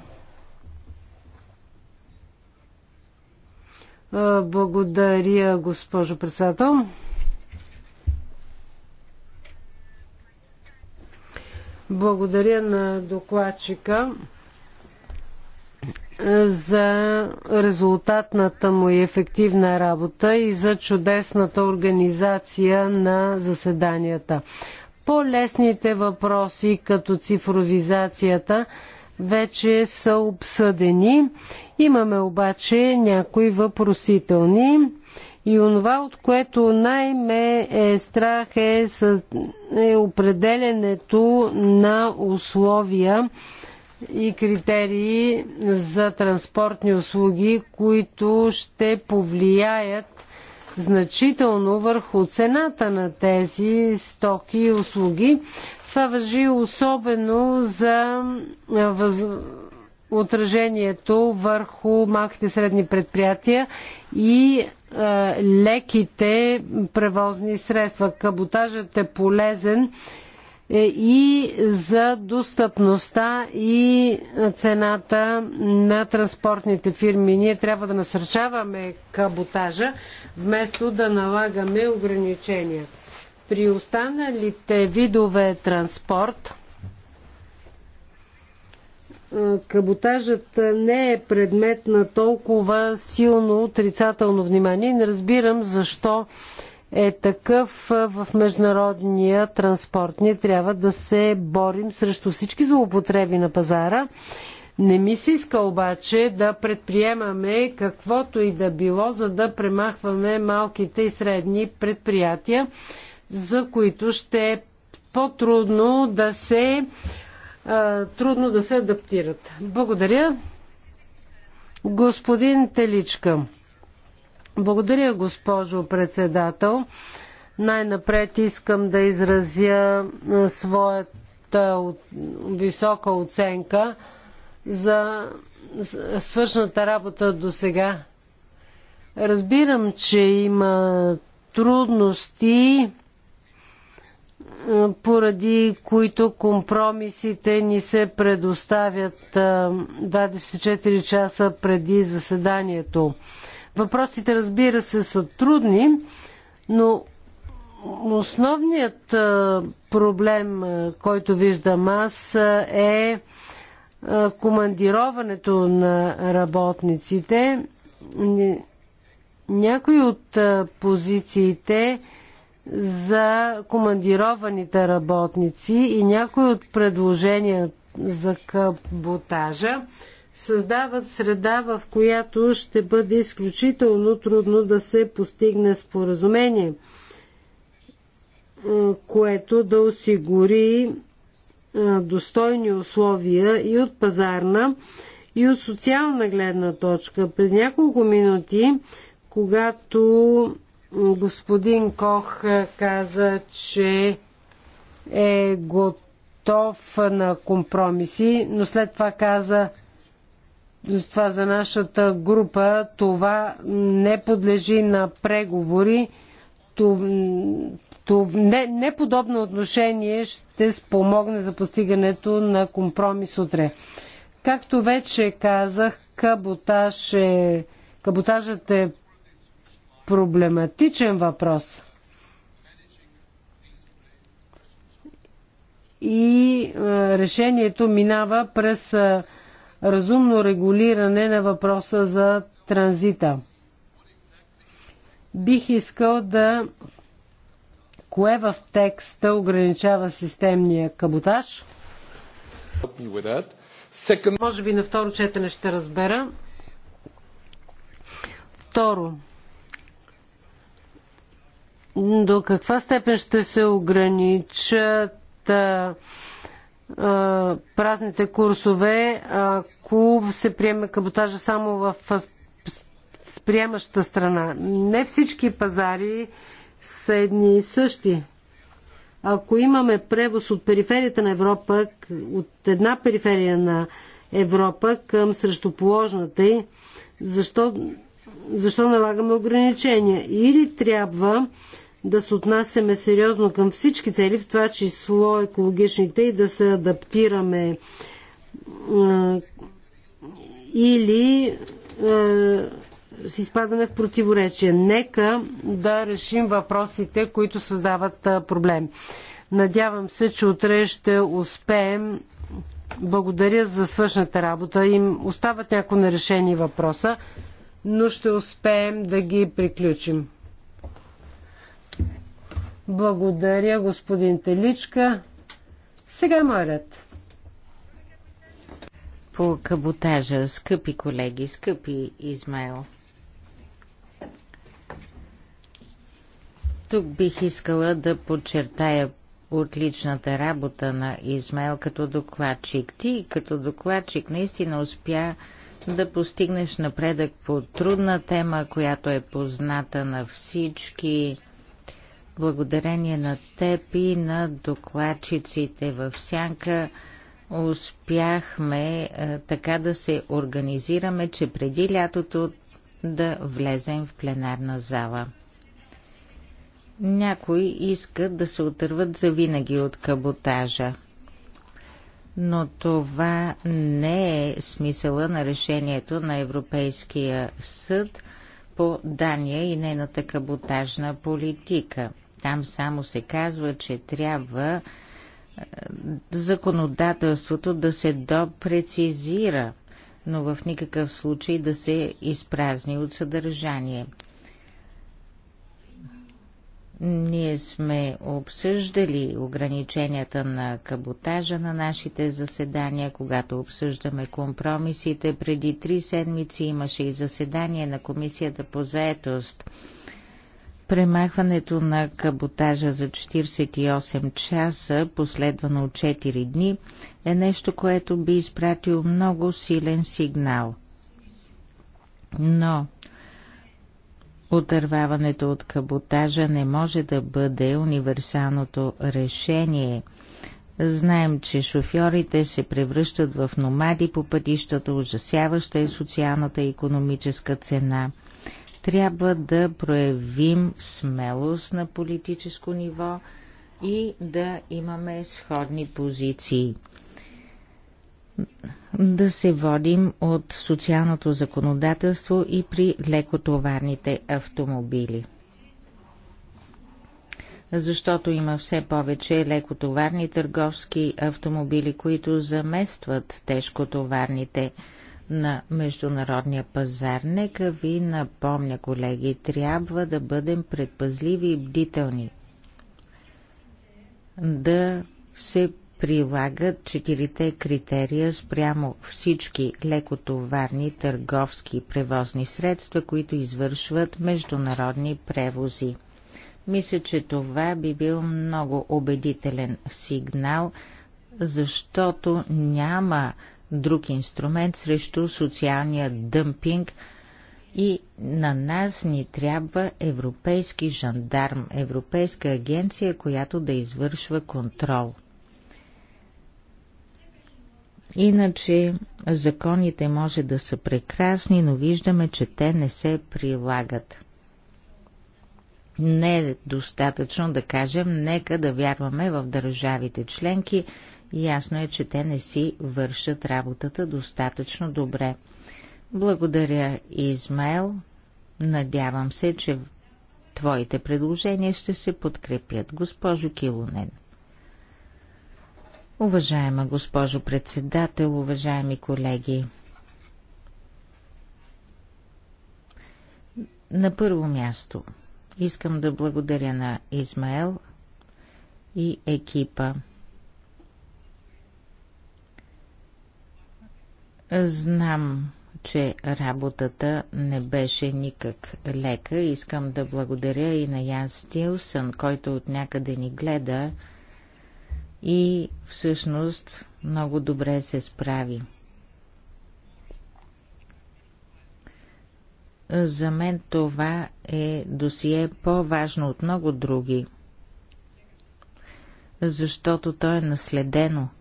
Благодаря, госпожо председател. Благодаря на докладчика за резултатната му и ефективна работа и за чудесната организация на заседанията. По-лесните въпроси, като цифровизацията, вече са обсъдени. Имаме обаче някои въпросителни. И онова, от което най-ме е страх е, е определенето на условия и критерии за транспортни услуги, които ще повлияят значително върху цената на тези стоки и услуги. Това въжи особено за въз... отражението върху малките средни предприятия и леките превозни средства. Каботажът е полезен е, и за достъпността и цената на транспортните фирми. Ние трябва да насърчаваме каботажа, вместо да налагаме ограничения. При останалите видове транспорт, е, каботажът не е предмет на толкова силно отрицателно внимание. Не разбирам защо е такъв в международния транспорт. Ние трябва да се борим срещу всички злоупотреби на пазара. Не ми се иска обаче да предприемаме каквото и да било, за да премахваме малките и средни предприятия, за които ще е по-трудно да се трудно да се адаптират. Благодаря. Господин Теличка. Благодаря, госпожо председател. Най-напред искам да изразя своята висока оценка за свършната работа до сега. Разбирам, че има трудности, поради които компромисите ни се предоставят 24 часа преди заседанието. Въпросите, разбира се, са трудни, но основният проблем, който виждам аз, е командироването на работниците. Някои от позициите за командированите работници и някои от предложения за каботажа създават среда, в която ще бъде изключително трудно да се постигне споразумение, което да осигури достойни условия и от пазарна, и от социална гледна точка. През няколко минути, когато господин Кох каза, че е готов на компромиси, но след това каза, това за нашата група, това не подлежи на преговори. Това, това, не, неподобно отношение ще спомогне за постигането на компромис утре. Както вече казах, каботаж е, каботажът е проблематичен въпрос. И е, решението минава през е, разумно регулиране на въпроса за транзита. Бих искал да кое в текста ограничава системния каботаж. Second... Може би на второ четене ще разбера. Второ, до каква степен ще се ограничат празните курсове, ако се приеме каботажа само в приемащата страна. Не всички пазари са едни и същи. Ако имаме превоз от периферията на Европа, от една периферия на Европа към срещуположната й, защо, защо налагаме ограничения? Или трябва да се отнасяме сериозно към всички цели, в това число екологичните и да се адаптираме или си изпадаме в противоречие. Нека да решим въпросите, които създават проблем. Надявам се, че утре ще успеем. Благодаря за свършната работа. Им остават някои нерешени въпроса, но ще успеем да ги приключим. Благодаря, господин Теличка. Сега морят. По каботажа, скъпи колеги, скъпи Измайл. Тук бих искала да подчертая отличната работа на Измайл като докладчик. Ти като докладчик наистина успя да постигнеш напредък по трудна тема, която е позната на всички благодарение на теб и на докладчиците в Сянка успяхме е, така да се организираме, че преди лятото да влезем в пленарна зала. Някои искат да се отърват завинаги от каботажа. Но това не е смисъла на решението на Европейския съд по Дания и нейната каботажна политика – там само се казва, че трябва е, законодателството да се допрецизира, но в никакъв случай да се изпразни от съдържание. Ние сме обсъждали ограниченията на каботажа на нашите заседания, когато обсъждаме компромисите. Преди три седмици имаше и заседание на Комисията по заетост – Премахването на каботажа за 48 часа, последвано от 4 дни, е нещо, което би изпратило много силен сигнал. Но отърваването от каботажа не може да бъде универсалното решение. Знаем, че шофьорите се превръщат в номади по пътищата, ужасяваща е социалната и економическа цена – трябва да проявим смелост на политическо ниво и да имаме сходни позиции. Да се водим от социалното законодателство и при лекотоварните автомобили защото има все повече лекотоварни търговски автомобили, които заместват тежкотоварните автомобили на международния пазар. Нека ви напомня, колеги, трябва да бъдем предпазливи и бдителни. Да се прилагат четирите критерия спрямо всички лекотоварни търговски превозни средства, които извършват международни превози. Мисля, че това би бил много убедителен сигнал, защото няма друг инструмент срещу социалния дъмпинг и на нас ни трябва европейски жандарм, европейска агенция, която да извършва контрол. Иначе законите може да са прекрасни, но виждаме, че те не се прилагат. Не е достатъчно да кажем, нека да вярваме в държавите членки – Ясно е, че те не си вършат работата достатъчно добре. Благодаря, Измайл. Надявам се, че твоите предложения ще се подкрепят, госпожо Килонен. Уважаема госпожо председател, уважаеми колеги, на първо място искам да благодаря на Измаел и екипа. Знам, че работата не беше никак лека. Искам да благодаря и на Ян Стилсън, който от някъде ни гледа и всъщност много добре се справи. За мен това е досие по-важно от много други, защото то е наследено –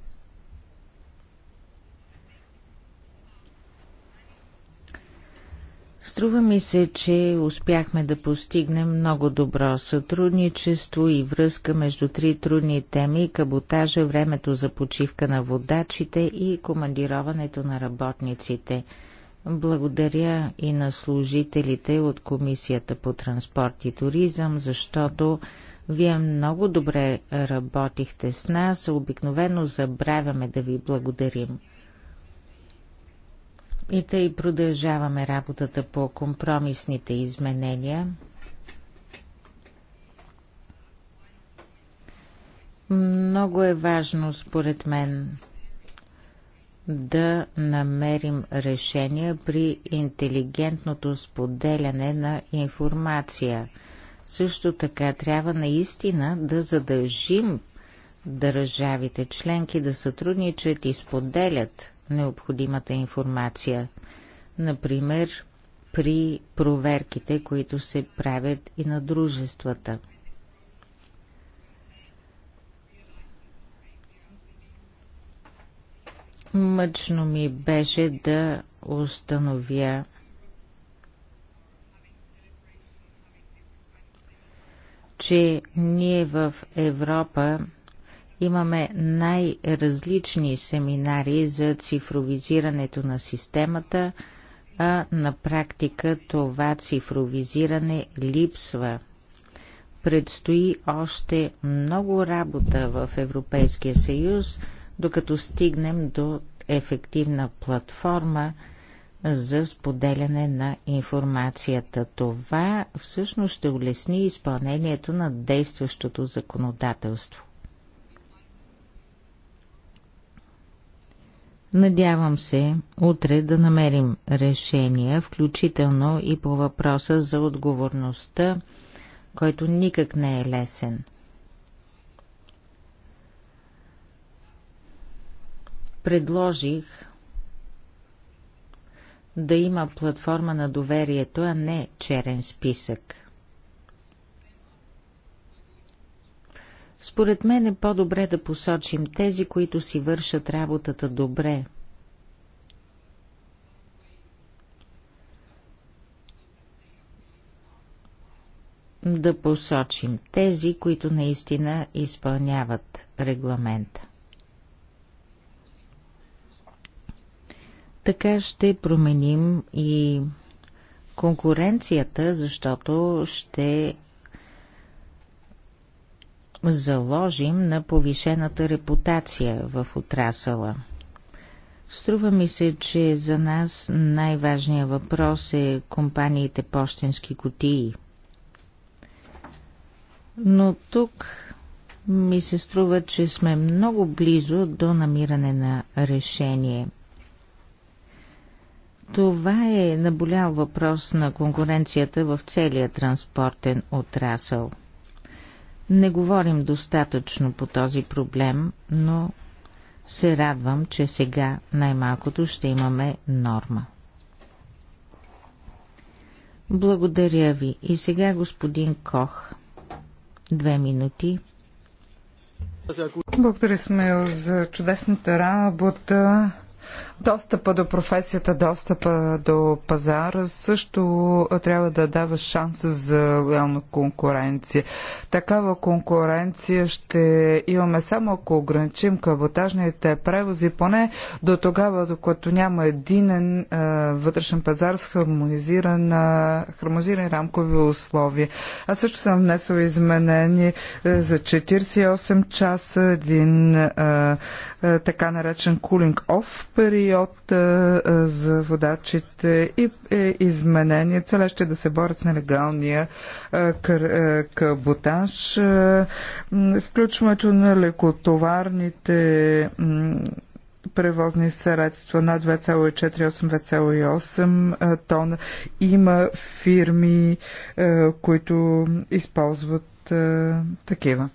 Струва ми се, че успяхме да постигнем много добро сътрудничество и връзка между три трудни теми – каботажа, времето за почивка на водачите и командироването на работниците. Благодаря и на служителите от Комисията по транспорт и туризъм, защото вие много добре работихте с нас. Обикновено забравяме да ви благодарим. И тъй продължаваме работата по компромисните изменения. Много е важно, според мен, да намерим решения при интелигентното споделяне на информация. Също така трябва наистина да задължим държавите членки да сътрудничат и споделят необходимата информация. Например, при проверките, които се правят и на дружествата. Мъчно ми беше да установя че ние в Европа Имаме най-различни семинари за цифровизирането на системата, а на практика това цифровизиране липсва. Предстои още много работа в Европейския съюз, докато стигнем до ефективна платформа за споделяне на информацията. Това всъщност ще улесни изпълнението на действащото законодателство. Надявам се утре да намерим решения, включително и по въпроса за отговорността, който никак не е лесен. Предложих да има платформа на доверието, а не черен списък – Според мен е по-добре да посочим тези, които си вършат работата добре. Да посочим тези, които наистина изпълняват регламента. Така ще променим и конкуренцията, защото ще заложим на повишената репутация в отрасъла. Струва ми се, че за нас най-важният въпрос е компаниите почтенски кутии. Но тук ми се струва, че сме много близо до намиране на решение. Това е наболял въпрос на конкуренцията в целия транспортен отрасъл – не говорим достатъчно по този проблем, но се радвам, че сега най-малкото ще имаме норма. Благодаря ви. И сега господин Кох. Две минути. Благодаря сме за чудесната работа Достъпа до професията, достъпа до пазара също трябва да дава шанса за лоялна конкуренция. Такава конкуренция ще имаме само ако ограничим каботажните превози, поне до тогава, докато няма единен а, вътрешен пазар с хармонизирана, е, хармонизирани рамкови условия. Аз също съм внесла изменение е, за 48 часа, един а, е, а, така наречен cooling off пари период е, е, за водачите и е, изменения, целещи да се борят с нелегалния каботаж, включването на лекотоварните превозни средства на 2,4-2,8 тона. Има фирми, които използват такива.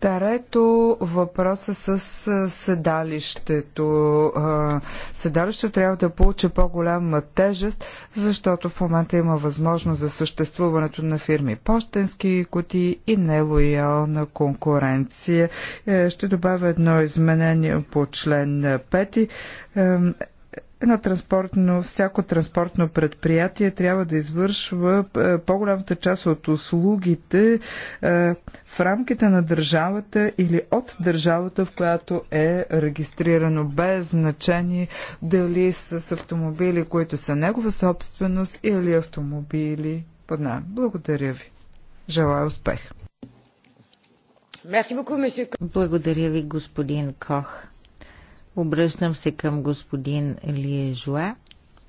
Трето въпроса с седалището. Седалището трябва да получи по-голяма тежест, защото в момента има възможност за съществуването на фирми пощенски коти и нелоялна конкуренция. Е, ще добавя едно изменение по член 5 едно транспортно, всяко транспортно предприятие трябва да извършва е, по-голямата част от услугите е, в рамките на държавата или от държавата, в която е регистрирано, без значение дали с автомобили, които са негова собственост или автомобили под нами. Благодаря ви. Желая успех. Благодаря ви, господин Кох. Обръщам се към господин Лиежуа,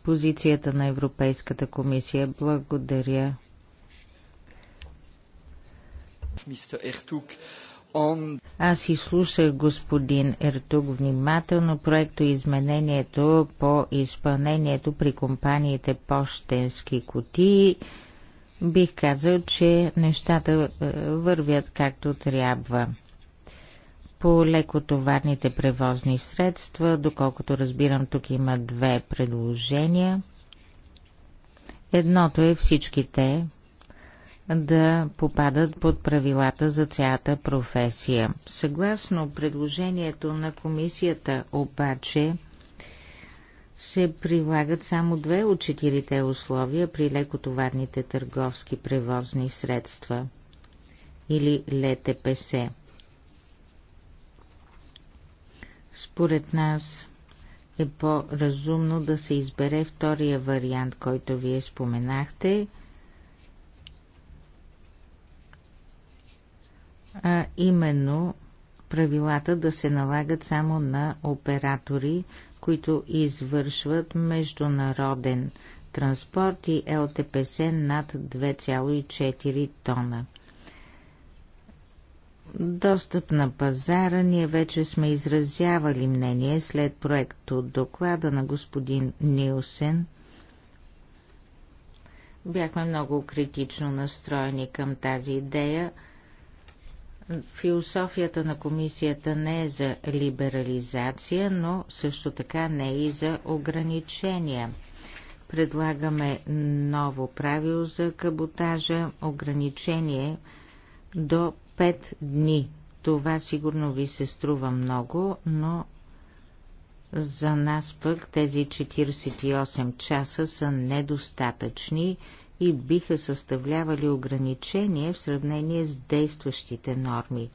позицията на Европейската комисия. Благодаря. Аз изслушах господин Ертук внимателно проекто изменението по изпълнението при компаниите Пощенски кутии. Бих казал, че нещата е, вървят както трябва по лекотоварните превозни средства. Доколкото разбирам, тук има две предложения. Едното е всичките да попадат под правилата за цялата професия. Съгласно предложението на комисията обаче се прилагат само две от четирите условия при лекотоварните търговски превозни средства или ЛТПС. Според нас е по-разумно да се избере втория вариант, който вие споменахте, а именно правилата да се налагат само на оператори, които извършват международен транспорт и ЛТПС над 2,4 тона – Достъп на пазара ние вече сме изразявали мнение след проекто доклада на господин Нилсен. Бяхме много критично настроени към тази идея. Философията на комисията не е за либерализация, но също така не е и за ограничения. Предлагаме ново правило за каботажа, ограничение до пет дни. Това сигурно ви се струва много, но за нас пък тези 48 часа са недостатъчни и биха съставлявали ограничение в сравнение с действащите норми.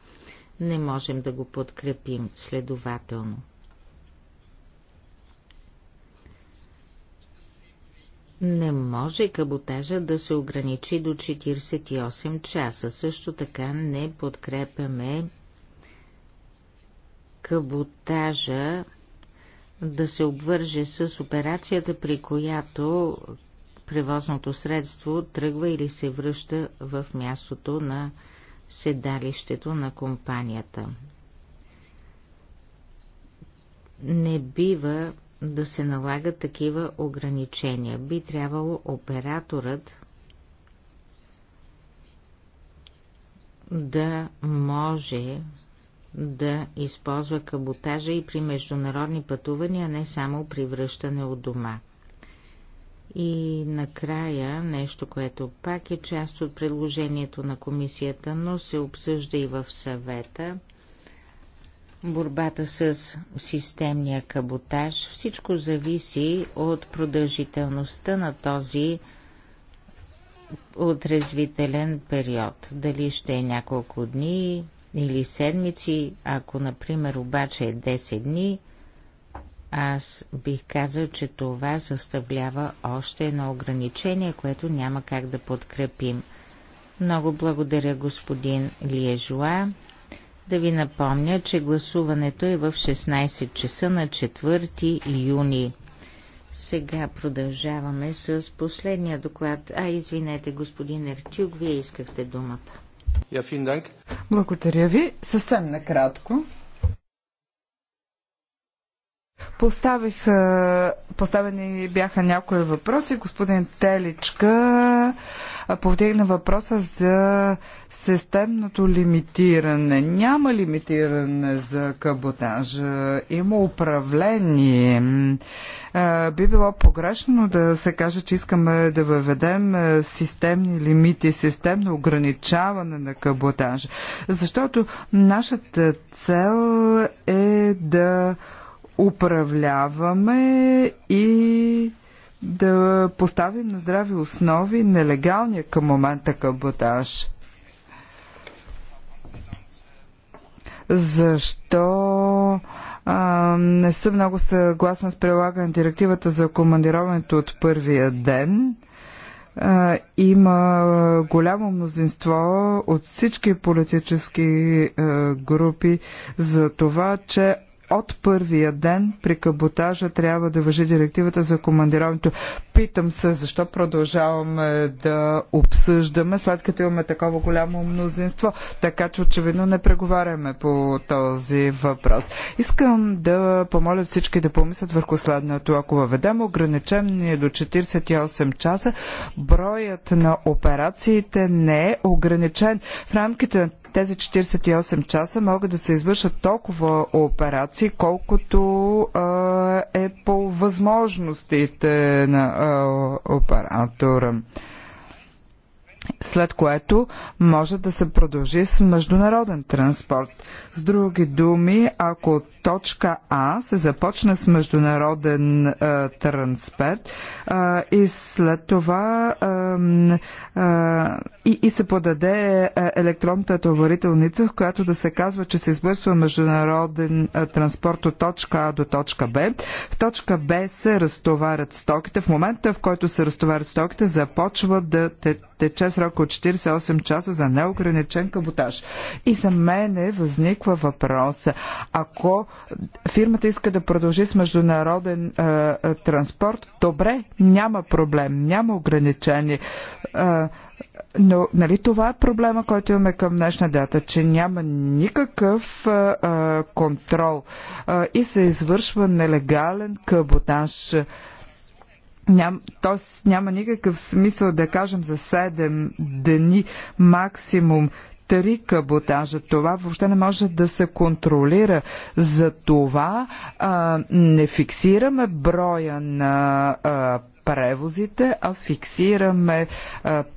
Не можем да го подкрепим следователно. Не може каботажа да се ограничи до 48 часа. Също така не подкрепяме каботажа да се обвърже с операцията, при която превозното средство тръгва или се връща в мястото на седалището на компанията. Не бива да се налагат такива ограничения. Би трябвало операторът да може да използва каботажа и при международни пътувания, не само при връщане от дома. И накрая нещо, което пак е част от предложението на комисията, но се обсъжда и в съвета – борбата с системния каботаж. Всичко зависи от продължителността на този отрезвителен период. Дали ще е няколко дни или седмици, ако, например, обаче е 10 дни, аз бих казал, че това съставлява още едно ограничение, което няма как да подкрепим. Много благодаря господин Лиежуа да ви напомня, че гласуването е в 16 часа на 4 юни. Сега продължаваме с последния доклад. А, извинете, господин Ертюк, вие искахте думата. Благодаря ви. Съвсем накратко. Поставих, е, поставени бяха някои въпроси. Господин Теличка повдигна въпроса за системното лимитиране. Няма лимитиране за каботажа, има управление. Би било погрешно да се каже, че искаме да въведем системни лимити, системно ограничаване на каботажа. Защото нашата цел е да управляваме и да поставим на здрави основи нелегалния към момента каботаж. Защо а, не съм много съгласен с прилагане на директивата за командироването от първия ден? а, има голямо мнозинство от всички политически а, групи за това, че от първия ден при каботажа трябва да въжи директивата за командироването. Питам се, защо продължаваме да обсъждаме, след като имаме такова голямо мнозинство. Така че очевидно не преговаряме по този въпрос. Искам да помоля всички да помислят върху следното. Ако въведем ограничение до 48 часа, броят на операциите не е ограничен. В рамките на тези 48 часа могат да се извършат толкова операции, колкото е по възможностите на оператора след което може да се продължи с международен транспорт. С други думи, ако точка А се започна с международен а, е, трансфер а, е, и след това а, а, е, и, и се подаде електронната товарителница, в която да се казва, че се избърсва международен а, транспорт от точка А до точка Б. В точка Б се разтоварят стоките. В момента, в който се разтоварят стоките, започва да тече срок от 48 часа за неограничен каботаж. И за мене възниква въпроса, ако фирмата иска да продължи с международен а, е, а, е, транспорт, добре, няма проблем, няма ограничение. А, е, но нали това е проблема, който имаме към днешна дата, че няма никакъв а, контрол а, и се извършва нелегален каботаж. Ням, тоест няма никакъв смисъл да кажем за 7 дни максимум три каботажа. Това въобще не може да се контролира. За това а, не фиксираме броя на а, превозите, а фиксираме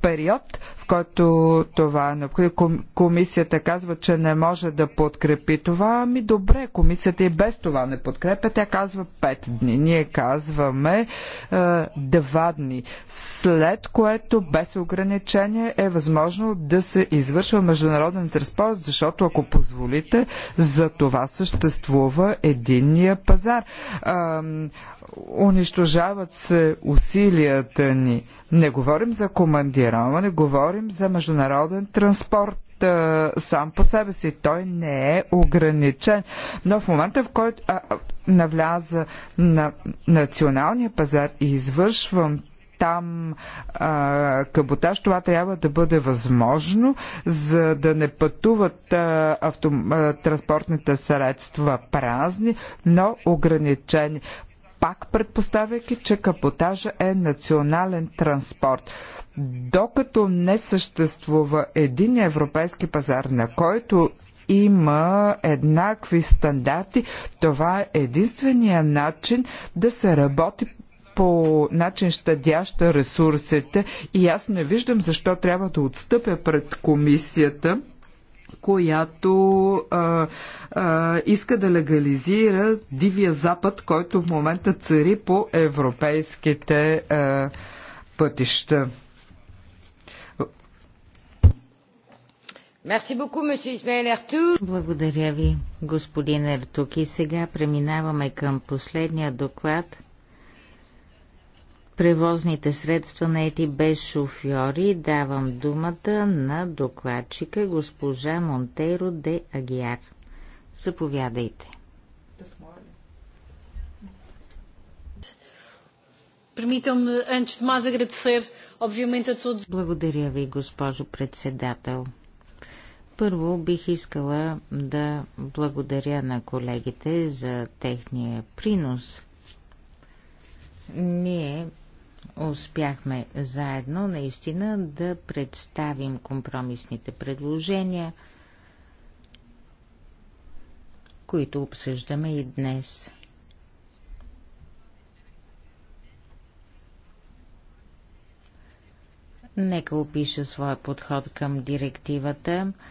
период, в който това е необходимо. Комисията казва, че не може да подкрепи това. Ами добре, комисията и без това не подкрепя. Тя казва 5 дни. Ние казваме 2 дни. След което без ограничение е възможно да се извършва международен транспорт, защото ако позволите, за това съществува единния пазар унищожават се усилията ни. Не говорим за командироване, говорим за международен транспорт сам по себе си. Той не е ограничен. Но в момента, в който а, навляза на националния пазар и извършвам там а, каботаж, това трябва да бъде възможно, за да не пътуват а, авто, а, транспортните средства празни, но ограничени пак предпоставяйки, че капотажа е национален транспорт. Докато не съществува един европейски пазар, на който има еднакви стандарти, това е единствения начин да се работи по начин щадяща ресурсите и аз не виждам защо трябва да отстъпя пред комисията която а, а, иска да легализира дивия запад, който в момента цари по европейските а, пътища. Благодаря ви, господин Ертук. И сега преминаваме към последния доклад превозните средства на ети без шофьори. Давам думата на докладчика госпожа Монтейро де Агиар. Заповядайте. Благодаря ви, госпожо председател. Първо бих искала да благодаря на колегите за техния принос. Ние успяхме заедно наистина да представим компромисните предложения, които обсъждаме и днес. Нека опиша своя подход към директивата –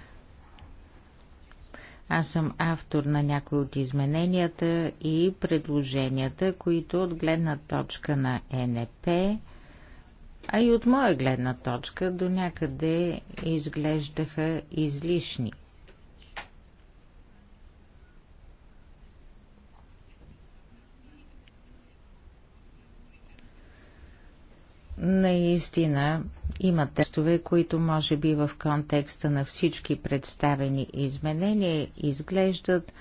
аз съм автор на някои от измененията и предложенията, които от гледна точка на НП, а и от моя гледна точка до някъде изглеждаха излишни – Наистина има тестове, които може би в контекста на всички представени изменения изглеждат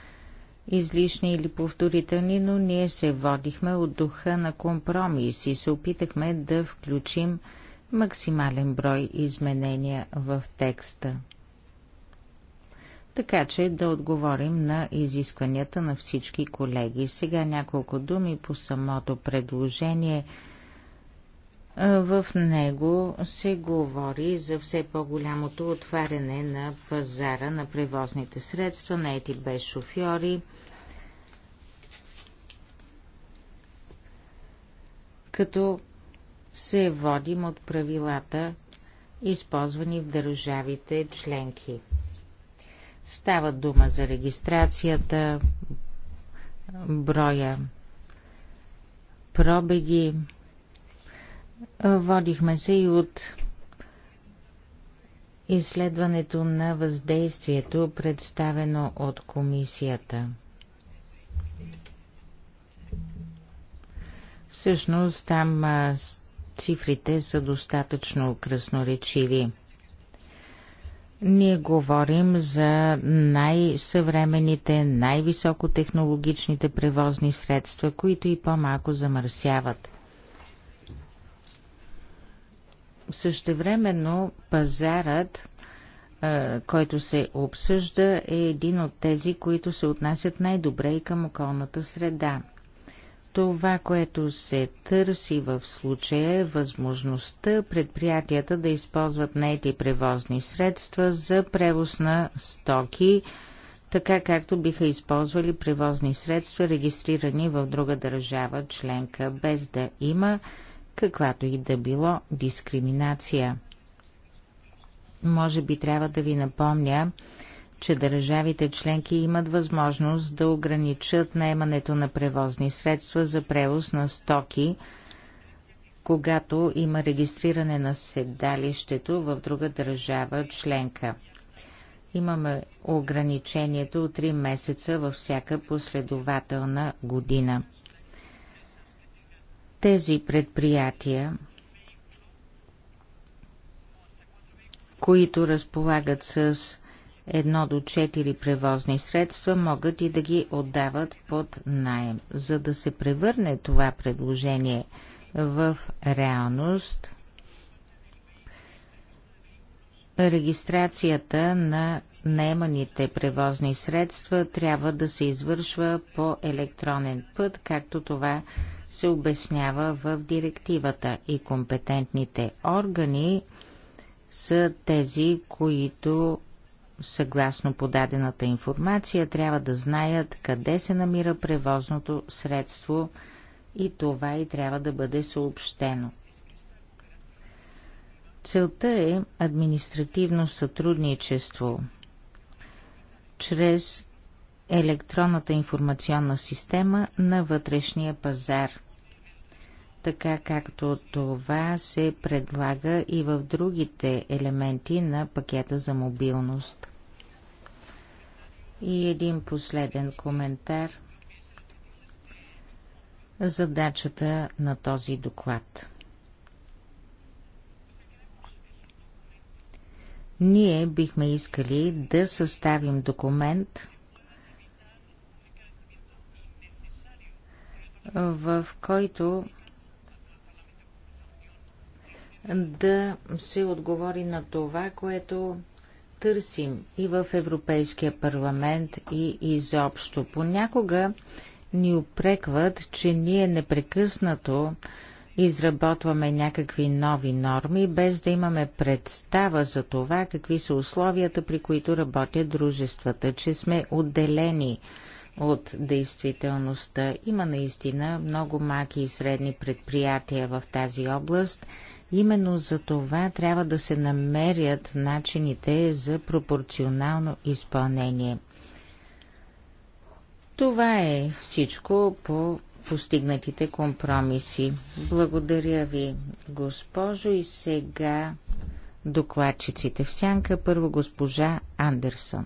излишни или повторителни, но ние се водихме от духа на компромис и се опитахме да включим максимален брой изменения в текста. Така че да отговорим на изискванията на всички колеги. Сега няколко думи по самото предложение – в него се говори за все по-голямото отваряне на пазара на превозните средства, наети без шофьори, като се водим от правилата, използвани в държавите членки. Става дума за регистрацията, броя пробеги, Водихме се и от изследването на въздействието, представено от комисията. Всъщност там цифрите са достатъчно красноречиви. Ние говорим за най-съвременните, най-високотехнологичните превозни средства, които и по-малко замърсяват. Същевременно пазарът, който се обсъжда, е един от тези, които се отнасят най-добре и към околната среда. Това, което се търси в случая е възможността предприятията да използват нети превозни средства за превоз на стоки, така както биха използвали превозни средства, регистрирани в друга държава членка, без да има каквато и да било дискриминация. Може би трябва да ви напомня, че държавите членки имат възможност да ограничат наемането на превозни средства за превоз на стоки, когато има регистриране на седалището в друга държава членка. Имаме ограничението от 3 месеца във всяка последователна година. Тези предприятия, които разполагат с едно до 4 превозни средства, могат и да ги отдават под найем. За да се превърне това предложение в реалност, Регистрацията на наеманите превозни средства трябва да се извършва по електронен път, както това се обяснява в директивата и компетентните органи са тези, които съгласно подадената информация трябва да знаят къде се намира превозното средство и това и трябва да бъде съобщено. Целта е административно сътрудничество чрез електронната информационна система на вътрешния пазар, така както това се предлага и в другите елементи на пакета за мобилност. И един последен коментар – задачата на този доклад. Ние бихме искали да съставим документ, в който да се отговори на това, което търсим и в Европейския парламент и изобщо. Понякога ни упрекват, че ние непрекъснато изработваме някакви нови норми, без да имаме представа за това какви са условията, при които работят дружествата, че сме отделени от действителността. Има наистина много маки и средни предприятия в тази област. Именно за това трябва да се намерят начините за пропорционално изпълнение. Това е всичко по постигнатите компромиси. Благодаря ви, госпожо, и сега докладчиците в сянка. Първо госпожа Андерсон.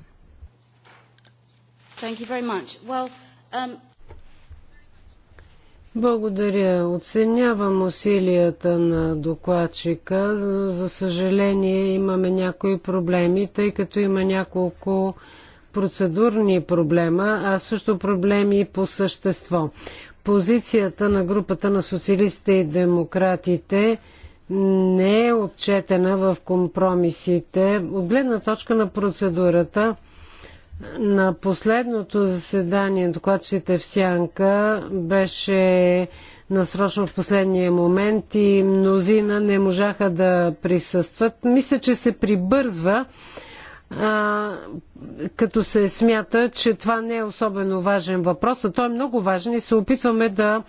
Well, um... Благодаря. Оценявам усилията на докладчика. за съжаление имаме някои проблеми, тъй като има няколко процедурни проблема, а също проблеми по същество. Позицията на групата на социалистите и демократите не е отчетена в компромисите. От гледна точка на процедурата, на последното заседание, докладчите в Сянка, беше насрочно в последния момент и мнозина не можаха да присъстват. Мисля, че се прибързва а, като се смята, че това не е особено важен въпрос, а той е много важен и се опитваме да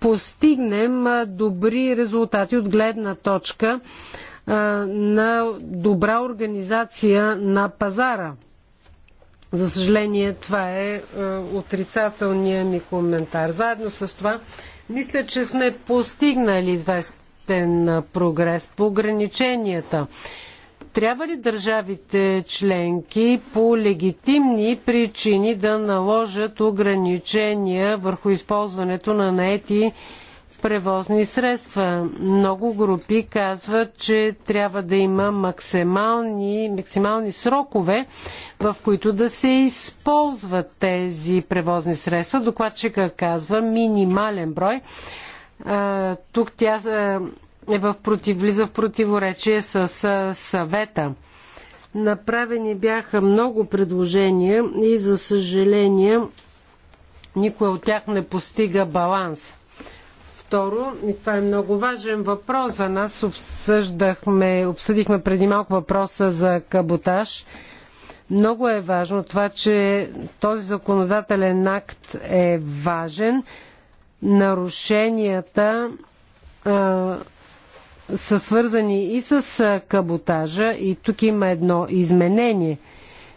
постигнем добри резултати от гледна точка а, на добра организация на пазара. За съжаление, това е, е отрицателният ми коментар. Заедно с това, мисля, че сме постигнали известен прогрес по ограниченията. Трябва ли държавите членки по легитимни причини да наложат ограничения върху използването на наети превозни средства? Много групи казват, че трябва да има максимални, максимални срокове, в които да се използват тези превозни средства. Докладчика казва минимален брой тук тя е в против, влиза в противоречие с, с съвета. Направени бяха много предложения и за съжаление никой от тях не постига баланс. Второ, и това е много важен въпрос за нас, обсъждахме, обсъдихме преди малко въпроса за каботаж. Много е важно това, че този законодателен акт е важен. Нарушенията а, са свързани и с каботажа и тук има едно изменение.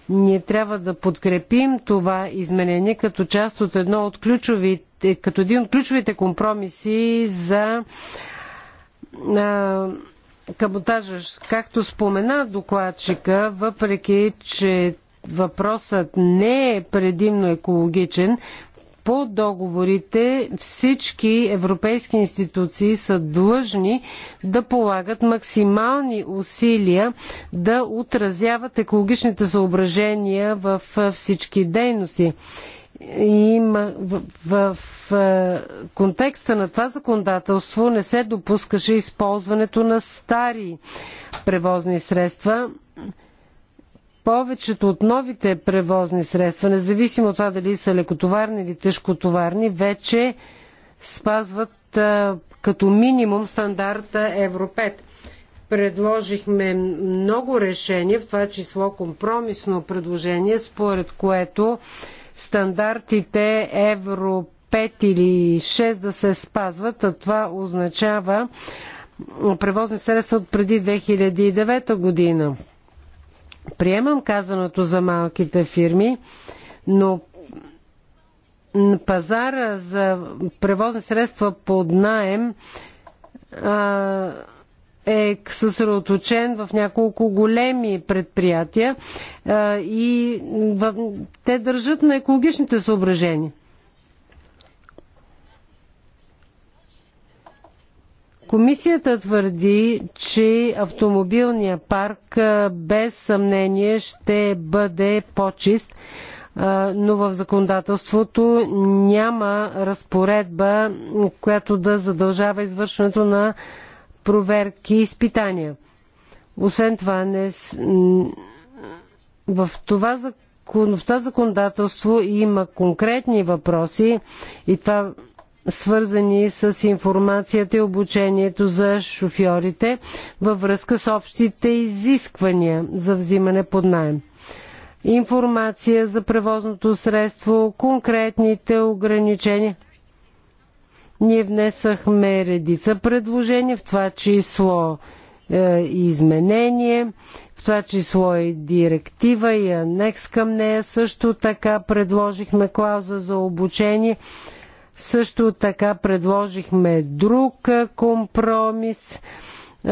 Ние трябва да подкрепим това изменение като част от едно от ключовите, като един от ключовите компромиси за а, каботажа. Както спомена докладчика, въпреки че въпросът не е предимно екологичен, по договорите всички европейски институции са длъжни да полагат максимални усилия да отразяват екологичните съображения във всички дейности. Има в, в, в контекста на това законодателство не се допускаше използването на стари превозни средства повечето от новите превозни средства, независимо от това дали са лекотоварни или тежкотоварни, вече спазват а, като минимум стандарта Евро 5. Предложихме много решения, в това число компромисно предложение, според което стандартите Евро 5 или 6 да се спазват, а това означава превозни средства от преди 2009 година. Приемам казаното за малките фирми, но пазара за превозни средства под найем е съсредоточен в няколко големи предприятия и те държат на екологичните съображения. Комисията твърди, че автомобилният парк без съмнение ще бъде по-чист, но в законодателството няма разпоредба, която да задължава извършването на проверки и изпитания. Освен това, не... в това законодателство има конкретни въпроси и това свързани с информацията и обучението за шофьорите във връзка с общите изисквания за взимане под найем. Информация за превозното средство, конкретните ограничения. Ние внесахме редица предложения, в това число е, изменение, в това число и директива и анекс към нея. Също така предложихме клауза за обучение също така предложихме друг компромис,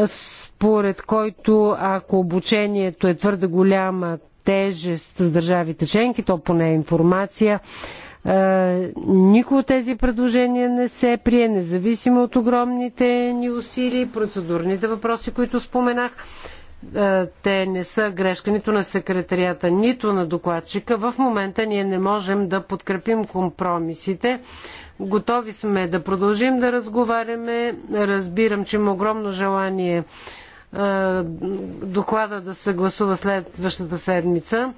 според който ако обучението е твърде голяма тежест с държавите членки, то поне е информация, никой от тези предложения не се прие, независимо от огромните ни усилия и процедурните въпроси, които споменах. Е, те не са грешка нито на секретарията, нито на докладчика. В момента ние не можем да подкрепим компромисите. Готови сме да продължим да разговаряме. Разбирам, че има огромно желание е, доклада да се гласува следващата седмица,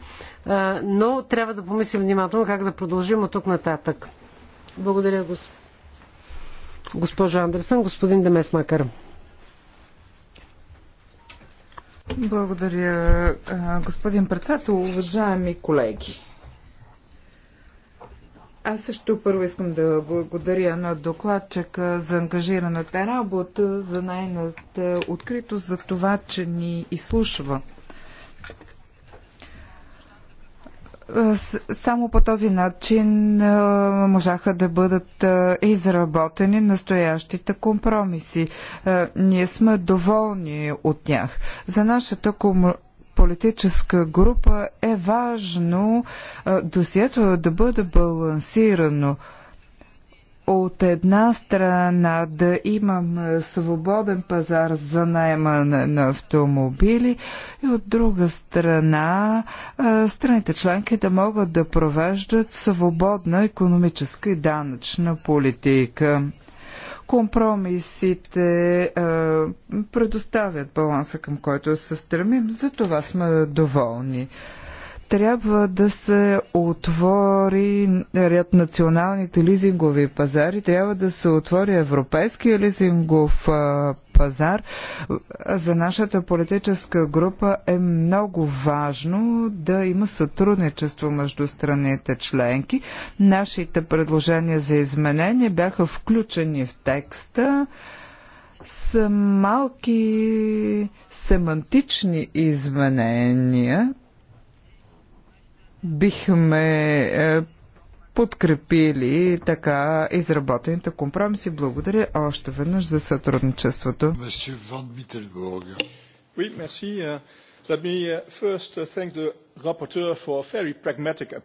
е, но трябва да помислим внимателно как да продължим от тук нататък. Благодаря, госпожо Андерсън. Господин Демес Макар. Благодаря, господин председател. Уважаеми колеги, аз също първо искам да благодаря на докладчика за ангажираната работа, за нейната откритост, за това, че ни изслушва. Е, само по този начин е, можаха да бъдат е, изработени настоящите компромиси. Ние сме доволни от тях. За нашата политическа група е важно досието да бъде балансирано от една страна да имам е, свободен пазар за найемане на автомобили и от друга страна е, страните членки да могат да провеждат свободна економическа и данъчна политика. Компромисите е, предоставят баланса, към който се стремим, за това сме доволни. Трябва да се отвори ряд националните лизингови пазари, трябва да се отвори европейския лизингов пазар. За нашата политическа група е много важно да има сътрудничество между страните членки. Нашите предложения за изменение бяха включени в текста с малки семантични изменения – бихме е, подкрепили така изработените компромиси. Благодаря още веднъж за сътрудничеството. Uh, uh, uh,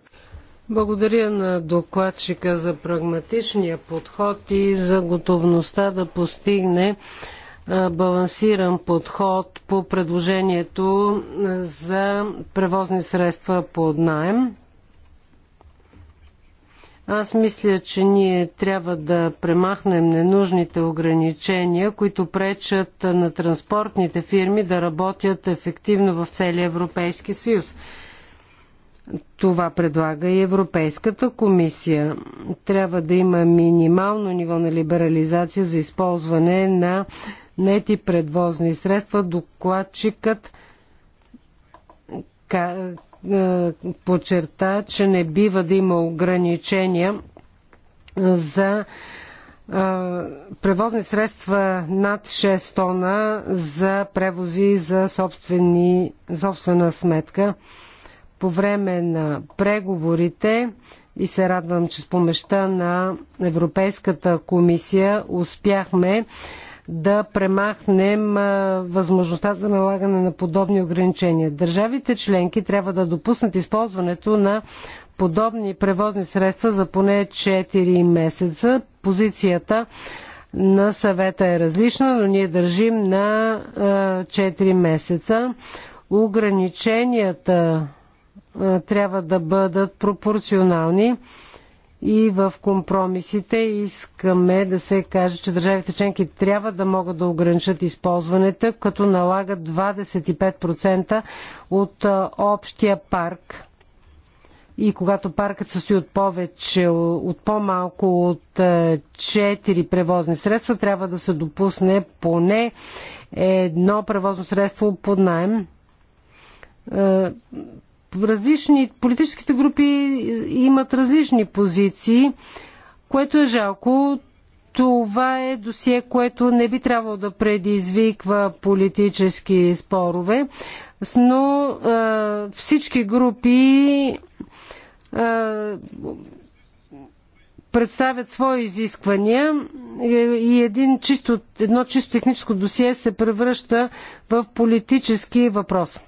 Благодаря на докладчика за прагматичния подход и за готовността да постигне балансиран подход по предложението за превозни средства под найем. Аз мисля, че ние трябва да премахнем ненужните ограничения, които пречат на транспортните фирми да работят ефективно в целия Европейски съюз. Това предлага и Европейската комисия. Трябва да има минимално ниво на либерализация за използване на нети предвозни средства, докладчикът е, подчерта, че не бива да има ограничения за е, превозни средства над 6 тона за превози за собствени, собствена сметка. По време на преговорите и се радвам, че с помеща на Европейската комисия успяхме да премахнем възможността за налагане на подобни ограничения. Държавите членки трябва да допуснат използването на подобни превозни средства за поне 4 месеца. Позицията на съвета е различна, но ние държим на 4 месеца. Ограниченията трябва да бъдат пропорционални и в компромисите искаме да се каже, че държавите членки трябва да могат да ограничат използването, като налагат 25% от общия парк. И когато паркът състои от повече, от по-малко от 4 превозни средства, трябва да се допусне поне едно превозно средство под найем различни, политическите групи имат различни позиции, което е жалко. Това е досие, което не би трябвало да предизвиква политически спорове, но е, всички групи е, представят свои изисквания и един чисто, едно чисто техническо досие се превръща в политически въпрос.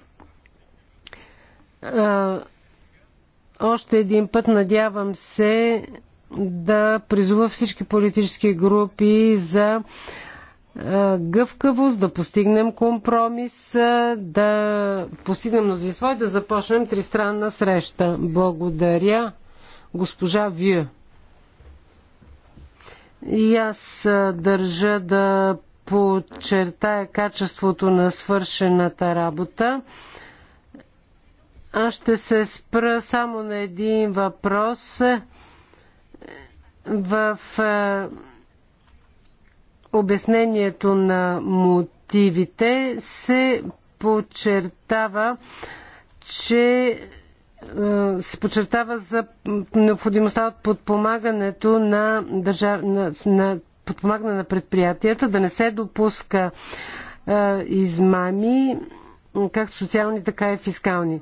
Още един път надявам се да призува всички политически групи за гъвкавост, да постигнем компромис, да постигнем мнозинство и да започнем тристранна среща. Благодаря, госпожа Вю. И аз държа да подчертая качеството на свършената работа. Аз ще се спра само на един въпрос. В е, обяснението на мотивите се подчертава, че е, се подчертава за необходимостта от подпомагането на, държав... на, на подпомагане на предприятията, да не се допуска е, измами, както социални, така и фискални.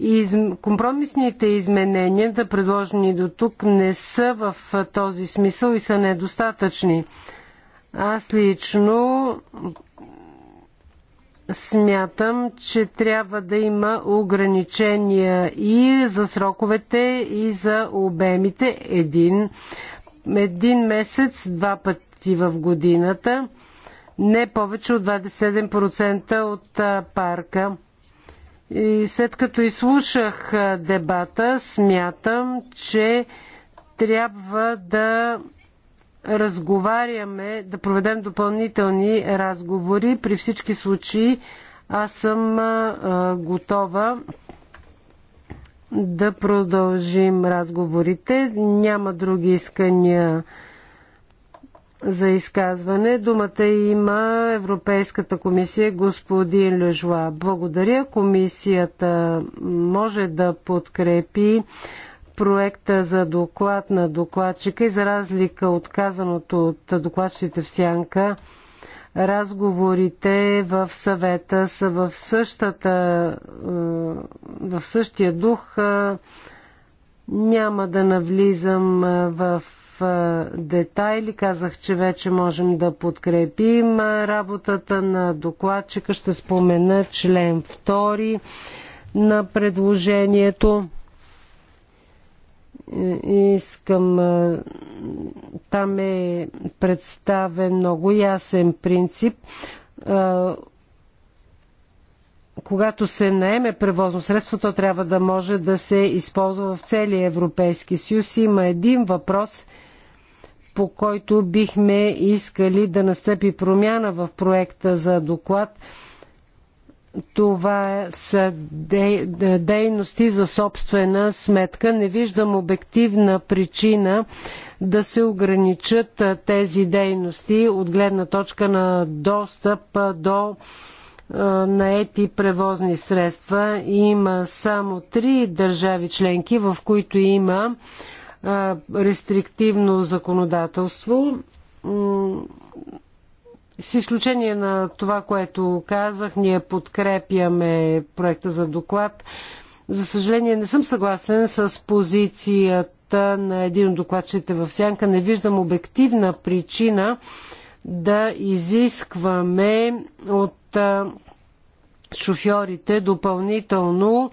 Из... Компромисните изменения, предложени до тук, не са в този смисъл и са недостатъчни. Аз лично смятам, че трябва да има ограничения и за сроковете, и за обемите. Един, един месец, два пъти в годината, не повече от 27% от парка. И след като изслушах дебата, смятам, че трябва да разговаряме, да проведем допълнителни разговори. При всички случаи аз съм готова да продължим разговорите. Няма други искания за изказване. Думата има Европейската комисия господин Лежуа. Благодаря. Комисията може да подкрепи проекта за доклад на докладчика и за разлика от казаното от докладчите в Сянка, разговорите в съвета са в, същата, е, в същия дух. Е, няма да навлизам е, в детайли. Казах, че вече можем да подкрепим работата на докладчика. Ще спомена член 2 на предложението. Искам. Там е представен много ясен принцип когато се наеме превозно средство, то трябва да може да се използва в целия Европейски съюз. Има един въпрос – по който бихме искали да настъпи промяна в проекта за доклад. Това са дейности за собствена сметка. Не виждам обективна причина да се ограничат тези дейности от гледна точка на достъп до наети превозни средства. Има само три държави членки, в които има рестриктивно законодателство. С изключение на това, което казах, ние подкрепяме проекта за доклад. За съжаление, не съм съгласен с позицията на един от докладчите в Сянка. Не виждам обективна причина да изискваме от шофьорите допълнително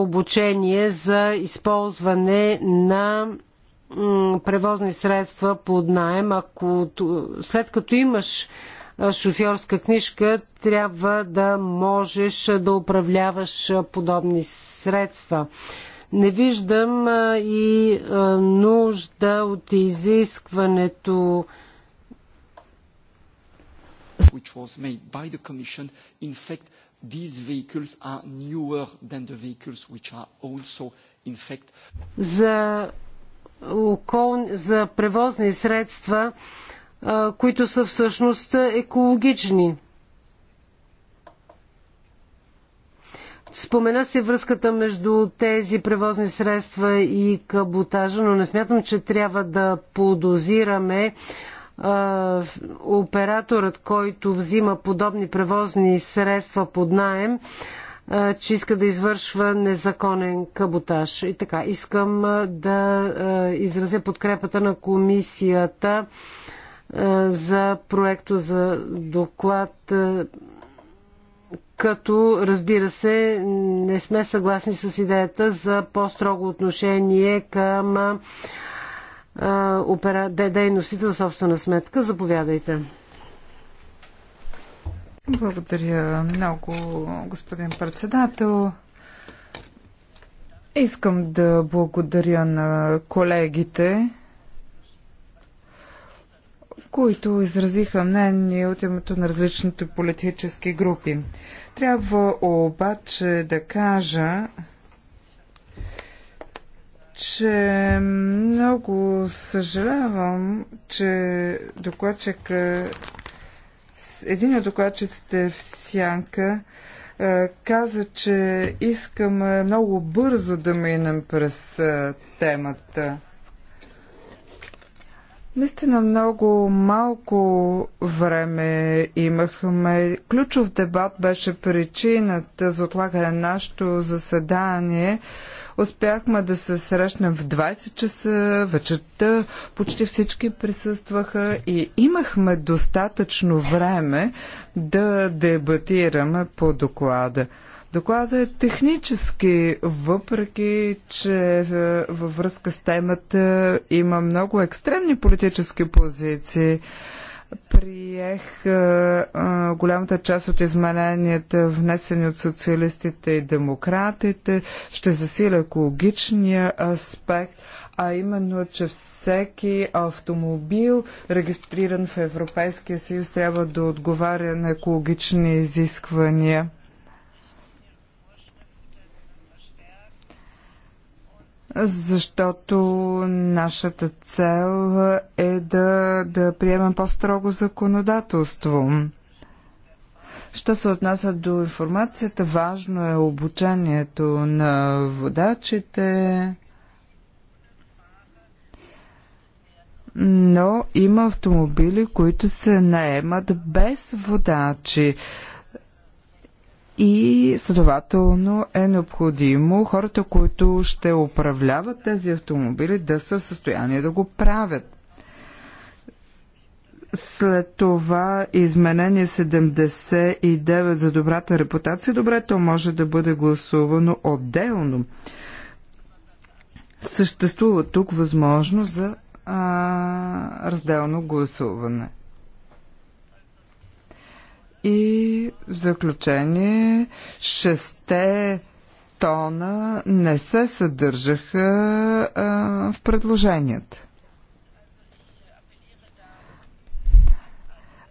обучение за използване на превозни средства под найем. Ако, след като имаш шофьорска книжка, трябва да можеш да управляваш подобни средства. Не виждам и нужда от изискването which was made by the Commission, in fact these vehicles are newer than the vehicles which are also in fact за, за превозни средства, които са всъщност екологични. Спомена се връзката между тези превозни средства и каботажа, но не смятам, че трябва да подозираме операторът, който взима подобни превозни средства под найем, че иска да извършва незаконен каботаж. И така, искам да изразя подкрепата на комисията за проекто за доклад, като разбира се не сме съгласни с идеята за по-строго отношение към дейностите за собствена сметка. Заповядайте. Благодаря много, господин председател. Искам да благодаря на колегите, които изразиха мнение от името на различните политически групи. Трябва обаче да кажа, че много съжалявам, че докладчика, един от докладчиците в Сянка е, каза, че искам много бързо да минем през е, темата. Наистина много малко време имахме. Ключов дебат беше причината за отлагане на нашето заседание. Успяхме да се срещнем в 20 часа вечерта. Почти всички присъстваха и имахме достатъчно време да дебатираме по доклада. Докладът е технически, въпреки че е, във връзка с темата има много екстремни политически позиции приех а, а, голямата част от измененията, внесени от социалистите и демократите, ще засиля екологичния аспект, а именно, че всеки автомобил, регистриран в Европейския съюз, трябва да отговаря на екологични изисквания. защото нашата цел е да, да приемем по-строго законодателство. Що се отнася до информацията, важно е обучението на водачите, но има автомобили, които се наемат без водачи. И следователно е необходимо хората, които ще управляват тези автомобили, да са в състояние да го правят. След това изменение 79 за добрата репутация, добре, то може да бъде гласувано отделно. Съществува тук възможност за а, разделно гласуване. И в заключение, шесте тона не се съдържаха а, в предложенията.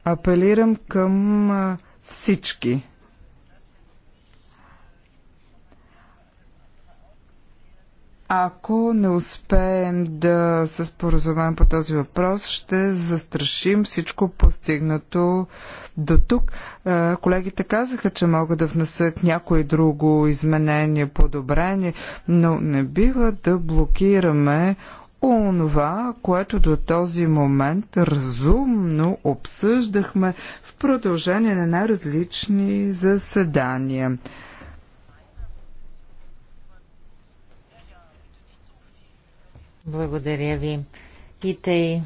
Апелирам към всички Ако не успеем да се споразумеем по този въпрос, ще застрашим всичко постигнато до тук. Е, колегите казаха, че могат да внесат някое друго изменение, подобрение, но не бива да блокираме онова, което до този момент разумно обсъждахме в продължение на най-различни заседания. Благодаря ви. И тъй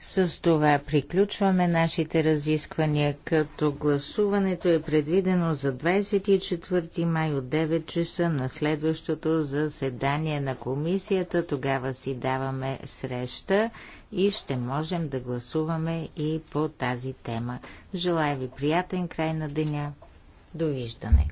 с това приключваме нашите разисквания, като гласуването е предвидено за 24 май от 9 часа на следващото заседание на комисията. Тогава си даваме среща и ще можем да гласуваме и по тази тема. Желая ви приятен край на деня. Довиждане!